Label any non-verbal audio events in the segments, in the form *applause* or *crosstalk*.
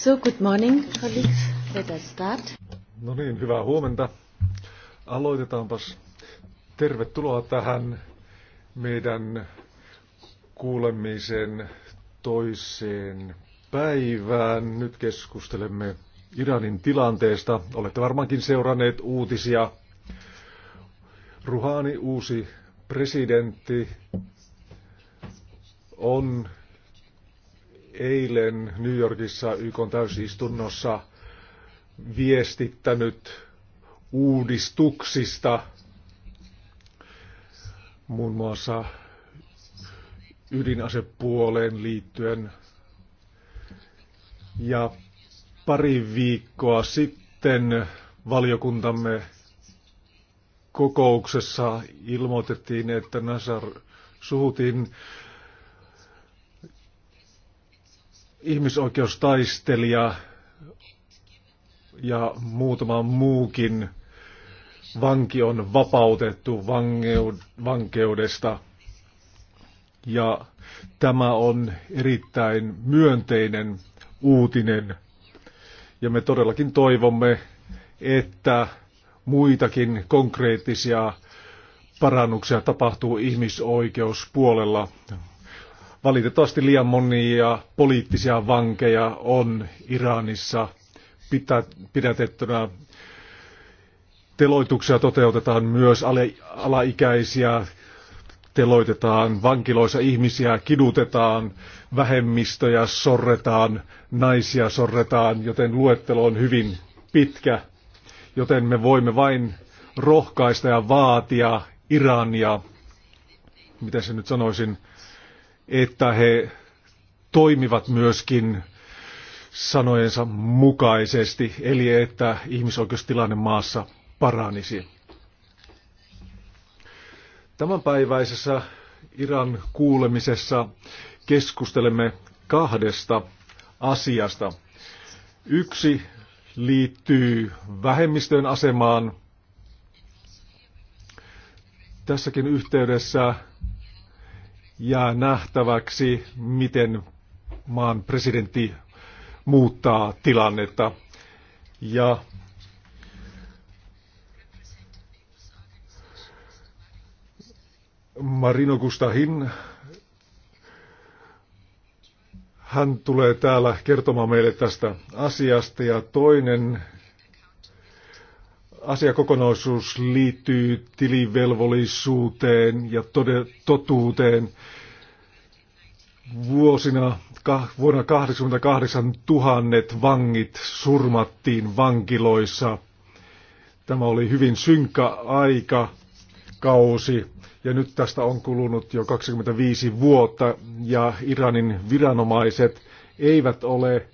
So, good morning, colleagues. Let us start. No niin, hyvää huomenta. Aloitetaanpas. Tervetuloa tähän meidän kuulemisen toiseen päivään. Nyt keskustelemme Iranin tilanteesta. Olette varmaankin seuranneet uutisia. Ruhani uusi presidentti on eilen New Yorkissa YK täysistunnossa viestittänyt uudistuksista, muun muassa ydinasepuoleen liittyen. Ja pari viikkoa sitten valiokuntamme kokouksessa ilmoitettiin, että Nasar Suhutin ihmisoikeustaistelija ja muutama muukin vanki on vapautettu vankeudesta. Ja tämä on erittäin myönteinen uutinen. Ja me todellakin toivomme, että muitakin konkreettisia parannuksia tapahtuu ihmisoikeuspuolella Valitettavasti liian monia poliittisia vankeja on Iranissa pidätettynä. Teloituksia toteutetaan myös alaikäisiä, teloitetaan vankiloissa ihmisiä, kidutetaan, vähemmistöjä sorretaan, naisia sorretaan, joten luettelo on hyvin pitkä, joten me voimme vain rohkaista ja vaatia Irania, mitä se nyt sanoisin, että he toimivat myöskin sanojensa mukaisesti, eli että ihmisoikeustilanne maassa paranisi. Tämänpäiväisessä Iran kuulemisessa keskustelemme kahdesta asiasta. Yksi liittyy vähemmistöjen asemaan. Tässäkin yhteydessä ja nähtäväksi, miten maan presidentti muuttaa tilannetta. Ja Marino Gustahin, hän tulee täällä kertomaan meille tästä asiasta. Ja toinen asiakokonaisuus liittyy tilivelvollisuuteen ja totuuteen. Vuosina, vuonna 88 tuhannet vangit surmattiin vankiloissa. Tämä oli hyvin synkkä aika, kausi, ja nyt tästä on kulunut jo 25 vuotta, ja Iranin viranomaiset eivät ole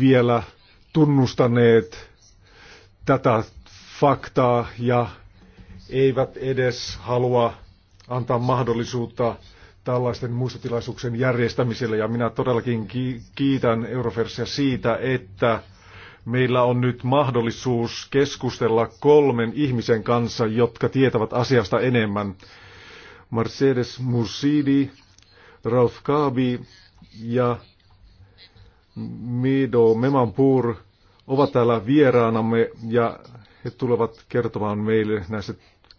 vielä tunnustaneet tätä faktaa ja eivät edes halua antaa mahdollisuutta tällaisten muistotilaisuuksien järjestämiselle. Ja minä todellakin kiitän Eurofersia siitä, että meillä on nyt mahdollisuus keskustella kolmen ihmisen kanssa, jotka tietävät asiasta enemmän. Mercedes Mursidi, Ralph Kaabi ja Mido Memanpur – ovat täällä vieraanamme ja he tulevat kertomaan meille näistä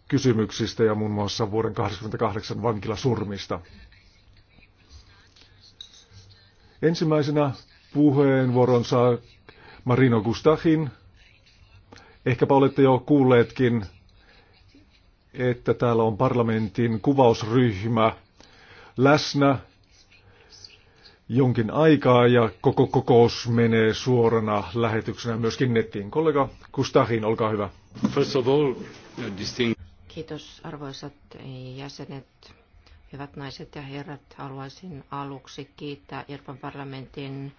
kysymyksistä ja muun muassa vuoden 1988 vankilasurmista. Ensimmäisenä puheenvuoron saa Marino Gustahin. Ehkäpä olette jo kuulleetkin, että täällä on parlamentin kuvausryhmä läsnä jonkin aikaa ja koko kokous menee suorana lähetyksenä myöskin nettiin. Kollega Kustahin, olkaa hyvä. First of all, Kiitos arvoisat jäsenet, hyvät naiset ja herrat. Haluaisin aluksi kiittää Irpan parlamentin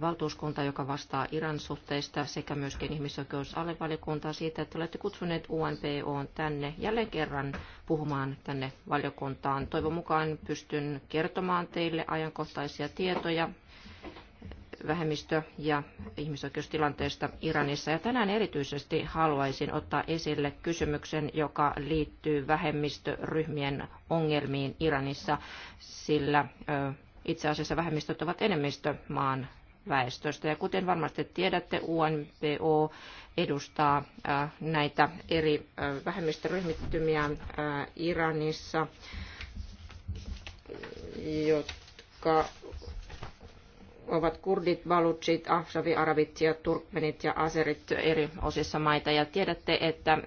valtuuskunta, joka vastaa Iran suhteista, sekä myöskin ihmisoikeusalevaliokuntaa siitä, että olette kutsuneet UNPO tänne jälleen kerran puhumaan tänne valiokuntaan. Toivon mukaan pystyn kertomaan teille ajankohtaisia tietoja vähemmistö- ja ihmisoikeustilanteesta Iranissa. Ja tänään erityisesti haluaisin ottaa esille kysymyksen, joka liittyy vähemmistöryhmien ongelmiin Iranissa, sillä itse asiassa vähemmistöt ovat enemmistö maan väestöstä. Ja kuten varmasti tiedätte, UNPO edustaa äh, näitä eri äh, vähemmistöryhmittymiä äh, Iranissa, jotka ovat kurdit, balutsit, ahsavi-arabit ja turkmenit ja aserit eri osissa maita. Ja tiedätte, että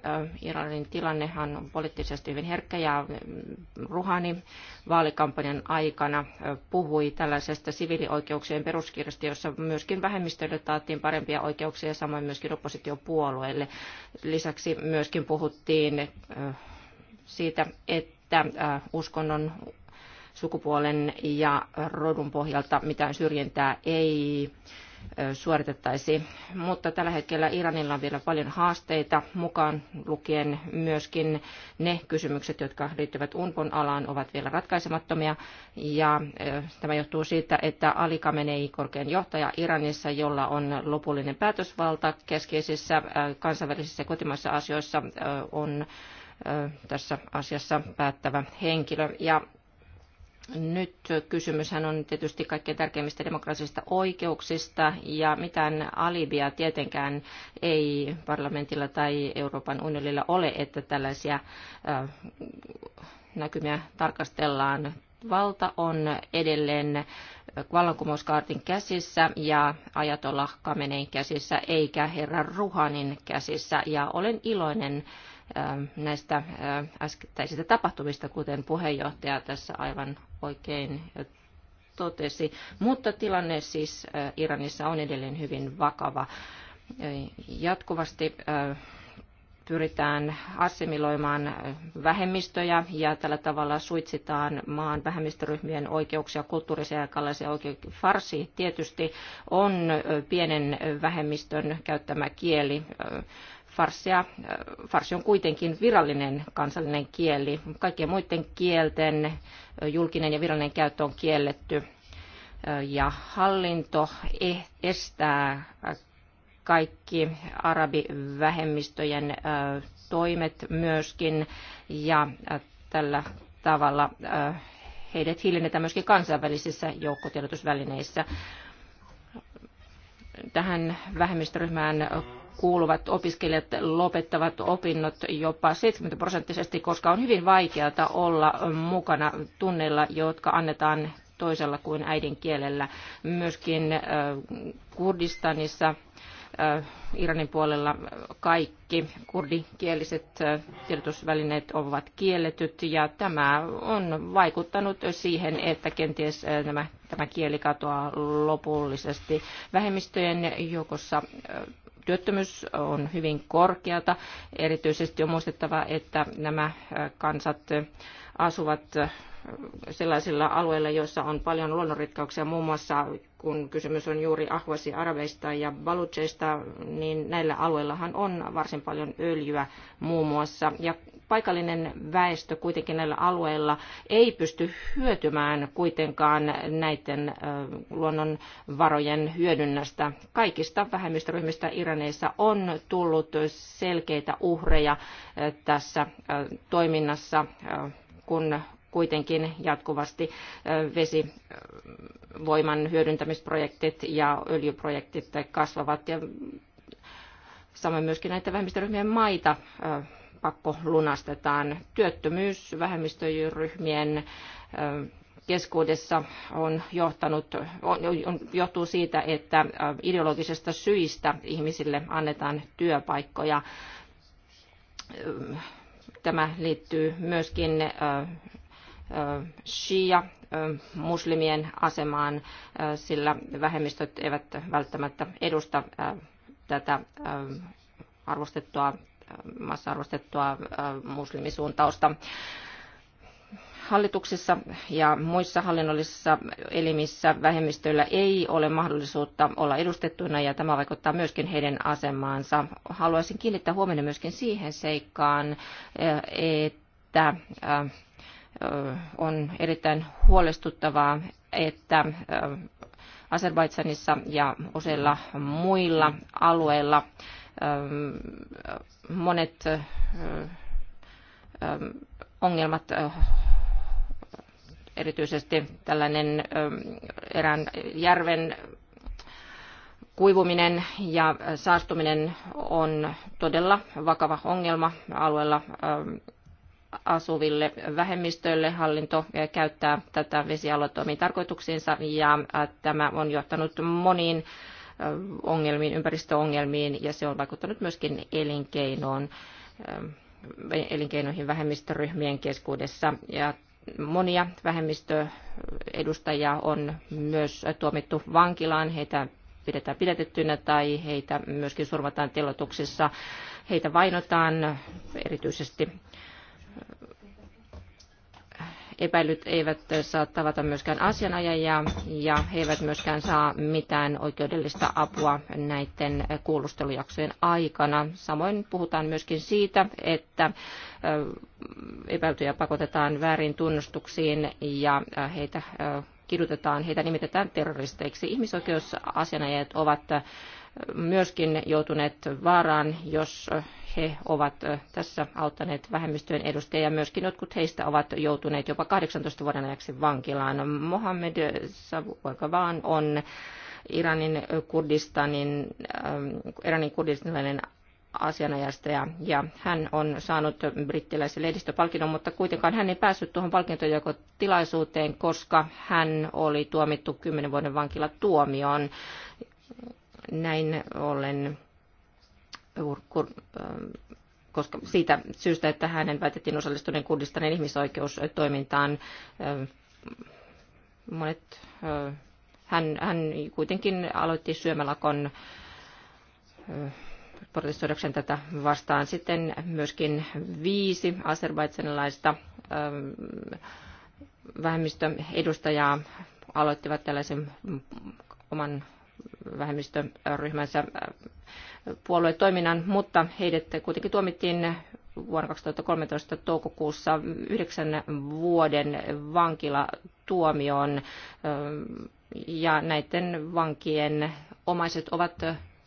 Iranin tilannehan on poliittisesti hyvin herkkä ja mm, Ruhani vaalikampanjan aikana puhui tällaisesta siviilioikeuksien peruskirjasta, jossa myöskin vähemmistöille taattiin parempia oikeuksia ja samoin myöskin oppositiopuolueille. Lisäksi myöskin puhuttiin siitä, että uskonnon sukupuolen ja rodun pohjalta mitään syrjintää ei suoritettaisi. Mutta tällä hetkellä Iranilla on vielä paljon haasteita, mukaan lukien myöskin ne kysymykset, jotka liittyvät UNPON alaan, ovat vielä ratkaisemattomia. Ja tämä johtuu siitä, että Ali Khamenei, korkean johtaja Iranissa, jolla on lopullinen päätösvalta keskeisissä kansainvälisissä ja kotimaissa asioissa, on tässä asiassa päättävä henkilö. Ja nyt kysymyshän on tietysti kaikkein tärkeimmistä demokraattisista oikeuksista ja mitään alibia tietenkään ei parlamentilla tai Euroopan unionilla ole, että tällaisia näkymiä tarkastellaan. Valta on edelleen vallankumouskaartin käsissä ja Ajatolla Kamenein käsissä eikä herra Ruhanin käsissä ja olen iloinen näistä äskettäisistä tapahtumista, kuten puheenjohtaja tässä aivan oikein totesi. Mutta tilanne siis Iranissa on edelleen hyvin vakava. Jatkuvasti pyritään assimiloimaan vähemmistöjä ja tällä tavalla suitsitaan maan vähemmistöryhmien oikeuksia, kulttuurisia ja kallaisia oikeuksia. Farsi tietysti on pienen vähemmistön käyttämä kieli farsia, äh, farsi on kuitenkin virallinen kansallinen kieli. Kaikkien muiden kielten äh, julkinen ja virallinen käyttö on kielletty. Äh, ja hallinto e-, estää kaikki arabivähemmistöjen toimet myöskin ja tällä tavalla heidät hiljennetään myöskin kansainvälisissä joukkotiedotusvälineissä. Tähän vähemmistöryhmään kuuluvat opiskelijat lopettavat opinnot jopa 70 prosenttisesti, koska on hyvin vaikeaa olla mukana tunneilla, jotka annetaan toisella kuin äidinkielellä. Myöskin Kurdistanissa Iranin puolella kaikki kurdikieliset tiedotusvälineet ovat kielletyt ja tämä on vaikuttanut siihen, että kenties tämä kieli katoaa lopullisesti. Vähemmistöjen joukossa työttömyys on hyvin korkeata. Erityisesti on muistettava, että nämä kansat asuvat äh, sellaisilla alueilla, joissa on paljon luonnonrikkauksia, muun muassa kun kysymys on juuri ahvasi arabeista ja balutseista, niin näillä alueillahan on varsin paljon öljyä muun muassa. Ja paikallinen väestö kuitenkin näillä alueilla ei pysty hyötymään kuitenkaan näiden äh, luonnonvarojen hyödynnästä. Kaikista vähemmistöryhmistä Iraneissa on tullut selkeitä uhreja äh, tässä toiminnassa kun kuitenkin jatkuvasti vesivoiman hyödyntämisprojektit ja öljyprojektit kasvavat ja samoin myöskin näitä vähemmistöryhmien maita pakko lunastetaan. Työttömyys vähemmistöryhmien keskuudessa on johtanut, on, on, johtuu siitä, että ideologisesta syistä ihmisille annetaan työpaikkoja Tämä liittyy myöskin shia muslimien asemaan, sillä vähemmistöt eivät välttämättä edusta tätä arvostettua, massa arvostettua muslimisuuntausta hallituksissa ja muissa hallinnollisissa elimissä vähemmistöillä ei ole mahdollisuutta olla edustettuina ja tämä vaikuttaa myöskin heidän asemaansa. Haluaisin kiinnittää huomioon myöskin siihen seikkaan, että äh, on erittäin huolestuttavaa, että äh, Azerbaidsanissa ja useilla muilla alueilla ähm, monet äh, ongelmat erityisesti tällainen ähm, erään järven kuivuminen ja saastuminen on todella vakava ongelma alueella ähm, asuville vähemmistöille. Hallinto äh, käyttää tätä vesialuetoimiin tarkoituksiinsa ja äh, tämä on johtanut moniin äh, ongelmiin, ympäristöongelmiin ja se on vaikuttanut myöskin elinkeinoon ähm, elinkeinoihin vähemmistöryhmien keskuudessa. Ja monia vähemmistöedustajia on myös tuomittu vankilaan. Heitä pidetään pidätettyinä tai heitä myöskin surmataan telotuksissa. Heitä vainotaan erityisesti Epäilyt eivät saa tavata myöskään asianajajia ja he eivät myöskään saa mitään oikeudellista apua näiden kuulustelujaksojen aikana. Samoin puhutaan myöskin siitä, että epäiltyjä pakotetaan väärin tunnustuksiin ja heitä kidutetaan, heitä nimitetään terroristeiksi. Ihmisoikeusasianajajat ovat myöskin joutuneet vaaraan, jos he ovat tässä auttaneet vähemmistöjen edustajia. Myöskin jotkut heistä ovat joutuneet jopa 18 vuoden ajaksi vankilaan. Mohamed Savuakavan on Iranin Kurdistanin, ähm, Iranin kurdistanilainen asianajastaja ja hän on saanut brittiläisen lehdistöpalkinnon, mutta kuitenkaan hän ei päässyt tuohon palkintojakotilaisuuteen, koska hän oli tuomittu 10 vuoden vankilatuomioon näin ollen koska siitä syystä, että hänen väitettiin osallistuneen Kurdistanin ihmisoikeustoimintaan, monet, hän, hän kuitenkin aloitti syömälakon protestoidakseen tätä vastaan. Sitten myöskin viisi aserbaidsanilaista vähemmistöedustajaa aloittivat tällaisen oman vähemmistöryhmänsä äh, puoluetoiminnan, mutta heidät kuitenkin tuomittiin vuonna 2013 toukokuussa yhdeksän vuoden vankilatuomioon äh, ja näiden vankien omaiset ovat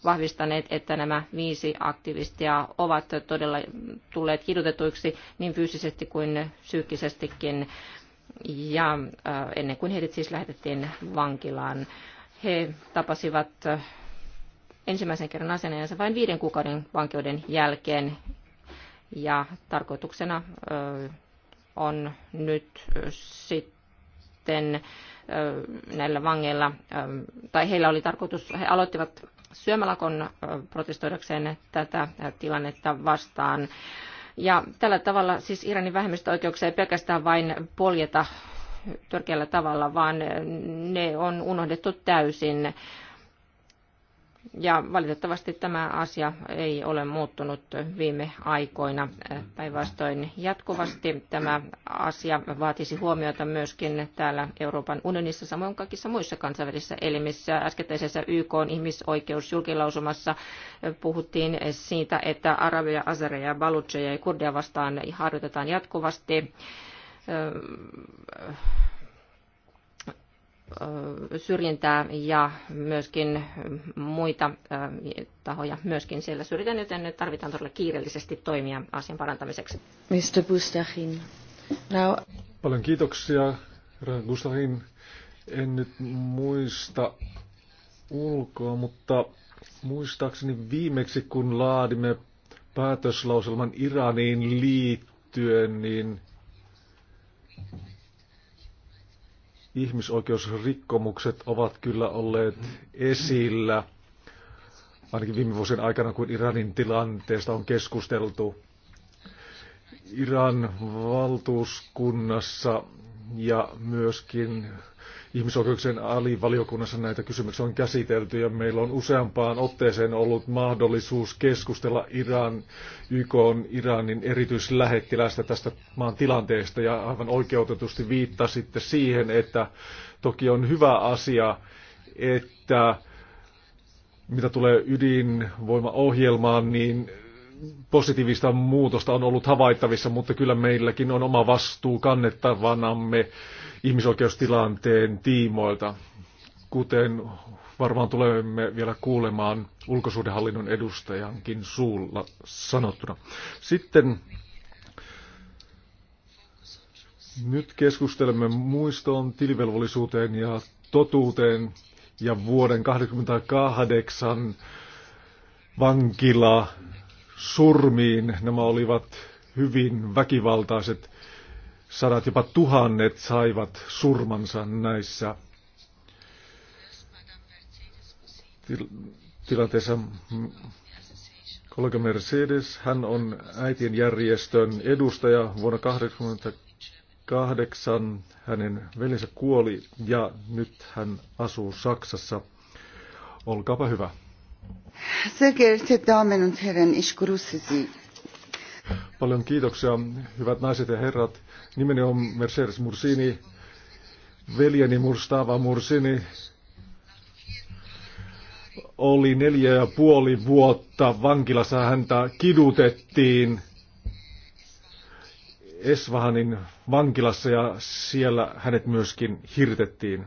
vahvistaneet, että nämä viisi aktivistia ovat todella tulleet kidutetuiksi niin fyysisesti kuin psyykkisestikin ja äh, ennen kuin heidät siis lähetettiin vankilaan. He tapasivat ensimmäisen kerran asianajansa vain viiden kuukauden vankeuden jälkeen. Ja tarkoituksena on nyt sitten näillä vangeilla, tai heillä oli tarkoitus, he aloittivat syömälakon protestoidakseen tätä tilannetta vastaan. Ja tällä tavalla siis Iranin vähemmistöoikeuksia ei pelkästään vain poljeta törkeällä tavalla, vaan ne on unohdettu täysin. Ja valitettavasti tämä asia ei ole muuttunut viime aikoina. Päinvastoin jatkuvasti tämä asia vaatisi huomiota myöskin täällä Euroopan unionissa, samoin kaikissa muissa kansainvälisissä elimissä. Äskettäisessä YK ihmisoikeusjulkilausumassa puhuttiin siitä, että Arabia, azereja, balutseja ja kurdia vastaan harjoitetaan jatkuvasti syrjintää ja myöskin muita tahoja myöskin siellä syrjitään, joten nyt tarvitaan todella kiireellisesti toimia asian parantamiseksi. Mr. Bustahin. Now... Paljon kiitoksia, herra Bustahin. En nyt muista ulkoa, mutta muistaakseni viimeksi kun laadimme päätöslauselman Iraniin liittyen, niin ihmisoikeusrikkomukset ovat kyllä olleet esillä, ainakin viime vuosien aikana, kun Iranin tilanteesta on keskusteltu. Iran valtuuskunnassa ja myöskin ihmisoikeuksien alivaliokunnassa näitä kysymyksiä on käsitelty ja meillä on useampaan otteeseen ollut mahdollisuus keskustella Iran, YK on Iranin erityislähettilästä tästä maan tilanteesta ja aivan oikeutetusti viittasitte siihen, että toki on hyvä asia, että mitä tulee ydinvoimaohjelmaan, niin positiivista muutosta on ollut havaittavissa, mutta kyllä meilläkin on oma vastuu kannettavanamme ihmisoikeustilanteen tiimoilta. Kuten varmaan tulemme vielä kuulemaan ulkosuhdehallinnon edustajankin suulla sanottuna. Sitten nyt keskustelemme muistoon, tilivelvollisuuteen ja totuuteen ja vuoden 1988 vankila surmiin. Nämä olivat hyvin väkivaltaiset sadat jopa tuhannet saivat surmansa näissä til- tilanteissa. Kollega Mercedes, hän on äitien järjestön edustaja vuonna 1988. Hänen velinsä kuoli ja nyt hän asuu Saksassa. Olkaapa hyvä. Sehän, geehrte Damen und heidän iskurussisiin. Paljon kiitoksia, hyvät naiset ja herrat. Nimeni on Mercedes Mursini, veljeni Murstava Mursini. Oli neljä ja puoli vuotta vankilassa häntä kidutettiin Esvahanin vankilassa ja siellä hänet myöskin hirtettiin.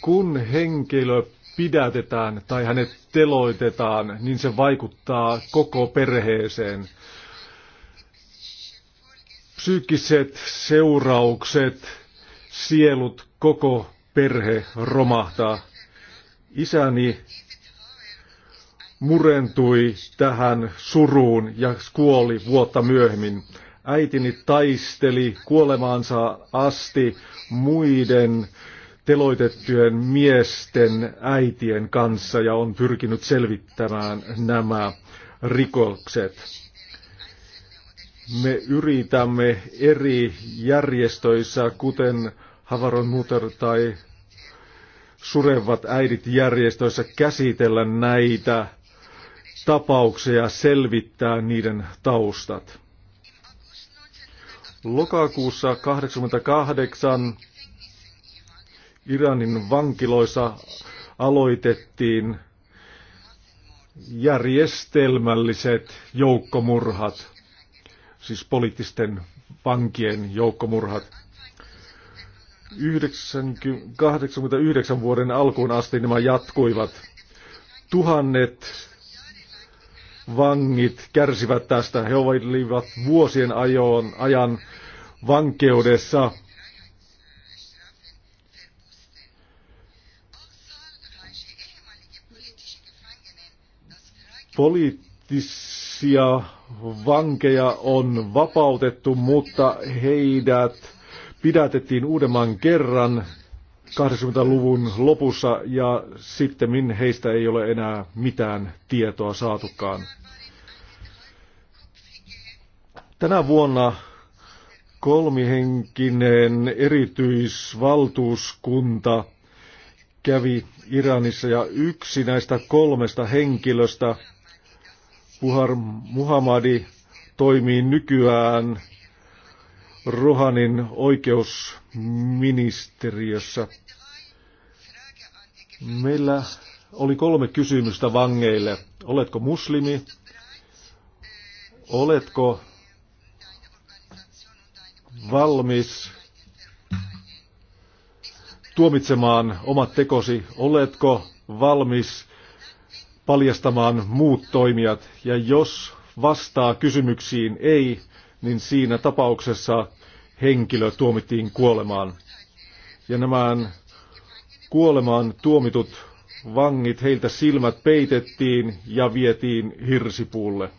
Kun henkilö pidätetään tai hänet teloitetaan, niin se vaikuttaa koko perheeseen. Psyykkiset seuraukset, sielut, koko perhe romahtaa. Isäni murentui tähän suruun ja kuoli vuotta myöhemmin. Äitini taisteli kuolemaansa asti muiden teloitettujen miesten äitien kanssa ja on pyrkinyt selvittämään nämä rikokset. Me yritämme eri järjestöissä, kuten Havaron Mutter tai Surevat äidit järjestöissä käsitellä näitä tapauksia ja selvittää niiden taustat. Lokakuussa 1988 Iranin vankiloissa aloitettiin järjestelmälliset joukkomurhat, siis poliittisten vankien joukkomurhat. 89 vuoden alkuun asti nämä jatkuivat. Tuhannet vangit kärsivät tästä. He olivat vuosien ajoon, ajan vankeudessa Poliittisia vankeja on vapautettu, mutta heidät pidätettiin uudemman kerran 80-luvun lopussa ja sitten heistä ei ole enää mitään tietoa saatukaan. Tänä vuonna kolmihenkinen erityisvaltuuskunta kävi Iranissa ja yksi näistä kolmesta henkilöstä Puhar Muhammadi toimii nykyään Rohanin oikeusministeriössä. Meillä oli kolme kysymystä vangeille. Oletko muslimi? Oletko valmis tuomitsemaan omat tekosi? Oletko valmis paljastamaan muut toimijat. Ja jos vastaa kysymyksiin ei, niin siinä tapauksessa henkilö tuomittiin kuolemaan. Ja nämä kuolemaan tuomitut vangit, heiltä silmät peitettiin ja vietiin hirsipuulle.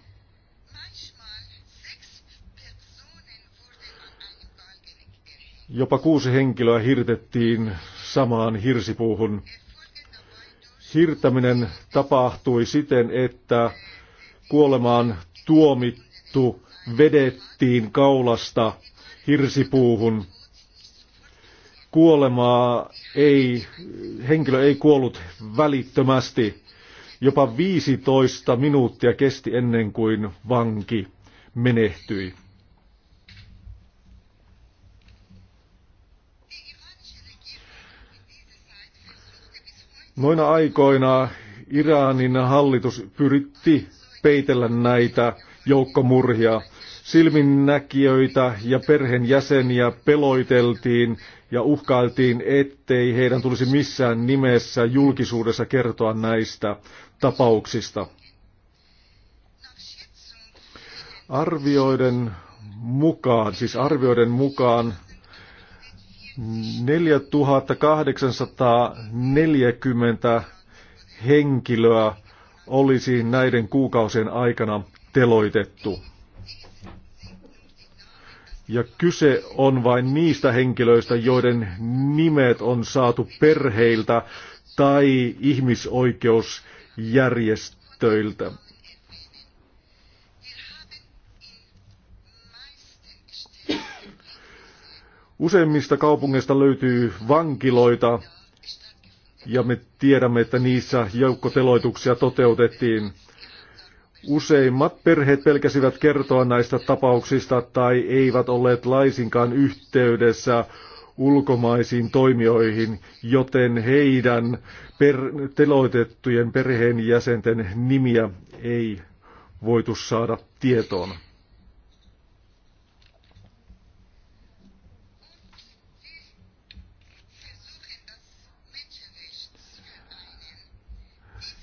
Jopa kuusi henkilöä hirtettiin samaan hirsipuuhun Siirtäminen tapahtui siten, että kuolemaan tuomittu vedettiin kaulasta hirsipuuhun. Kuolemaa ei, henkilö ei kuollut välittömästi. Jopa 15 minuuttia kesti ennen kuin vanki menehtyi. Noina aikoina Iranin hallitus pyritti peitellä näitä joukkomurhia. Silminnäkijöitä ja perheenjäseniä peloiteltiin ja uhkailtiin, ettei heidän tulisi missään nimessä julkisuudessa kertoa näistä tapauksista. Arvioiden mukaan, siis arvioiden mukaan 4840 henkilöä olisi näiden kuukausien aikana teloitettu. Ja kyse on vain niistä henkilöistä, joiden nimet on saatu perheiltä tai ihmisoikeusjärjestöiltä. Useimmista kaupungeista löytyy vankiloita ja me tiedämme, että niissä joukkoteloituksia toteutettiin. Useimmat perheet pelkäsivät kertoa näistä tapauksista tai eivät olleet laisinkaan yhteydessä ulkomaisiin toimijoihin, joten heidän per- teloitettujen perheenjäsenten nimiä ei voitu saada tietoon.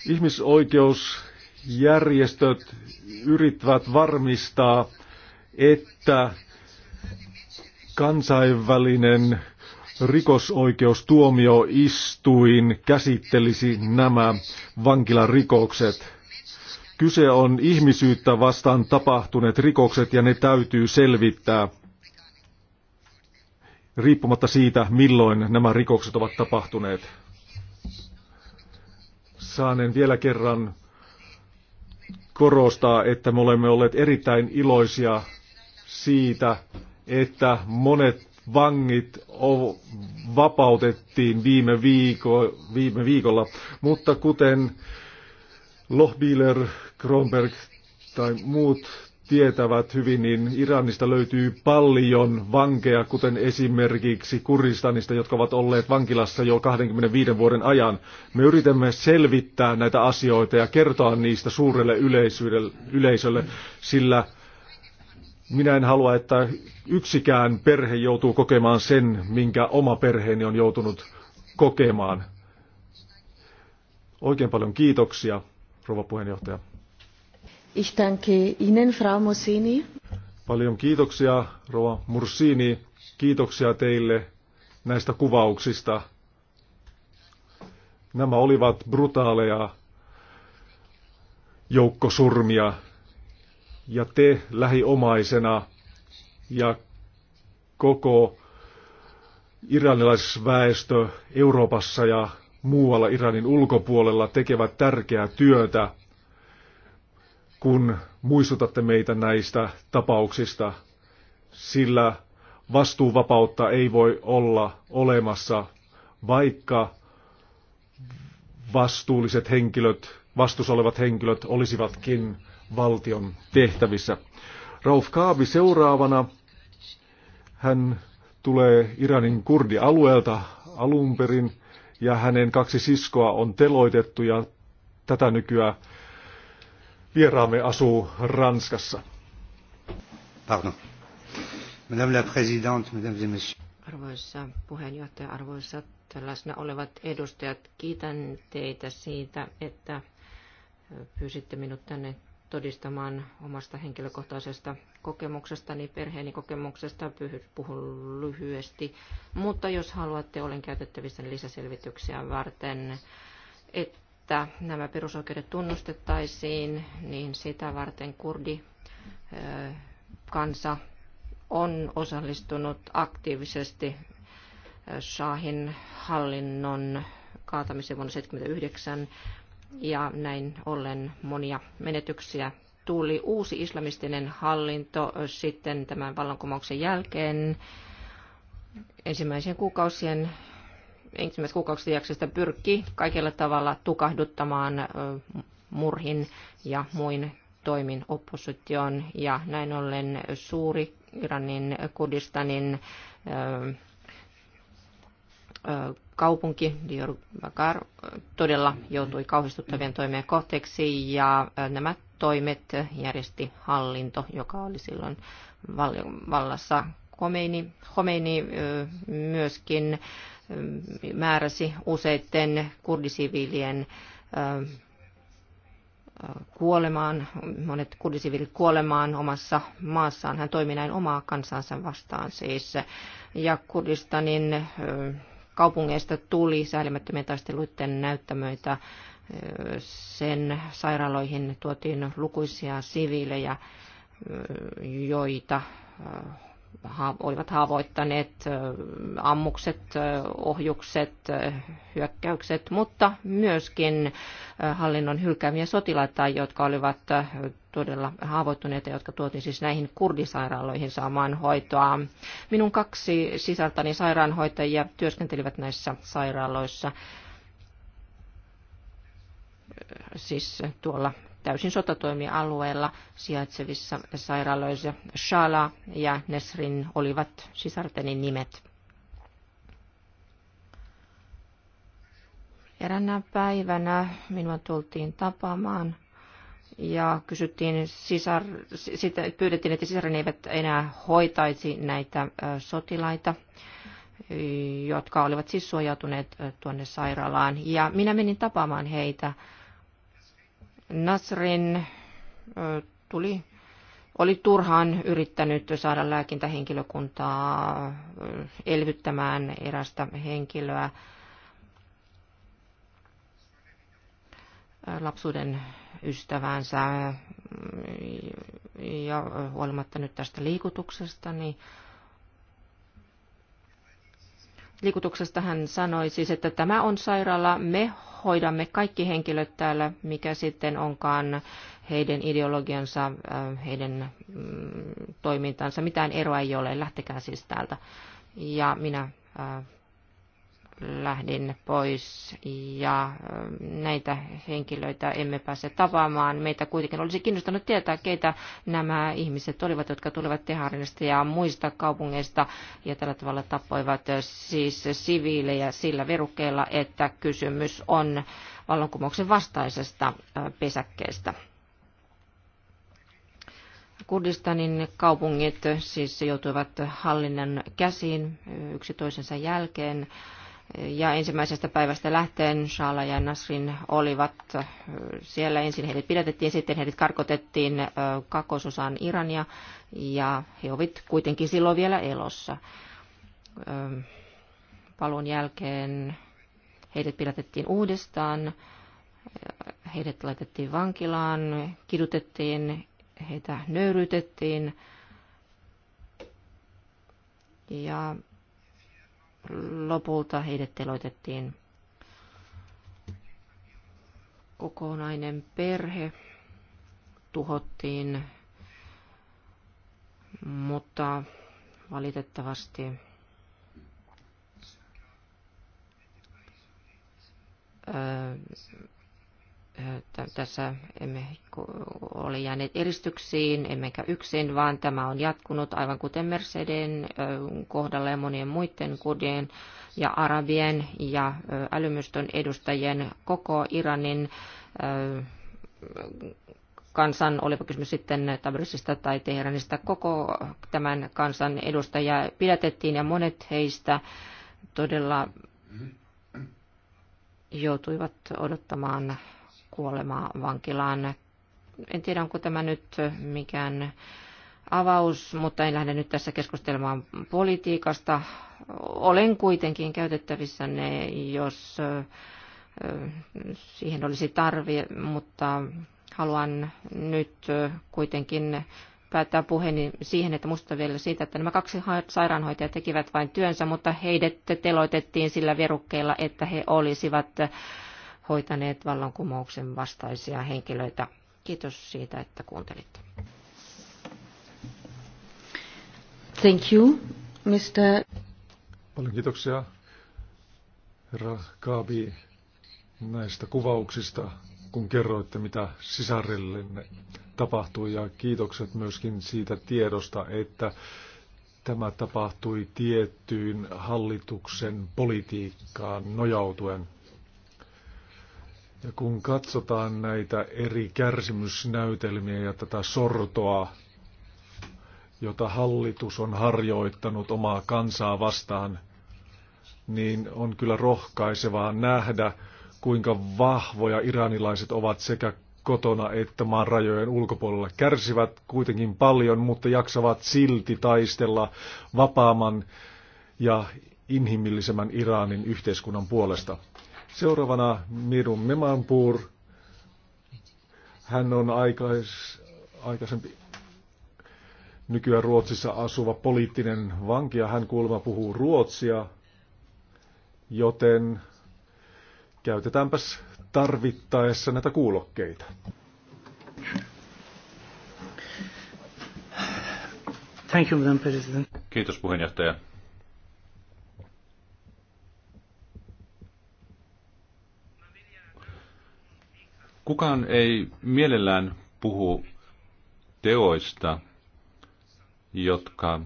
Ihmisoikeusjärjestöt yrittävät varmistaa, että kansainvälinen rikosoikeustuomioistuin käsittelisi nämä vankilarikokset. Kyse on ihmisyyttä vastaan tapahtuneet rikokset ja ne täytyy selvittää riippumatta siitä, milloin nämä rikokset ovat tapahtuneet saanen vielä kerran korostaa, että me olemme olleet erittäin iloisia siitä, että monet vangit vapautettiin viime, viiko, viime viikolla, mutta kuten Lohbiler, Kronberg tai muut tietävät hyvin, niin Iranista löytyy paljon vankeja, kuten esimerkiksi Kuristanista, jotka ovat olleet vankilassa jo 25 vuoden ajan. Me yritämme selvittää näitä asioita ja kertoa niistä suurelle yleisölle, sillä minä en halua, että yksikään perhe joutuu kokemaan sen, minkä oma perheeni on joutunut kokemaan. Oikein paljon kiitoksia, rouva puheenjohtaja. Ich danke Ihnen, Frau Mosini. Paljon kiitoksia, Rova Mursini. Kiitoksia teille näistä kuvauksista. Nämä olivat brutaaleja joukkosurmia. Ja te lähiomaisena ja koko iranilaisväestö Euroopassa ja muualla Iranin ulkopuolella tekevät tärkeää työtä kun muistutatte meitä näistä tapauksista, sillä vastuuvapautta ei voi olla olemassa, vaikka vastuulliset henkilöt, vastuussa olevat henkilöt olisivatkin valtion tehtävissä. Rauf Kaabi seuraavana. Hän tulee Iranin kurdialueelta alun perin ja hänen kaksi siskoa on teloitettu ja tätä nykyään Vieraamme asuu Ranskassa. Pardon. Madame la présidente, mesdames et messieurs. Arvoisa puheenjohtaja, arvoisat läsnä olevat edustajat, kiitän teitä siitä, että pyysitte minut tänne todistamaan omasta henkilökohtaisesta kokemuksestani, perheeni kokemuksesta, puhun lyhyesti. Mutta jos haluatte, olen käytettävissä lisäselvityksiä varten. Et että nämä perusoikeudet tunnustettaisiin, niin sitä varten kurdi kansa on osallistunut aktiivisesti Shahin hallinnon kaatamisen vuonna 1979 ja näin ollen monia menetyksiä tuli uusi islamistinen hallinto sitten tämän vallankumouksen jälkeen. Ensimmäisen kuukausien ensimmäisen kuukausien jaksosta pyrkii kaikella tavalla tukahduttamaan murhin ja muin toimin opposition ja näin ollen suuri Iranin Kurdistanin kaupunki Dior Bakar todella joutui kauhistuttavien toimien kohteeksi ja nämä toimet järjesti hallinto, joka oli silloin vallassa Khomeini, Khomeini myöskin määräsi useiden kurdisiviilien kuolemaan, monet kurdisiviilit kuolemaan omassa maassaan. Hän toimi näin omaa kansansa vastaan siis. Ja Kurdistanin kaupungeista tuli säälimättömien taisteluiden näyttämöitä. Sen sairaaloihin tuotiin lukuisia siviilejä, joita olivat haavoittaneet ammukset, ohjukset, hyökkäykset, mutta myöskin hallinnon hylkäämiä sotilaita, jotka olivat todella haavoittuneita, jotka tuotiin siis näihin kurdisairaaloihin saamaan hoitoa. Minun kaksi sisältäni sairaanhoitajia työskentelivät näissä sairaaloissa, siis tuolla täysin sotatoimialueella sijaitsevissa sairaaloissa. Shala ja Nesrin olivat sisarteni nimet. Eräänä päivänä minua tultiin tapaamaan ja kysyttiin sisar, sitä, pyydettiin, että sisareni eivät enää hoitaisi näitä sotilaita, jotka olivat siis suojautuneet tuonne sairaalaan. Ja minä menin tapaamaan heitä Nasrin tuli, oli turhaan yrittänyt saada lääkintähenkilökuntaa elvyttämään erästä henkilöä lapsuuden ystävänsä. Ja huolimatta nyt tästä liikutuksesta, niin liikutuksesta hän sanoi siis, että tämä on sairaala, me hoidamme kaikki henkilöt täällä, mikä sitten onkaan heidän ideologiansa, äh, heidän mm, toimintansa, mitään eroa ei ole, lähtekää siis täältä. Ja minä äh, lähdin pois ja ähm, näitä henkilöitä emme pääse tapaamaan. Meitä kuitenkin olisi kiinnostanut tietää, keitä nämä ihmiset olivat, jotka tulivat Teharinasta ja muista kaupungeista ja tällä tavalla tapoivat äh, siis siviilejä sillä verukkeella, että kysymys on vallankumouksen vastaisesta äh, pesäkkeestä. Kurdistanin kaupungit siis joutuivat hallinnan käsiin äh, yksi toisensa jälkeen. Ja ensimmäisestä päivästä lähtien Shala ja Nasrin olivat siellä. Ensin heidät pidätettiin, sitten heidät karkotettiin kakososaan Irania ja he ovat kuitenkin silloin vielä elossa. Palun jälkeen heidät pidätettiin uudestaan, heidät laitettiin vankilaan, kidutettiin, heitä nöyryytettiin ja lopulta heidät teloitettiin. Kokonainen perhe tuhottiin, mutta valitettavasti tässä emme ole jääneet eristyksiin, emmekä yksin, vaan tämä on jatkunut aivan kuten Merceden kohdalla ja monien muiden kurdien ja arabien ja älymystön edustajien koko Iranin kansan, olipa kysymys sitten Tabrisista tai Teheranista, koko tämän kansan edustajia pidätettiin ja monet heistä todella joutuivat odottamaan kuolemaa vankilaan. En tiedä, onko tämä nyt mikään avaus, mutta en lähde nyt tässä keskustelemaan politiikasta. Olen kuitenkin ne, jos äh, siihen olisi tarve, mutta haluan nyt kuitenkin päättää puheeni siihen, että musta vielä siitä, että nämä kaksi sairaanhoitajaa tekivät vain työnsä, mutta heidät teloitettiin sillä verukkeella, että he olisivat hoitaneet vallankumouksen vastaisia henkilöitä. Kiitos siitä, että kuuntelitte. Thank you, Mr. Paljon kiitoksia, herra Kaabi, näistä kuvauksista, kun kerroitte, mitä sisarillenne tapahtui. Ja kiitokset myöskin siitä tiedosta, että tämä tapahtui tiettyyn hallituksen politiikkaan nojautuen. Ja kun katsotaan näitä eri kärsimysnäytelmiä ja tätä sortoa, jota hallitus on harjoittanut omaa kansaa vastaan, niin on kyllä rohkaisevaa nähdä, kuinka vahvoja iranilaiset ovat sekä kotona että maan rajojen ulkopuolella. Kärsivät kuitenkin paljon, mutta jaksavat silti taistella vapaamman ja inhimillisemmän Iranin yhteiskunnan puolesta. Seuraavana Mirun Memanpur. Hän on aikais, aikaisempi nykyään Ruotsissa asuva poliittinen vanki ja hän kuulemma puhuu ruotsia, joten käytetäänpäs tarvittaessa näitä kuulokkeita. Thank you, Kiitos puheenjohtaja. Kukaan ei mielellään puhu teoista, jotka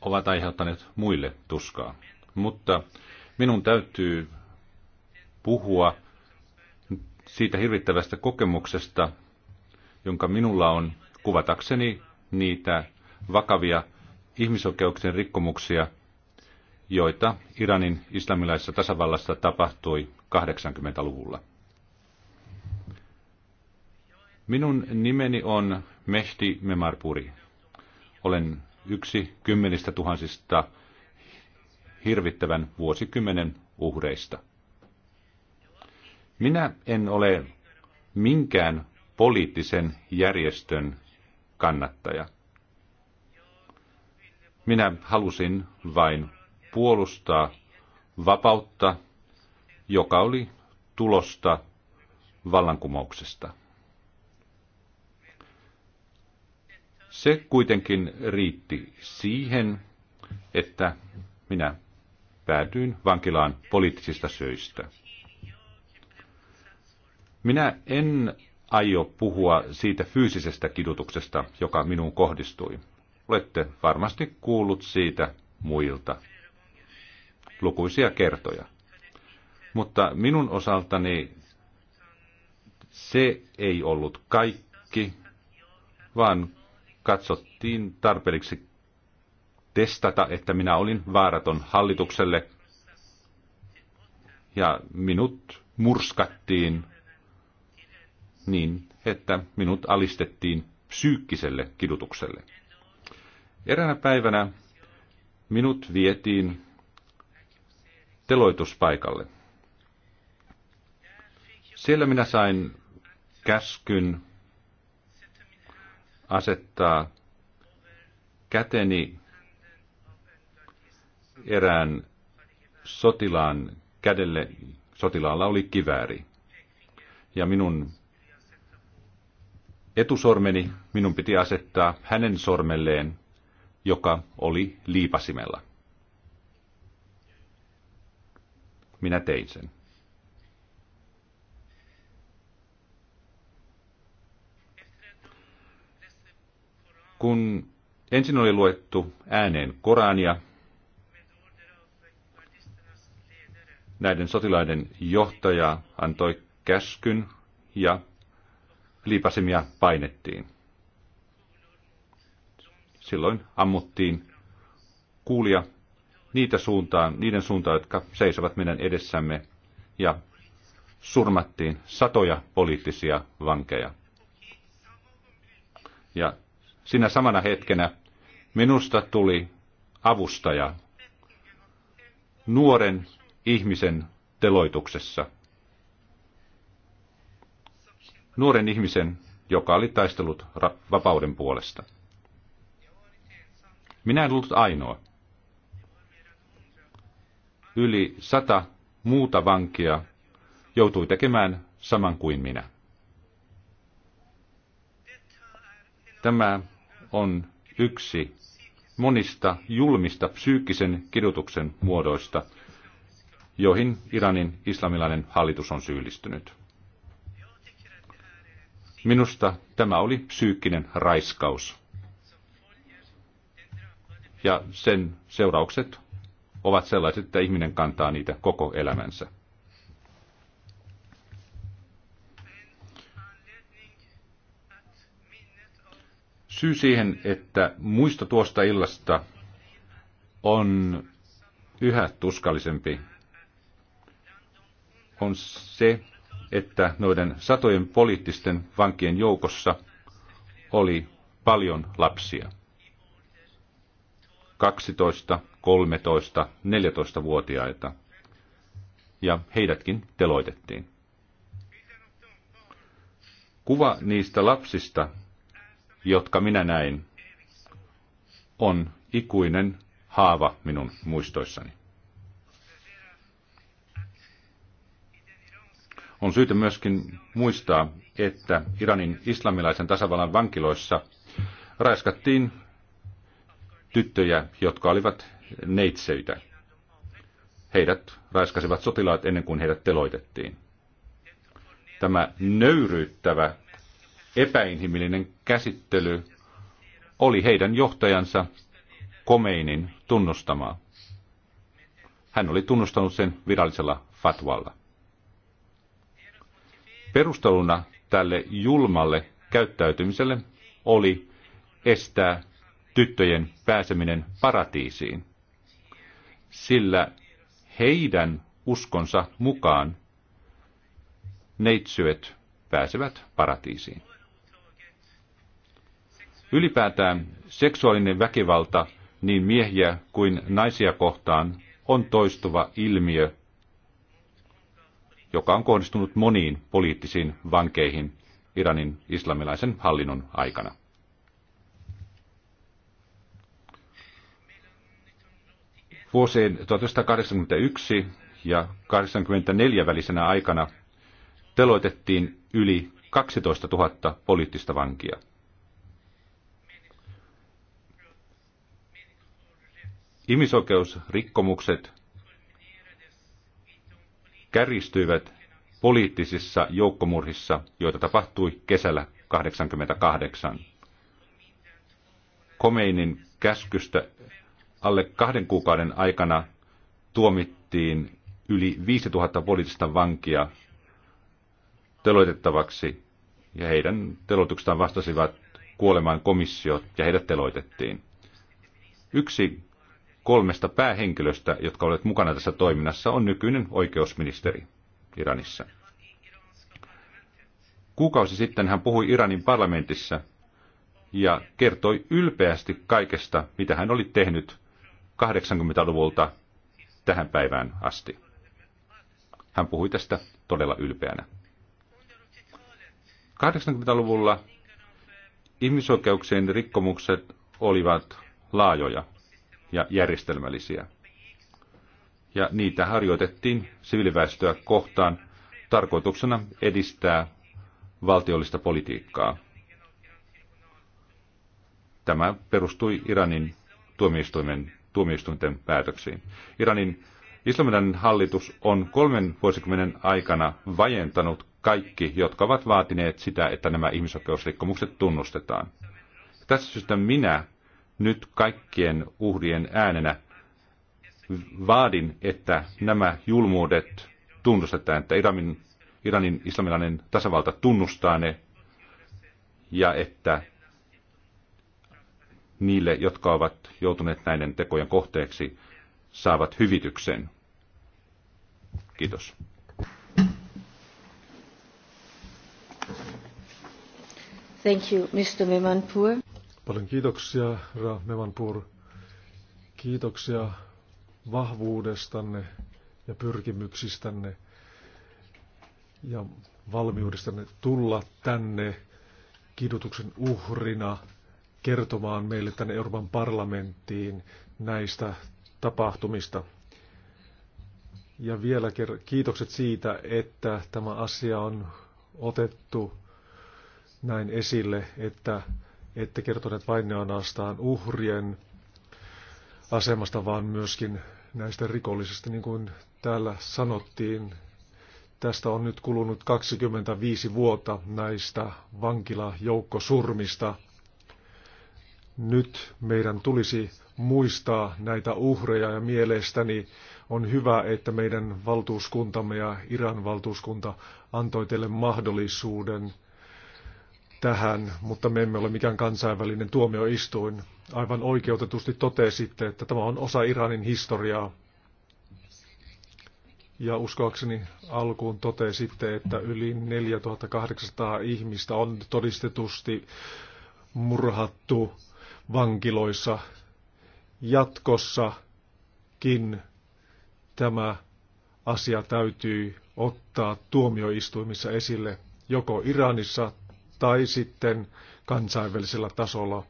ovat aiheuttaneet muille tuskaa. Mutta minun täytyy puhua siitä hirvittävästä kokemuksesta, jonka minulla on kuvatakseni niitä vakavia ihmisoikeuksien rikkomuksia, joita Iranin islamilaisessa tasavallassa tapahtui 80-luvulla. Minun nimeni on Mehti Memarpuri. Olen yksi kymmenistä tuhansista hirvittävän vuosikymmenen uhreista. Minä en ole minkään poliittisen järjestön kannattaja. Minä halusin vain puolustaa vapautta, joka oli tulosta vallankumouksesta. Se kuitenkin riitti siihen, että minä päädyin vankilaan poliittisista syistä. Minä en aio puhua siitä fyysisestä kidutuksesta, joka minuun kohdistui. Olette varmasti kuullut siitä muilta lukuisia kertoja. Mutta minun osaltani se ei ollut kaikki, vaan katsottiin tarpeelliksi testata, että minä olin vaaraton hallitukselle. Ja minut murskattiin niin, että minut alistettiin psyykkiselle kidutukselle. Eräänä päivänä minut vietiin teloituspaikalle. Siellä minä sain käskyn asettaa käteni erään sotilaan kädelle. Sotilaalla oli kivääri. Ja minun etusormeni minun piti asettaa hänen sormelleen, joka oli liipasimella. Minä tein sen. Kun ensin oli luettu ääneen Korania, näiden sotilaiden johtaja antoi käskyn ja liipasimia painettiin. Silloin ammuttiin kuulia niitä suuntaan, niiden suuntaan, jotka seisovat meidän edessämme ja surmattiin satoja poliittisia vankeja. Ja sinä samana hetkenä minusta tuli avustaja nuoren ihmisen teloituksessa. Nuoren ihmisen, joka oli taistellut vapauden puolesta. Minä en ollut ainoa. Yli sata muuta vankia joutui tekemään saman kuin minä. Tämä on yksi monista julmista psyykkisen kidutuksen muodoista, joihin Iranin islamilainen hallitus on syyllistynyt. Minusta tämä oli psyykkinen raiskaus. Ja sen seuraukset ovat sellaiset, että ihminen kantaa niitä koko elämänsä. Syy siihen, että muisto tuosta illasta on yhä tuskallisempi, on se, että noiden satojen poliittisten vankien joukossa oli paljon lapsia. 12, 13, 14-vuotiaita. Ja heidätkin teloitettiin. Kuva niistä lapsista, jotka minä näin, on ikuinen haava minun muistoissani. On syytä myöskin muistaa, että Iranin islamilaisen tasavallan vankiloissa raiskattiin tyttöjä, jotka olivat neitseitä. Heidät raiskasivat sotilaat ennen kuin heidät teloitettiin. Tämä nöyryyttävä epäinhimillinen käsittely oli heidän johtajansa Komeinin tunnustamaa. Hän oli tunnustanut sen virallisella fatwalla. Perusteluna tälle julmalle käyttäytymiselle oli estää tyttöjen pääseminen paratiisiin, sillä heidän uskonsa mukaan neitsyöt pääsevät paratiisiin. Ylipäätään seksuaalinen väkivalta niin miehiä kuin naisia kohtaan on toistuva ilmiö, joka on kohdistunut moniin poliittisiin vankeihin Iranin islamilaisen hallinnon aikana. Vuosien 1981 ja 1984 välisenä aikana teloitettiin yli 12 000 poliittista vankia. Ihmisoikeusrikkomukset kärjistyivät poliittisissa joukkomurhissa, joita tapahtui kesällä 1988. Komeinin käskystä alle kahden kuukauden aikana tuomittiin yli 5000 poliittista vankia teloitettavaksi, ja heidän teloituksestaan vastasivat kuolemaan komissiot, ja heidät teloitettiin. Yksi kolmesta päähenkilöstä, jotka olivat mukana tässä toiminnassa, on nykyinen oikeusministeri Iranissa. Kuukausi sitten hän puhui Iranin parlamentissa ja kertoi ylpeästi kaikesta, mitä hän oli tehnyt 80-luvulta tähän päivään asti. Hän puhui tästä todella ylpeänä. 80-luvulla ihmisoikeuksien rikkomukset olivat laajoja ja järjestelmällisiä. Ja niitä harjoitettiin siviiliväestöä kohtaan tarkoituksena edistää valtiollista politiikkaa. Tämä perustui Iranin tuomioistuimen, tuomioistuinten päätöksiin. Iranin islamilainen hallitus on kolmen vuosikymmenen aikana vajentanut kaikki, jotka ovat vaatineet sitä, että nämä ihmisoikeusrikkomukset tunnustetaan. Tässä syystä minä nyt kaikkien uhrien äänenä. Vaadin, että nämä julmuudet tunnustetaan, että Iranin, Iranin islamilainen tasavalta tunnustaa ne ja että niille, jotka ovat joutuneet näiden tekojen kohteeksi, saavat hyvityksen. Kiitos. Thank you, Mr. Mimanpour. Paljon kiitoksia, Rahmevanpur. Kiitoksia vahvuudestanne ja pyrkimyksistänne ja valmiudestanne tulla tänne kidutuksen uhrina kertomaan meille tänne Euroopan parlamenttiin näistä tapahtumista. Ja vielä kerran kiitokset siitä, että tämä asia on otettu näin esille, että ette kertoneet vain ne ainoastaan uhrien asemasta, vaan myöskin näistä rikollisista, niin kuin täällä sanottiin. Tästä on nyt kulunut 25 vuotta näistä vankilajoukkosurmista. Nyt meidän tulisi muistaa näitä uhreja ja mielestäni on hyvä, että meidän valtuuskuntamme ja Iran valtuuskunta antoi teille mahdollisuuden tähän, mutta me emme ole mikään kansainvälinen tuomioistuin. Aivan oikeutetusti totesitte, että tämä on osa Iranin historiaa. Ja uskoakseni alkuun totesitte, että yli 4800 ihmistä on todistetusti murhattu vankiloissa. Jatkossakin tämä asia täytyy ottaa tuomioistuimissa esille joko Iranissa tai sitten kansainvälisellä tasolla.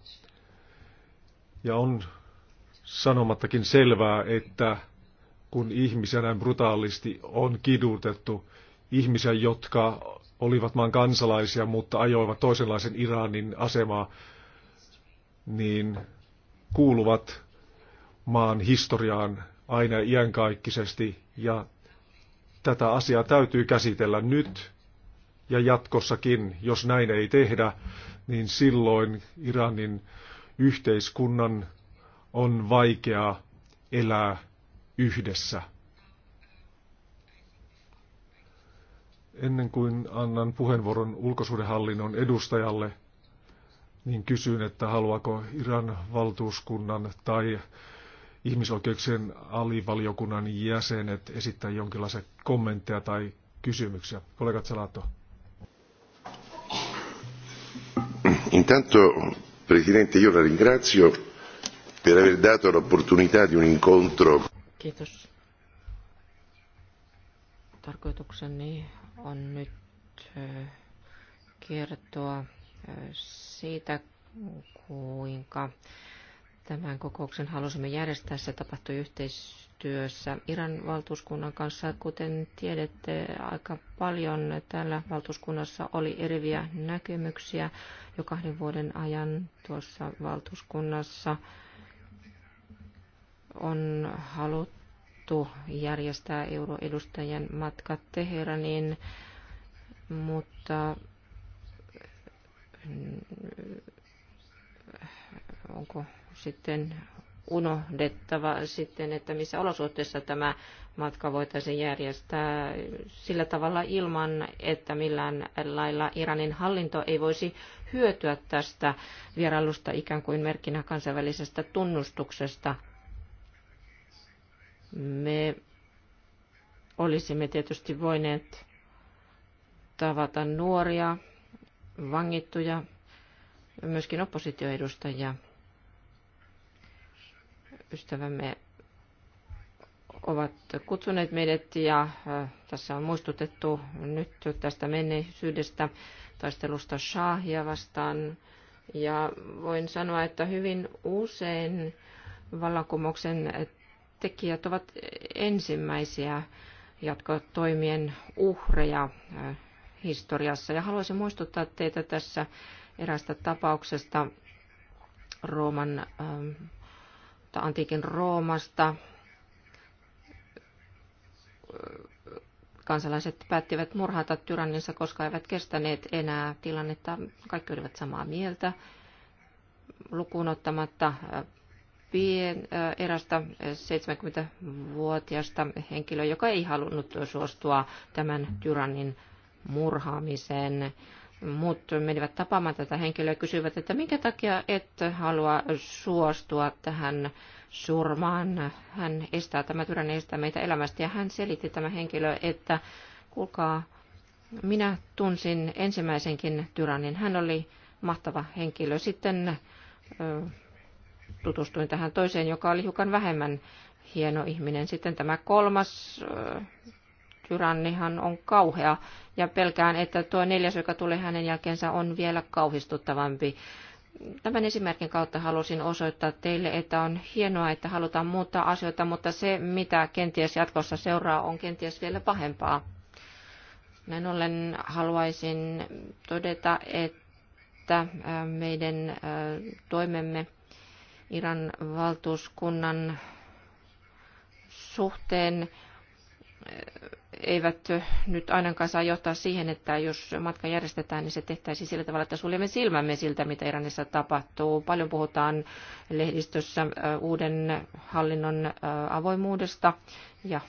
Ja on sanomattakin selvää, että kun ihmisiä näin brutaalisti on kidutettu, ihmisiä, jotka olivat maan kansalaisia, mutta ajoivat toisenlaisen Iranin asemaa, niin kuuluvat maan historiaan aina iänkaikkisesti ja tätä asiaa täytyy käsitellä nyt ja jatkossakin, jos näin ei tehdä, niin silloin Iranin yhteiskunnan on vaikeaa elää yhdessä. Ennen kuin annan puheenvuoron ulkosuhdehallinnon edustajalle, niin kysyn, että haluaako Iran valtuuskunnan tai ihmisoikeuksien alivaliokunnan jäsenet esittää jonkinlaisia kommentteja tai kysymyksiä. Kollegat Salato. intanto presidente io la ringrazio per aver dato l'opportunità di un incontro. Tarkoitukseni on nyt eh, kertoa eh, siitä, kuinka tämän kokouksen halusimme järjestää. Se tapahtui yhteistyössä Iran valtuuskunnan kanssa. Kuten tiedätte, aika paljon täällä valtuuskunnassa oli eriviä näkemyksiä jo kahden vuoden ajan tuossa valtuuskunnassa. On haluttu järjestää euroedustajien matka Teheraniin, mutta onko sitten unohdettava sitten, että missä olosuhteissa tämä matka voitaisiin järjestää sillä tavalla ilman, että millään lailla Iranin hallinto ei voisi hyötyä tästä vierailusta ikään kuin merkkinä kansainvälisestä tunnustuksesta. Me olisimme tietysti voineet tavata nuoria, vangittuja, myöskin oppositioedustajia – ystävämme ovat kutsuneet meidät ja tässä on muistutettu nyt tästä menneisyydestä taistelusta Shahia vastaan. Ja voin sanoa, että hyvin usein vallankumouksen tekijät ovat ensimmäisiä jatkotoimien uhreja historiassa. Ja haluaisin muistuttaa teitä tässä erästä tapauksesta Rooman kautta antiikin Roomasta. Kansalaiset päättivät murhata tyranninsa, koska eivät kestäneet enää tilannetta. Kaikki olivat samaa mieltä, lukuun ottamatta äh, pien, äh, erästä 70 äh, vuotiaasta henkilöä, joka ei halunnut suostua tämän tyrannin murhaamiseen muut menivät tapaamaan tätä henkilöä ja kysyivät, että minkä takia et halua suostua tähän surmaan. Hän estää, tämä tyranni estää meitä elämästä ja hän selitti tämä henkilö, että kuulkaa, minä tunsin ensimmäisenkin tyrannin. Hän oli mahtava henkilö. Sitten tutustuin tähän toiseen, joka oli hiukan vähemmän hieno ihminen. Sitten tämä kolmas tyrannihan on kauhea ja pelkään, että tuo neljäs, joka tulee hänen jälkeensä, on vielä kauhistuttavampi. Tämän esimerkin kautta halusin osoittaa teille, että on hienoa, että halutaan muuttaa asioita, mutta se, mitä kenties jatkossa seuraa, on kenties vielä pahempaa. Näin ollen haluaisin todeta, että meidän toimemme Iran valtuuskunnan suhteen eivät nyt ainakaan saa johtaa siihen, että jos matka järjestetään, niin se tehtäisiin sillä tavalla, että suljemme silmämme siltä, mitä Iranissa tapahtuu. Paljon puhutaan lehdistössä uuden hallinnon avoimuudesta ja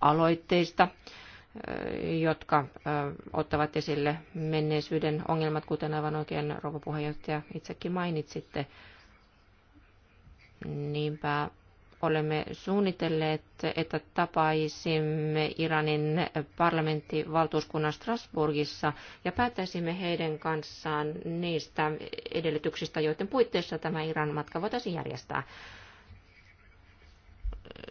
aloitteista jotka ottavat esille menneisyyden ongelmat, kuten aivan oikein rouva puheenjohtaja itsekin mainitsitte. Niinpä olemme suunnitelleet, että tapaisimme Iranin parlamenttivaltuuskunnan Strasbourgissa ja päättäisimme heidän kanssaan niistä edellytyksistä, joiden puitteissa tämä Iran matka voitaisiin järjestää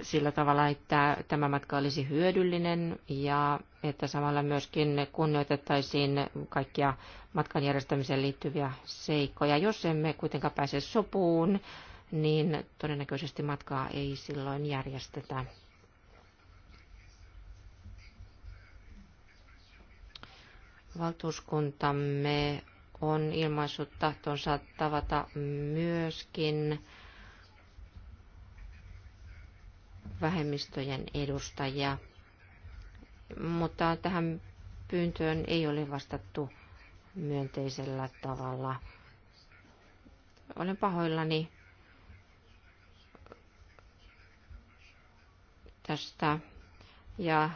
sillä tavalla, että tämä matka olisi hyödyllinen ja että samalla myöskin kunnioitettaisiin kaikkia matkan järjestämiseen liittyviä seikkoja. Jos emme kuitenkaan pääse sopuun, niin todennäköisesti matkaa ei silloin järjestetä. Valtuuskuntamme on ilmaissut tahtonsa tavata myöskin vähemmistöjen edustajia, mutta tähän pyyntöön ei ole vastattu myönteisellä tavalla. Olen pahoillani tästä. Ja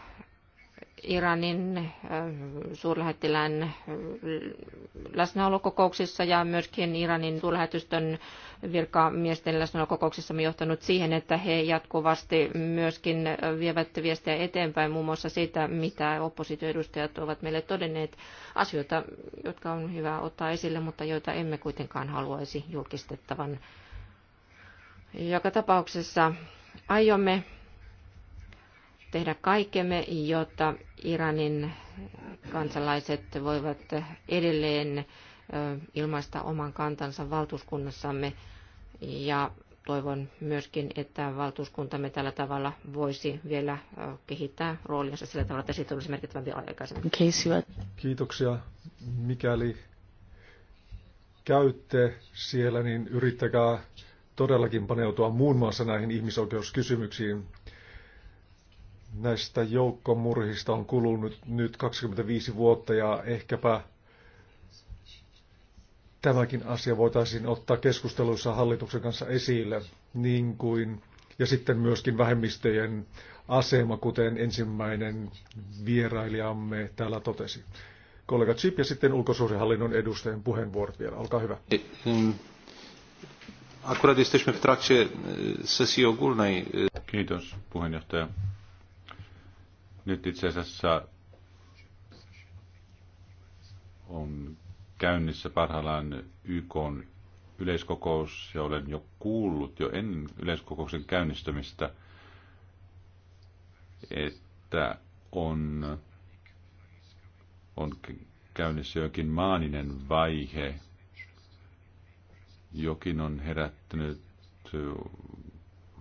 Iranin äh, suurlähettilään äh, läsnäolokokouksissa ja myöskin Iranin suurlähetystön virkamiesten läsnäolokokouksissa on johtanut siihen, että he jatkuvasti myöskin äh, vievät viestejä eteenpäin muun muassa siitä, mitä oppositioedustajat ovat meille todenneet asioita, jotka on hyvä ottaa esille, mutta joita emme kuitenkaan haluaisi julkistettavan. Joka tapauksessa aiomme tehdä kaikkemme, jotta Iranin kansalaiset voivat edelleen ilmaista oman kantansa valtuuskunnassamme ja toivon myöskin, että valtuuskuntamme tällä tavalla voisi vielä kehittää roolinsa sillä tavalla, että siitä olisi merkittävämpi aikaisemmin. Kiitoksia. Mikäli käytte siellä, niin yrittäkää todellakin paneutua muun muassa näihin ihmisoikeuskysymyksiin näistä joukkomurhista on kulunut nyt 25 vuotta ja ehkäpä tämäkin asia voitaisiin ottaa keskusteluissa hallituksen kanssa esille, niin kuin, ja sitten myöskin vähemmistöjen asema, kuten ensimmäinen vierailijamme täällä totesi. Kollega Chip ja sitten ulkosuhdehallinnon edustajan puheenvuorot vielä. Olkaa hyvä. Akurat jesteśmy w trakcie sesji ogólnej. Kiitos puheenjohtaja nyt itse asiassa on käynnissä parhaillaan YK yleiskokous, ja olen jo kuullut jo ennen yleiskokouksen käynnistymistä, että on, on käynnissä jokin maaninen vaihe. Jokin on herättänyt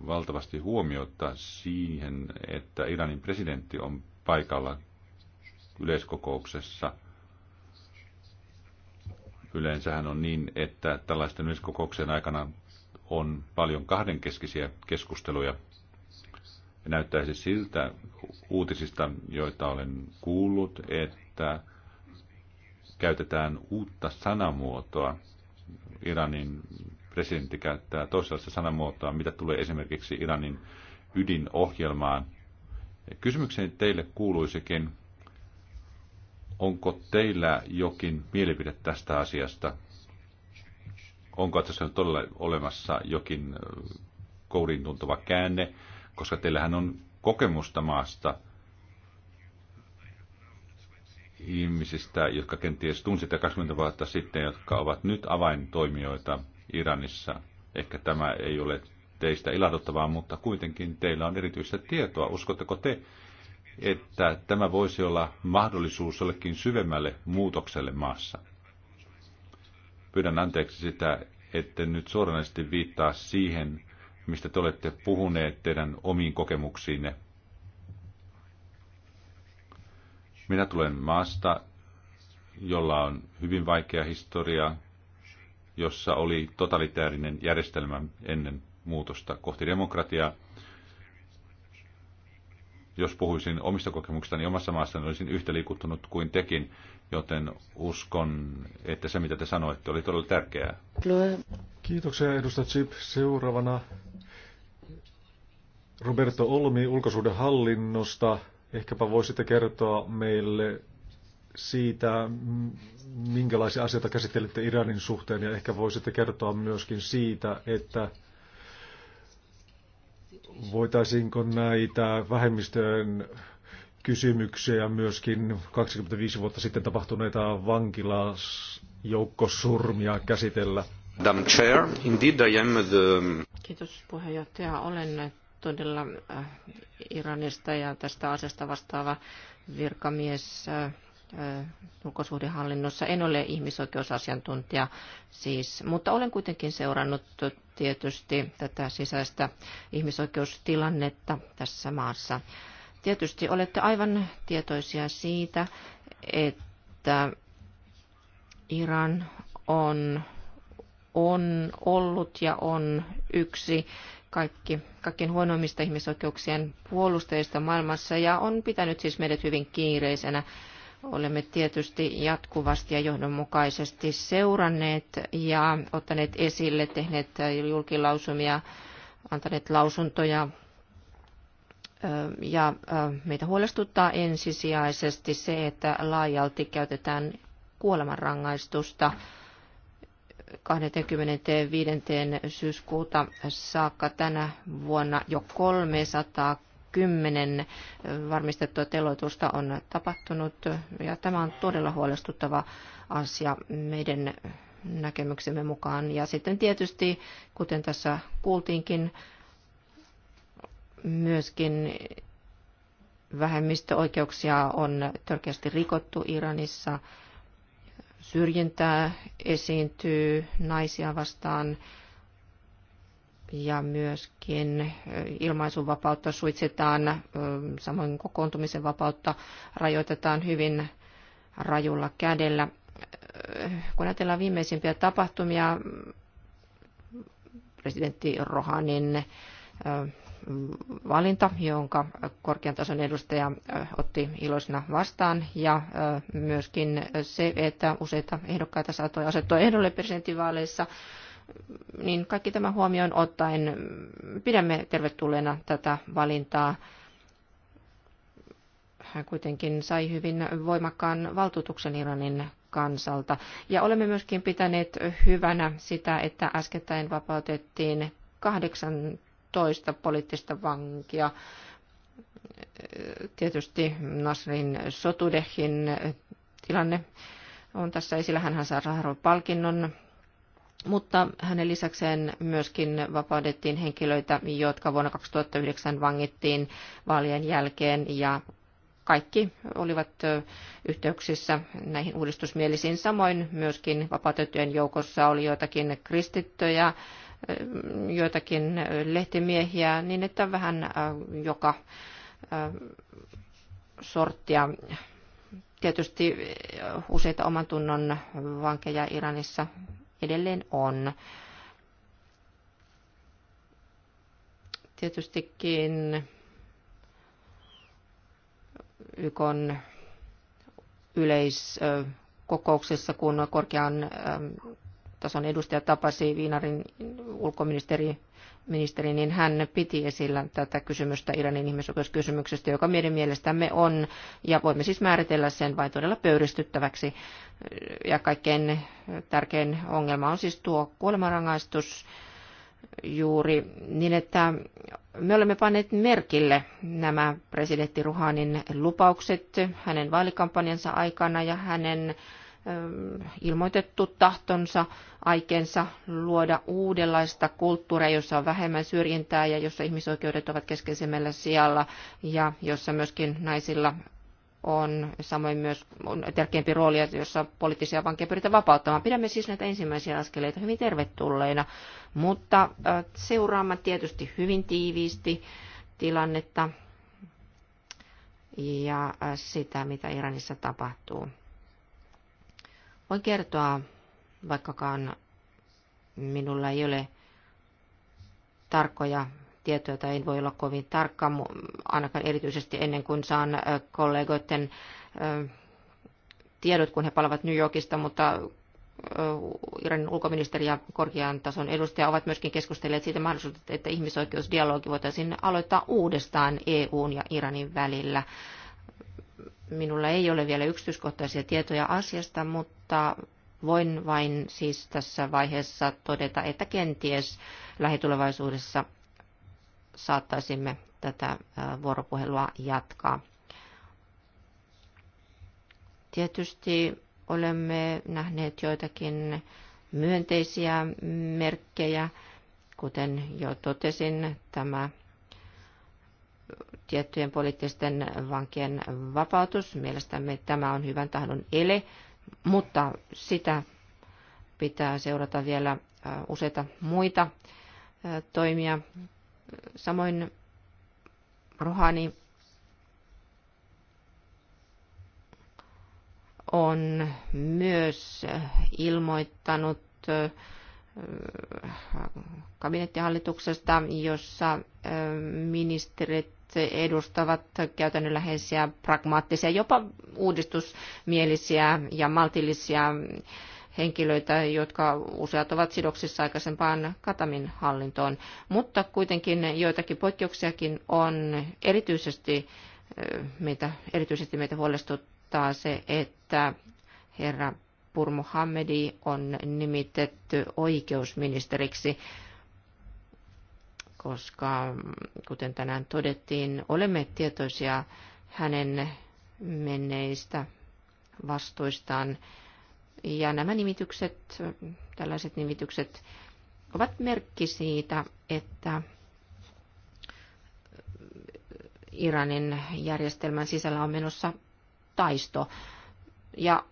valtavasti huomiota siihen, että Iranin presidentti on paikalla yleiskokouksessa. Yleensähän on niin, että tällaisten yleiskokouksen aikana on paljon kahdenkeskisiä keskusteluja. Ja näyttäisi siltä uutisista, joita olen kuullut, että käytetään uutta sanamuotoa Iranin presidentti käyttää toisenlaista sanamuotoa, mitä tulee esimerkiksi Iranin ydinohjelmaan. Kysymykseni teille kuuluisikin, onko teillä jokin mielipide tästä asiasta? Onko tässä on todella olemassa jokin kourin tuntuva käänne, koska teillähän on kokemusta maasta ihmisistä, jotka kenties tunsitte 20 vuotta sitten, jotka ovat nyt avaintoimijoita Iranissa. Ehkä tämä ei ole teistä ilahduttavaa, mutta kuitenkin teillä on erityistä tietoa. Uskotteko te, että tämä voisi olla mahdollisuus jollekin syvemmälle muutokselle maassa? Pyydän anteeksi sitä, että nyt suoranaisesti viittaa siihen, mistä te olette puhuneet teidän omiin kokemuksiinne. Minä tulen maasta, jolla on hyvin vaikea historia, jossa oli totalitäärinen järjestelmä ennen muutosta kohti demokratiaa. Jos puhuisin omista kokemuksistani niin omassa maassani, olisin yhtä liikuttunut kuin tekin, joten uskon, että se mitä te sanoitte oli todella tärkeää. Kiitoksia edustaja Chip. Seuraavana Roberto Olmi ulkosuuden hallinnosta. Ehkäpä voisitte kertoa meille siitä, minkälaisia asioita käsittelitte Iranin suhteen, ja ehkä voisitte kertoa myöskin siitä, että voitaisiinko näitä vähemmistöjen kysymyksiä ja myöskin 25 vuotta sitten tapahtuneita vankilasjoukkosurmia käsitellä. Chair, indeed I am the... Kiitos puheenjohtaja. Olen todella äh, Iranista ja tästä asiasta vastaava virkamies äh, ulkosuhdehallinnossa. En ole ihmisoikeusasiantuntija siis, mutta olen kuitenkin seurannut tietysti tätä sisäistä ihmisoikeustilannetta tässä maassa. Tietysti olette aivan tietoisia siitä, että Iran on, on ollut ja on yksi kaikki, kaikkien huonoimmista ihmisoikeuksien puolustajista maailmassa ja on pitänyt siis meidät hyvin kiireisenä Olemme tietysti jatkuvasti ja johdonmukaisesti seuranneet ja ottaneet esille, tehneet julkilausumia, antaneet lausuntoja ja meitä huolestuttaa ensisijaisesti se, että laajalti käytetään kuolemanrangaistusta 25. syyskuuta saakka tänä vuonna jo 300 kymmenen varmistettua teloitusta on tapahtunut ja tämä on todella huolestuttava asia meidän näkemyksemme mukaan. Ja sitten tietysti, kuten tässä kuultiinkin, myöskin vähemmistöoikeuksia on törkeästi rikottu Iranissa. Syrjintää esiintyy naisia vastaan ja myöskin ilmaisuvapautta suitsitaan, samoin kokoontumisen vapautta rajoitetaan hyvin rajulla kädellä. Kun ajatellaan viimeisimpiä tapahtumia, presidentti Rohanin valinta, jonka korkean tason edustaja otti iloisena vastaan, ja myöskin se, että useita ehdokkaita saatoi asettua ehdolle presidentinvaaleissa, niin kaikki tämä huomioon ottaen pidämme tervetulleena tätä valintaa. Hän kuitenkin sai hyvin voimakkaan valtuutuksen Iranin kansalta. Ja olemme myöskin pitäneet hyvänä sitä, että äskettäin vapautettiin 18 poliittista vankia. Tietysti Nasrin Sotudehin tilanne on tässä esillä. Hän saa palkinnon mutta hänen lisäkseen myöskin vapautettiin henkilöitä, jotka vuonna 2009 vangittiin vaalien jälkeen ja kaikki olivat yhteyksissä näihin uudistusmielisiin. Samoin myöskin vapautettujen joukossa oli joitakin kristittyjä, joitakin lehtimiehiä, niin että vähän joka sorttia tietysti useita oman tunnon vankeja Iranissa edelleen on. Tietystikin YK yleiskokouksessa, kun korkean tason edustaja tapasi Viinarin ulkoministeri ministeri, niin hän piti esillä tätä kysymystä Iranin ihmisoikeuskysymyksestä, joka meidän mielestämme on, ja voimme siis määritellä sen vain todella pöyristyttäväksi. Ja kaikkein tärkein ongelma on siis tuo kuolemanrangaistus juuri niin, että me olemme panneet merkille nämä presidentti Ruhanin lupaukset hänen vaalikampanjansa aikana ja hänen Ähm, ilmoitettu tahtonsa, aikeensa luoda uudenlaista kulttuuria, jossa on vähemmän syrjintää ja jossa ihmisoikeudet ovat keskeisemmällä sijalla ja jossa myöskin naisilla on samoin myös on tärkeämpi rooli, jossa poliittisia vankeja pyritään vapauttamaan. Pidämme siis näitä ensimmäisiä askeleita hyvin tervetulleina, mutta äh, seuraamme tietysti hyvin tiiviisti tilannetta ja äh, sitä, mitä Iranissa tapahtuu. Voin kertoa, vaikkakaan minulla ei ole tarkkoja tietoja tai en voi olla kovin tarkka, ainakaan erityisesti ennen kuin saan kollegoiden tiedot, kun he palavat New Yorkista, mutta Iranin ulkoministeri ja korkean tason edustaja ovat myöskin keskustelleet siitä mahdollisuudesta, että ihmisoikeusdialogi voitaisiin aloittaa uudestaan EUn ja Iranin välillä. Minulla ei ole vielä yksityiskohtaisia tietoja asiasta, mutta voin vain siis tässä vaiheessa todeta, että kenties lähitulevaisuudessa saattaisimme tätä vuoropuhelua jatkaa. Tietysti olemme nähneet joitakin myönteisiä merkkejä, kuten jo totesin, tämä tiettyjen poliittisten vankien vapautus. Mielestämme tämä on hyvän tahdon ele, mutta sitä pitää seurata vielä äh, useita muita äh, toimia. Samoin Rohani on myös ilmoittanut äh, kabinettihallituksesta, jossa ministerit edustavat käytännönläheisiä, pragmaattisia, jopa uudistusmielisiä ja maltillisia henkilöitä, jotka useat ovat sidoksissa aikaisempaan Katamin hallintoon. Mutta kuitenkin joitakin poikkeuksiakin on erityisesti eh, meitä, erityisesti meitä huolestuttaa se, että herra Pur Mohammedi on nimitetty oikeusministeriksi koska kuten tänään todettiin, olemme tietoisia hänen menneistä vastuistaan. Ja nämä nimitykset, tällaiset nimitykset, ovat merkki siitä, että Iranin järjestelmän sisällä on menossa taisto. Ja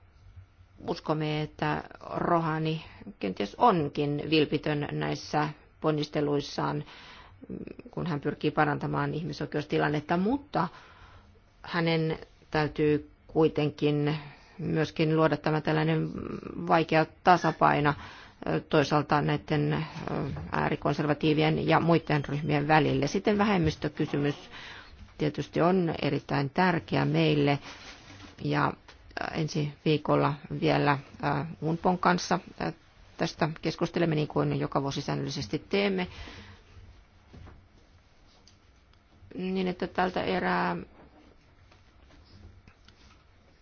uskomme, että Rohani kenties onkin vilpitön näissä ponnisteluissaan kun hän pyrkii parantamaan ihmisoikeustilannetta, mutta hänen täytyy kuitenkin myöskin luoda tämä tällainen vaikea tasapaino toisaalta näiden äärikonservatiivien ja muiden ryhmien välille. Sitten vähemmistökysymys tietysti on erittäin tärkeä meille ja ensi viikolla vielä UNPON kanssa tästä keskustelemme niin kuin joka vuosi säännöllisesti teemme niin että tältä erää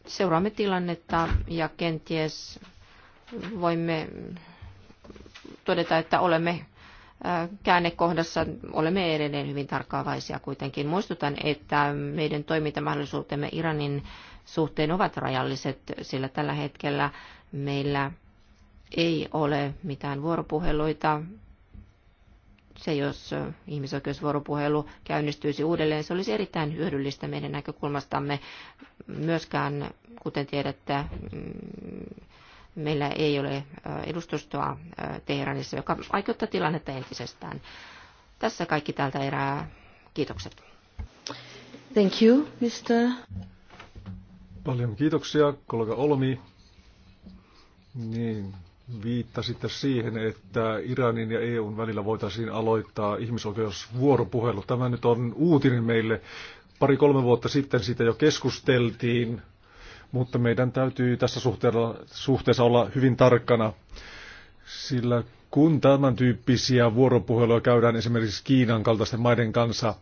seuraamme tilannetta ja kenties voimme todeta, että olemme äh, käännekohdassa olemme edelleen hyvin tarkkaavaisia kuitenkin. Muistutan, että meidän toimintamahdollisuutemme Iranin suhteen ovat rajalliset, sillä tällä hetkellä meillä ei ole mitään vuoropuheluita se, jos ihmisoikeusvuoropuhelu käynnistyisi uudelleen, se olisi erittäin hyödyllistä meidän näkökulmastamme. Myöskään, kuten tiedätte, mm, meillä ei ole edustustoa Teheranissa, joka vaikuttaa tilannetta entisestään. Tässä kaikki tältä erää. Kiitokset. Thank you, Mr. Paljon kiitoksia, kollega Olmi. Niin, viittasitte siihen, että Iranin ja EUn välillä voitaisiin aloittaa ihmisoikeusvuoropuhelu. Tämä nyt on uutinen meille. Pari-kolme vuotta sitten siitä jo keskusteltiin, mutta meidän täytyy tässä suhteessa olla hyvin tarkkana, sillä kun tämän tyyppisiä vuoropuheluja käydään esimerkiksi Kiinan kaltaisten maiden kanssa,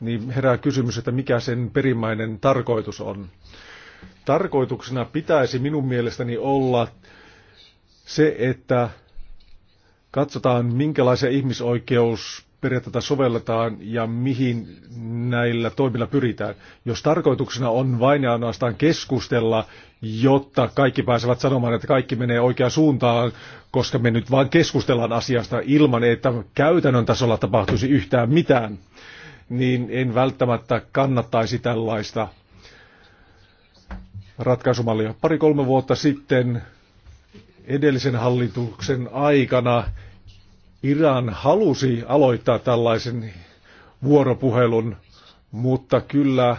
niin herää kysymys, että mikä sen perimmäinen tarkoitus on. Tarkoituksena pitäisi minun mielestäni olla se, että katsotaan minkälaisia ihmisoikeusperiaatteita sovelletaan ja mihin näillä toimilla pyritään. Jos tarkoituksena on vain ja ainoastaan keskustella, jotta kaikki pääsevät sanomaan, että kaikki menee oikeaan suuntaan, koska me nyt vain keskustellaan asiasta ilman, että käytännön tasolla tapahtuisi yhtään mitään, niin en välttämättä kannattaisi tällaista ratkaisumallia. Pari-kolme vuotta sitten edellisen hallituksen aikana Iran halusi aloittaa tällaisen vuoropuhelun, mutta kyllä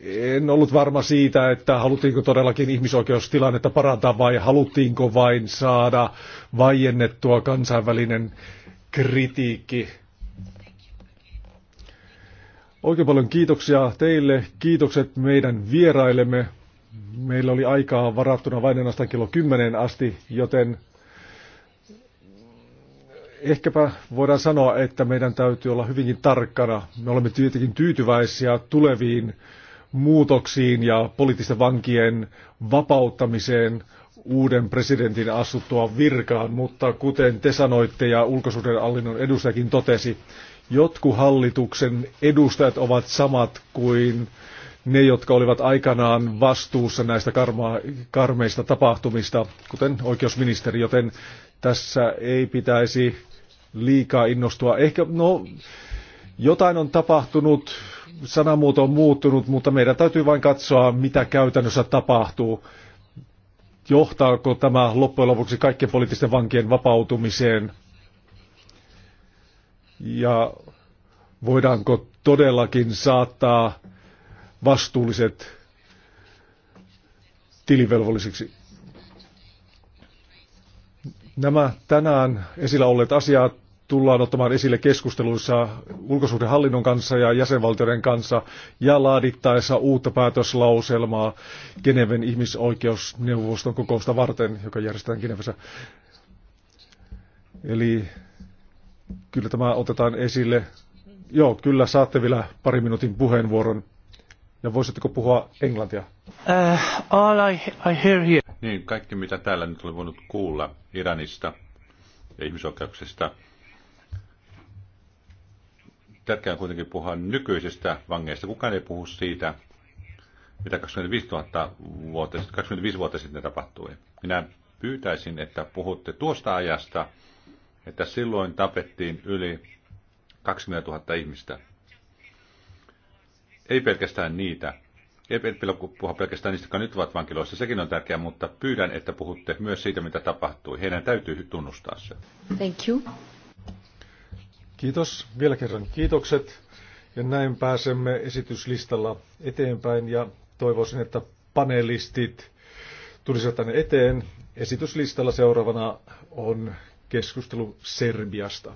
en ollut varma siitä, että haluttiinko todellakin ihmisoikeustilannetta parantaa vai haluttiinko vain saada vaiennettua kansainvälinen kritiikki Oikein paljon kiitoksia teille. Kiitokset meidän vierailemme. Meillä oli aikaa varattuna vain ennastaan kello 10 asti, joten ehkäpä voidaan sanoa, että meidän täytyy olla hyvinkin tarkkana. Me olemme tietenkin tyytyväisiä tuleviin muutoksiin ja poliittisten vankien vapauttamiseen uuden presidentin astuttua virkaan, mutta kuten te sanoitte ja ulkosuhdehallinnon edustajakin totesi, Jotkut hallituksen edustajat ovat samat kuin ne, jotka olivat aikanaan vastuussa näistä karma, karmeista tapahtumista, kuten oikeusministeri, joten tässä ei pitäisi liikaa innostua. Ehkä, no, jotain on tapahtunut, sanamuoto on muuttunut, mutta meidän täytyy vain katsoa, mitä käytännössä tapahtuu. Johtaako tämä loppujen lopuksi kaikkien poliittisten vankien vapautumiseen? ja voidaanko todellakin saattaa vastuulliset tilivelvollisiksi. Nämä tänään esillä olleet asiat tullaan ottamaan esille keskusteluissa ulkosuhdehallinnon kanssa ja jäsenvaltioiden kanssa ja laadittaessa uutta päätöslauselmaa Geneven ihmisoikeusneuvoston kokousta varten, joka järjestetään Genevessä. Eli Kyllä tämä otetaan esille. Joo, kyllä saatte vielä pari minuutin puheenvuoron. Ja voisitteko puhua englantia? Uh, all I, I hear here. Niin, kaikki mitä täällä nyt olen voinut kuulla Iranista ja ihmisoikeuksista. Tärkeää on kuitenkin puhua nykyisistä vangeista. Kukaan ei puhu siitä, mitä 25, 000 vuotta, 25 vuotta sitten tapahtui. Minä pyytäisin, että puhutte tuosta ajasta, että silloin tapettiin yli 20 000 ihmistä. Ei pelkästään niitä. Ei puhua pelkästään niistä, jotka nyt ovat vankiloissa. Sekin on tärkeää, mutta pyydän, että puhutte myös siitä, mitä tapahtui. Heidän täytyy tunnustaa se. Thank you. Kiitos. Vielä kerran kiitokset. Ja näin pääsemme esityslistalla eteenpäin ja toivoisin, että panelistit tulisivat tänne eteen. Esityslistalla seuraavana on keskustelu Serbiasta.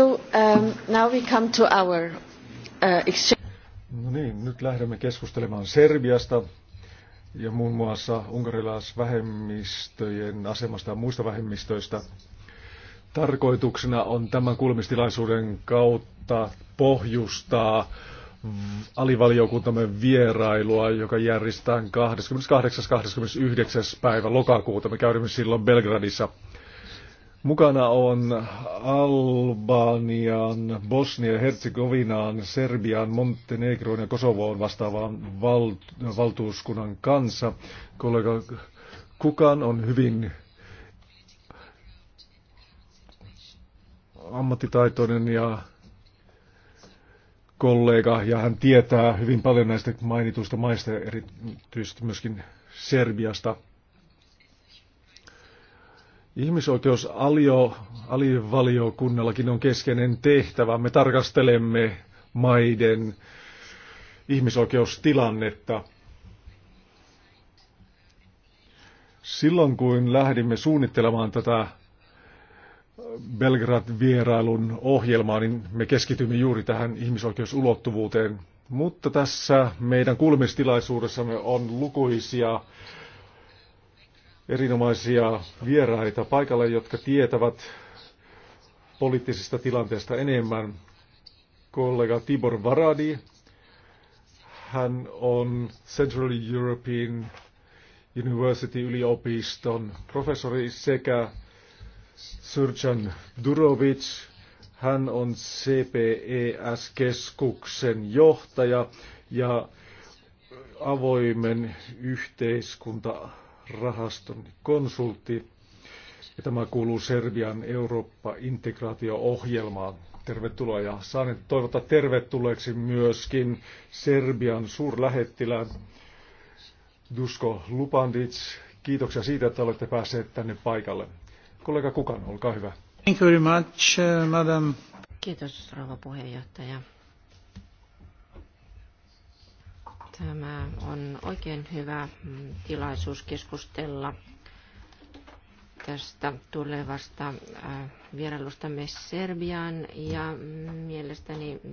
Um, uh, no niin, nyt lähdemme keskustelemaan Serbiasta ja muun muassa unkarilaisvähemmistöjen asemasta ja muista vähemmistöistä. Tarkoituksena on tämän kuulemistilaisuuden kautta pohjustaa alivaliokuntamme vierailua, joka järjestetään 28.–29. päivä lokakuuta. Me käydymme silloin Belgradissa. Mukana on Albaniaan, Bosnia, Herzegovinaan, Serbiaan, Montenegroon ja Kosovoon vastaavan val- valtuuskunnan kanssa. Kollega Kukan on hyvin ammattitaitoinen ja kollega, ja hän tietää hyvin paljon näistä mainituista maista, erityisesti myöskin Serbiasta – Ihmisoikeusalivaliokunnallakin on keskeinen tehtävä. Me tarkastelemme maiden ihmisoikeustilannetta. Silloin kun lähdimme suunnittelemaan tätä Belgrad-vierailun ohjelmaa, niin me keskitymme juuri tähän ihmisoikeusulottuvuuteen. Mutta tässä meidän kuulemistilaisuudessamme on lukuisia erinomaisia vieraita paikalle, jotka tietävät poliittisesta tilanteesta enemmän. Kollega Tibor Varadi, hän on Central European University-yliopiston professori sekä surjan Durovic, hän on CPES-keskuksen johtaja ja avoimen yhteiskunta rahaston konsultti. Ja tämä kuuluu Serbian Eurooppa-integraatio-ohjelmaan. Tervetuloa ja saan toivottaa tervetulleeksi myöskin Serbian suurlähettilään Dusko Lupandic. Kiitoksia siitä, että olette päässeet tänne paikalle. Kollega Kukan, olkaa hyvä. Thank you very much, uh, madam. Kiitos, rouva puheenjohtaja. Tämä on oikein hyvä mm, tilaisuus keskustella tästä tulevasta äh, vierailustamme Serbiaan ja mm, mielestäni mm,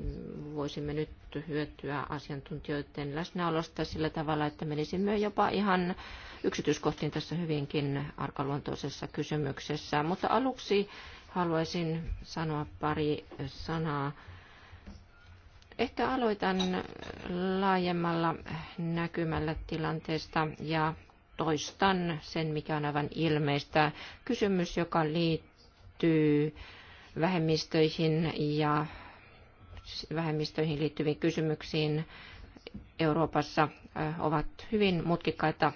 voisimme nyt hyötyä asiantuntijoiden läsnäolosta sillä tavalla, että menisimme jopa ihan yksityiskohtiin tässä hyvinkin arkaluontoisessa kysymyksessä. Mutta aluksi haluaisin sanoa pari sanaa Ehkä aloitan laajemmalla näkymällä tilanteesta ja toistan sen, mikä on aivan ilmeistä. Kysymys, joka liittyy vähemmistöihin ja vähemmistöihin liittyviin kysymyksiin Euroopassa ovat hyvin mutkikkaita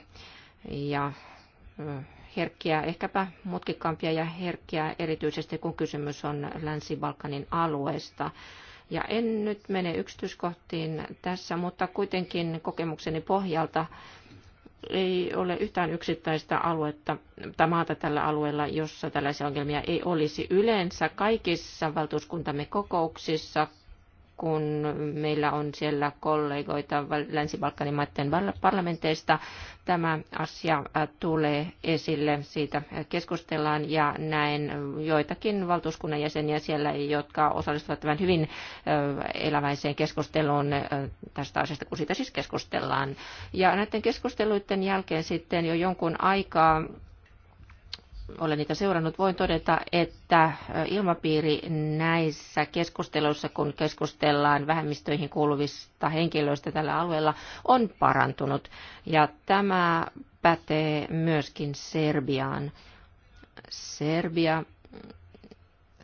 ja herkkiä, ehkäpä mutkikkaampia ja herkkiä erityisesti kun kysymys on Länsi-Balkanin alueesta. Ja en nyt mene yksityiskohtiin tässä, mutta kuitenkin kokemukseni pohjalta ei ole yhtään yksittäistä aluetta tai maata tällä alueella, jossa tällaisia ongelmia ei olisi. Yleensä kaikissa valtuuskuntamme kokouksissa kun meillä on siellä kollegoita Länsi-Balkanin maiden parlamenteista. Tämä asia äh, tulee esille, siitä äh, keskustellaan ja näen joitakin valtuuskunnan jäseniä siellä, jotka osallistuvat tämän hyvin äh, eläväiseen keskusteluun tästä asiasta, kun siitä siis keskustellaan. Ja näiden keskusteluiden jälkeen sitten jo jonkun aikaa olen niitä seurannut, voin todeta, että ilmapiiri näissä keskusteluissa, kun keskustellaan vähemmistöihin kuuluvista henkilöistä tällä alueella, on parantunut. Ja tämä pätee myöskin Serbiaan. Serbia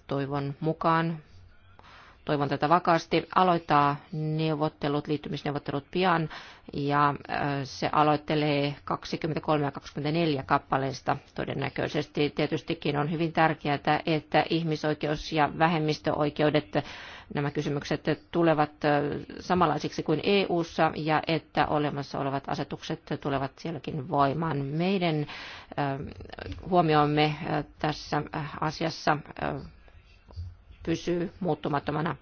toivon mukaan toivon tätä vakaasti, aloittaa neuvottelut, liittymisneuvottelut pian ja se aloittelee 23 ja 24 kappaleista todennäköisesti. Tietystikin on hyvin tärkeää, että ihmisoikeus- ja vähemmistöoikeudet nämä kysymykset tulevat samanlaisiksi kuin EU:ssa ja että olemassa olevat asetukset tulevat sielläkin voimaan. Meidän huomioimme tässä asiassa pysyy muuttumattomana.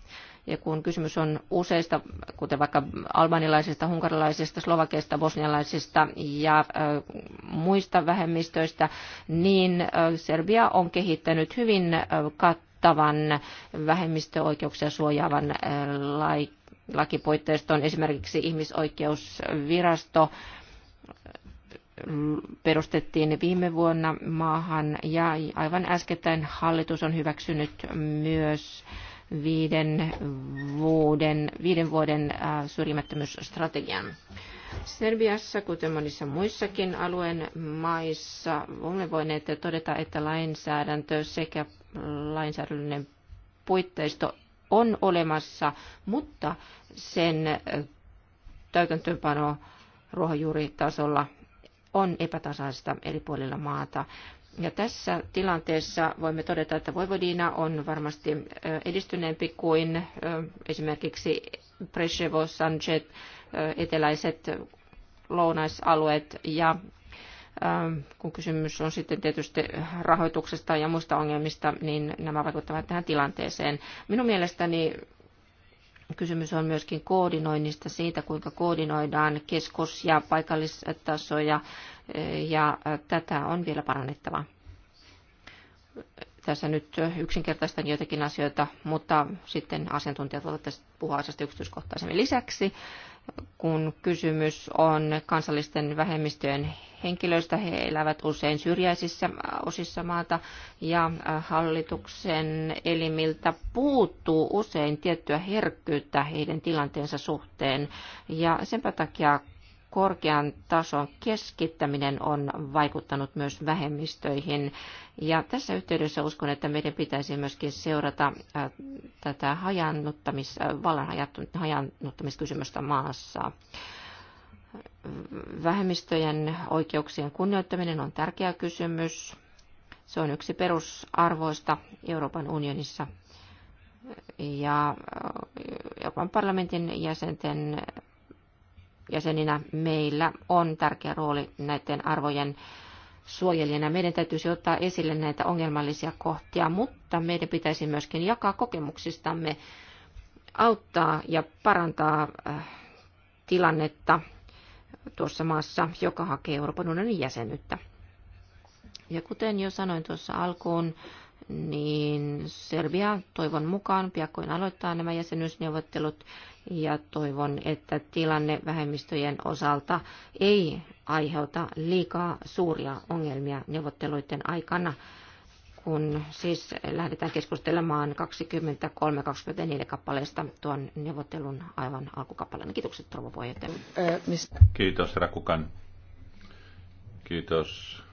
Ja kun kysymys on useista, kuten vaikka albanilaisista, hunkarilaisista, slovakeista, bosnialaisista ja muista vähemmistöistä, niin Serbia on kehittänyt hyvin kattavan vähemmistöoikeuksia suojaavan lain lakipuitteiston, esimerkiksi ihmisoikeusvirasto perustettiin viime vuonna maahan ja aivan äskettäin hallitus on hyväksynyt myös viiden vuoden, viiden vuoden äh, syrjimättömyysstrategian. Serbiassa, kuten monissa muissakin alueen maissa, olemme voineet todeta, että lainsäädäntö sekä lainsäädännöllinen puitteisto on olemassa, mutta sen äh, täytäntöönpano ruohonjuuritasolla on epätasaista eri puolilla maata. Ja tässä tilanteessa voimme todeta, että Voivodina on varmasti edistyneempi kuin esimerkiksi Preshevo, Sanchez, eteläiset lounaisalueet ja kun kysymys on sitten tietysti rahoituksesta ja muista ongelmista, niin nämä vaikuttavat tähän tilanteeseen. Minun mielestäni Kysymys on myöskin koordinoinnista siitä, kuinka koordinoidaan keskus- ja paikallistasoja, eh, ja eh, tätä on vielä parannettava. Tässä nyt yksinkertaistan joitakin asioita, mutta sitten asiantuntijat voivat tästä puhua asiasta yksityiskohtaisemmin lisäksi kun kysymys on kansallisten vähemmistöjen henkilöistä. He elävät usein syrjäisissä osissa maata ja hallituksen elimiltä puuttuu usein tiettyä herkkyyttä heidän tilanteensa suhteen. Ja senpä takia korkean tason keskittäminen on vaikuttanut myös vähemmistöihin. Ja tässä yhteydessä uskon, että meidän pitäisi myöskin seurata tätä hajannuttamis, vallan hajannuttamiskysymystä maassa. Vähemmistöjen oikeuksien kunnioittaminen on tärkeä kysymys. Se on yksi perusarvoista Euroopan unionissa ja Euroopan parlamentin jäsenten jäseninä meillä on tärkeä rooli näiden arvojen suojelijana. Meidän täytyisi ottaa esille näitä ongelmallisia kohtia, mutta meidän pitäisi myöskin jakaa kokemuksistamme, auttaa ja parantaa äh, tilannetta tuossa maassa, joka hakee Euroopan unionin jäsenyyttä. Ja kuten jo sanoin tuossa alkuun, niin Serbia toivon mukaan piakkoin aloittaa nämä jäsenyysneuvottelut ja toivon, että tilanne vähemmistöjen osalta ei aiheuta liikaa suuria ongelmia neuvotteluiden aikana, kun siis lähdetään keskustelemaan 23-24 kappaleesta tuon neuvottelun aivan alkukappaleen. Kiitokset, rouva puheenjohtaja. Kiitos, Rakukan. Kiitos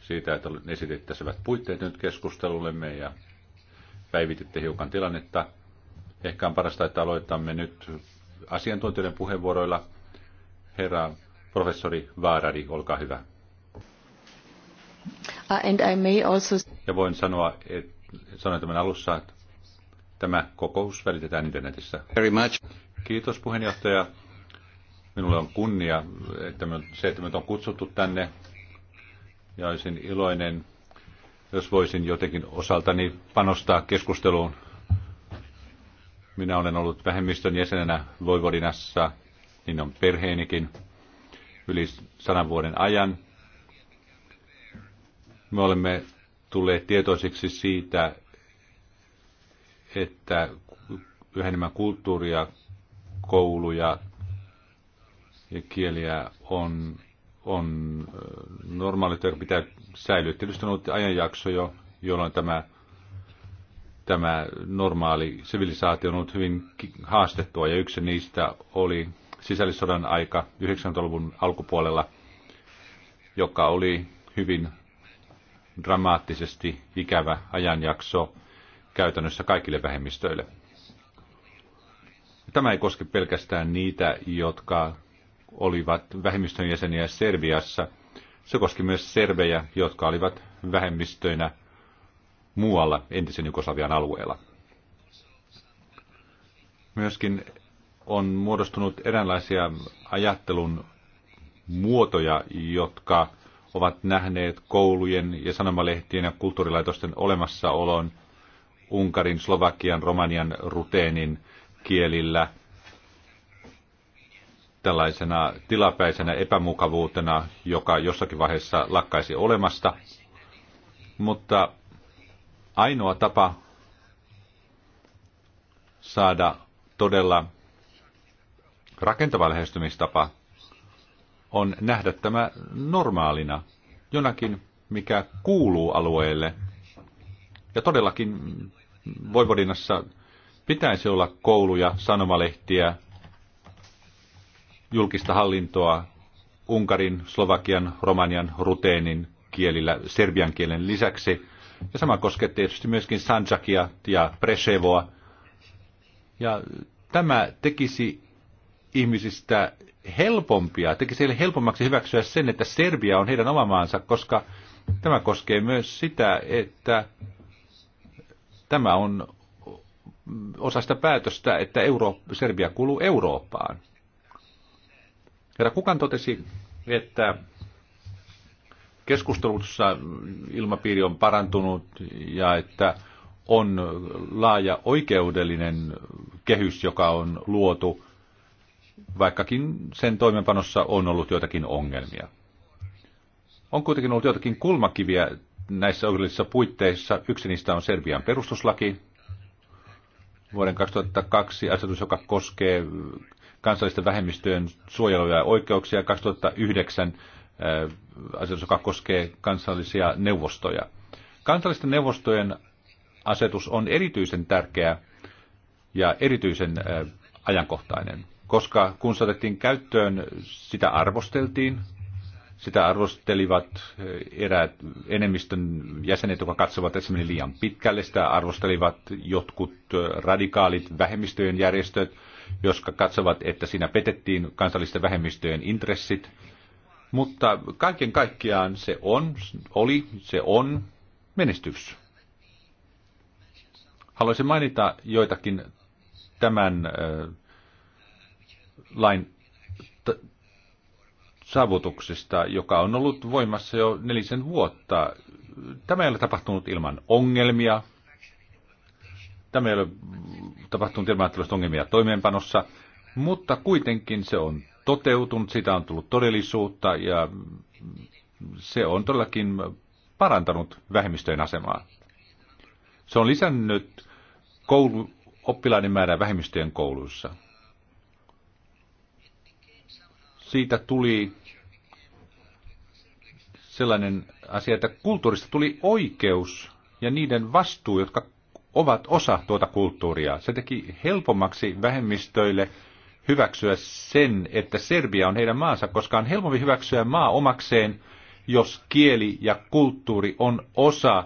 siitä, että esititte hyvät puitteet nyt keskustelullemme ja päivititte hiukan tilannetta. Ehkä on parasta, että aloitamme nyt asiantuntijoiden puheenvuoroilla. Herra professori Vaarari, olkaa hyvä. Uh, and I may also... Ja voin sanoa, että sanoin tämän alussa, että tämä kokous välitetään internetissä. Very much. Kiitos puheenjohtaja. Minulle on kunnia, että se, että minut on kutsuttu tänne ja olisin iloinen, jos voisin jotenkin osaltani panostaa keskusteluun. Minä olen ollut vähemmistön jäsenenä Voivodinassa, niin on perheenikin, yli sadan vuoden ajan. Me olemme tulleet tietoisiksi siitä, että yhä enemmän kulttuuria, kouluja ja kieliä on on normaali, että pitää säilyä. Tietysti on ollut ajanjakso jo, jolloin tämä, tämä normaali sivilisaatio on ollut hyvin haastettua, ja yksi niistä oli sisällissodan aika 90-luvun alkupuolella, joka oli hyvin dramaattisesti ikävä ajanjakso käytännössä kaikille vähemmistöille. Tämä ei koske pelkästään niitä, jotka olivat vähemmistön jäseniä Serbiassa. Se koski myös serbejä, jotka olivat vähemmistöinä muualla entisen Jugoslavian alueella. Myöskin on muodostunut eräänlaisia ajattelun muotoja, jotka ovat nähneet koulujen ja sanomalehtien ja kulttuurilaitosten olemassaolon Unkarin, Slovakian, Romanian, Ruteenin kielillä – tällaisena tilapäisenä epämukavuutena, joka jossakin vaiheessa lakkaisi olemasta. Mutta ainoa tapa saada todella rakentava lähestymistapa on nähdä tämä normaalina, jonakin, mikä kuuluu alueelle. Ja todellakin Voivodinassa pitäisi olla kouluja, sanomalehtiä, julkista hallintoa Unkarin, Slovakian, Romanian, Ruteenin kielillä, serbian kielen lisäksi. Ja sama koskee tietysti myöskin Sanjakia ja Presevoa. Ja tämä tekisi ihmisistä helpompia, tekisi heille helpommaksi hyväksyä sen, että Serbia on heidän oma maansa, koska tämä koskee myös sitä, että tämä on osa sitä päätöstä, että Euro- Serbia kuuluu Eurooppaan. Herra Kukan totesi, että keskustelussa ilmapiiri on parantunut ja että on laaja oikeudellinen kehys, joka on luotu, vaikkakin sen toimenpanossa on ollut joitakin ongelmia. On kuitenkin ollut joitakin kulmakiviä näissä oikeudellisissa puitteissa. Yksi niistä on Serbian perustuslaki, vuoden 2002 asetus, joka koskee kansallisten vähemmistöjen suojeluja ja oikeuksia 2009 äh, asetus, joka koskee kansallisia neuvostoja. Kansallisten neuvostojen asetus on erityisen tärkeä ja erityisen äh, ajankohtainen, koska kun se otettiin käyttöön, sitä arvosteltiin. Sitä arvostelivat äh, eräät enemmistön jäsenet, jotka katsovat, että se meni liian pitkälle. Sitä arvostelivat jotkut radikaalit vähemmistöjen järjestöt – jotka katsovat, että siinä petettiin kansallisten vähemmistöjen intressit. Mutta kaiken kaikkiaan se on, oli, se on menestys. Haluaisin mainita joitakin tämän äh, lain saavutuksista, joka on ollut voimassa jo nelisen vuotta. Tämä ei ole tapahtunut ilman ongelmia, Tämä ei ole tapahtunut ilman ongelmia toimeenpanossa, mutta kuitenkin se on toteutunut, sitä on tullut todellisuutta ja se on todellakin parantanut vähemmistöjen asemaa. Se on lisännyt koulu, oppilaiden määrää vähemmistöjen kouluissa. Siitä tuli sellainen asia, että kulttuurista tuli oikeus ja niiden vastuu, jotka ovat osa tuota kulttuuria. Se teki helpommaksi vähemmistöille hyväksyä sen, että Serbia on heidän maansa, koska on helpompi hyväksyä maa omakseen, jos kieli ja kulttuuri on osa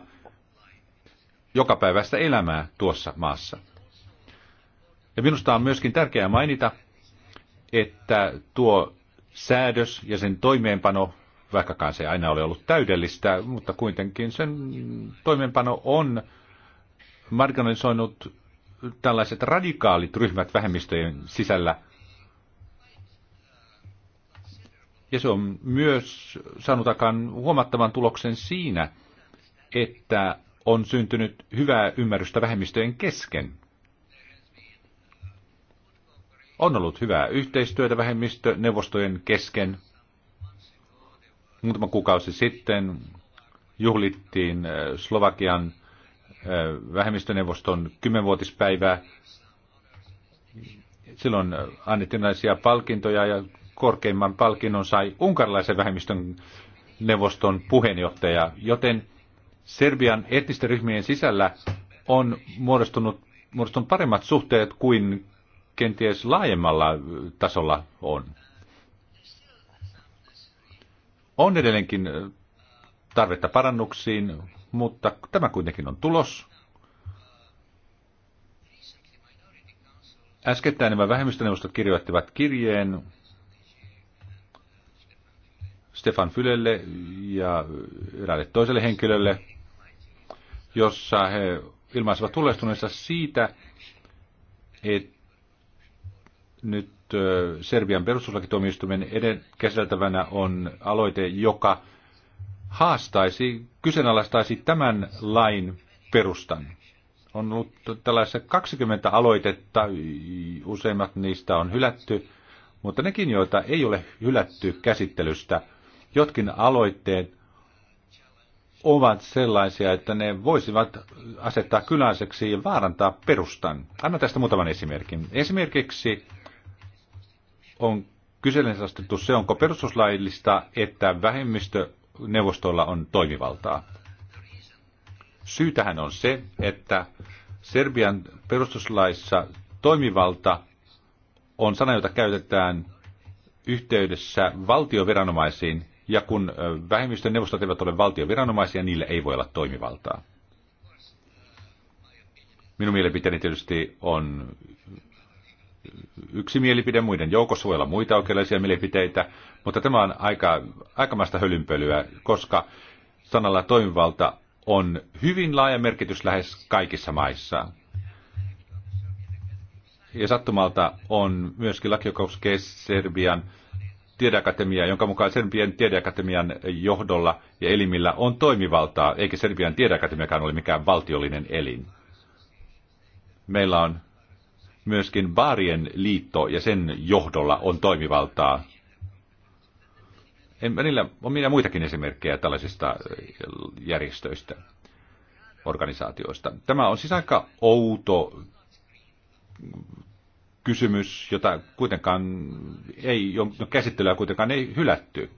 jokapäiväistä elämää tuossa maassa. Ja minusta on myöskin tärkeää mainita, että tuo säädös ja sen toimeenpano, vaikkakaan se ei aina ole ollut täydellistä, mutta kuitenkin sen toimeenpano on marginalisoinut tällaiset radikaalit ryhmät vähemmistöjen sisällä. Ja se on myös saanut aikaan huomattavan tuloksen siinä, että on syntynyt hyvää ymmärrystä vähemmistöjen kesken. On ollut hyvää yhteistyötä vähemmistöneuvostojen kesken. Muutama kuukausi sitten juhlittiin äh, Slovakian vähemmistöneuvoston kymmenvuotispäivää. Silloin annettiin naisia palkintoja ja korkeimman palkinnon sai unkarilaisen vähemmistön neuvoston puheenjohtaja, joten Serbian etnisten ryhmien sisällä on muodostunut, muodostunut paremmat suhteet kuin kenties laajemmalla tasolla on. On edelleenkin tarvetta parannuksiin, mutta tämä kuitenkin on tulos. Äskettäin nämä vähemmistöneuvostot kirjoittivat kirjeen Stefan Fylelle ja eräälle toiselle henkilölle, jossa he ilmaisivat tulestuneensa siitä, että nyt Serbian perustuslakituomioistuimen eden käsiteltävänä on aloite, joka haastaisi, kyseenalaistaisi tämän lain perustan. On ollut tällaisia 20 aloitetta, useimmat niistä on hylätty, mutta nekin, joita ei ole hylätty käsittelystä, jotkin aloitteet ovat sellaisia, että ne voisivat asettaa kyläiseksi ja vaarantaa perustan. Anna tästä muutaman esimerkin. Esimerkiksi on kyseenalaistettu se, onko perustuslaillista, että vähemmistö neuvostolla on toimivaltaa. Syytähän on se, että Serbian perustuslaissa toimivalta on sana, jota käytetään yhteydessä valtioviranomaisiin, ja kun vähemmistön neuvostot eivät ole valtioviranomaisia, niille ei voi olla toimivaltaa. Minun mielipiteeni tietysti on yksi mielipide muiden joukossa, voi olla muita oikeudellisia mielipiteitä, mutta tämä on aika, aikamaista hölynpölyä, koska sanalla toimivalta on hyvin laaja merkitys lähes kaikissa maissa. Ja sattumalta on myöskin lakiokouksessa Serbian tiedeakatemia, jonka mukaan Serbian tiedeakatemian johdolla ja elimillä on toimivaltaa, eikä Serbian tiedeakatemiakaan ole mikään valtiollinen elin. Meillä on myöskin Baarien liitto ja sen johdolla on toimivaltaa. Välillä on minä muitakin esimerkkejä tällaisista järjestöistä, organisaatioista. Tämä on siis aika outo kysymys, jota kuitenkaan ei, käsittelyä kuitenkaan ei hylätty.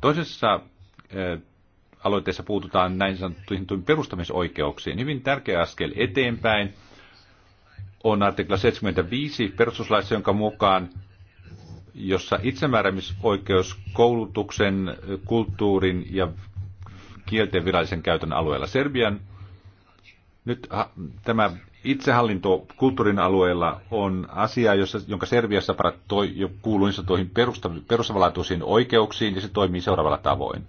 Toisessa aloitteessa puututaan näin sanottuihin perustamisoikeuksiin. Hyvin tärkeä askel eteenpäin on artikla 75 perustuslaissa, jonka mukaan jossa itsemääräämisoikeus koulutuksen, kulttuurin ja kielten virallisen käytön alueella. Serbian nyt tämä itsehallinto kulttuurin alueella on asia, jossa, jonka Serbiassa toi, jo kuuluu tuohon perustavalaatuisiin oikeuksiin ja se toimii seuraavalla tavoin.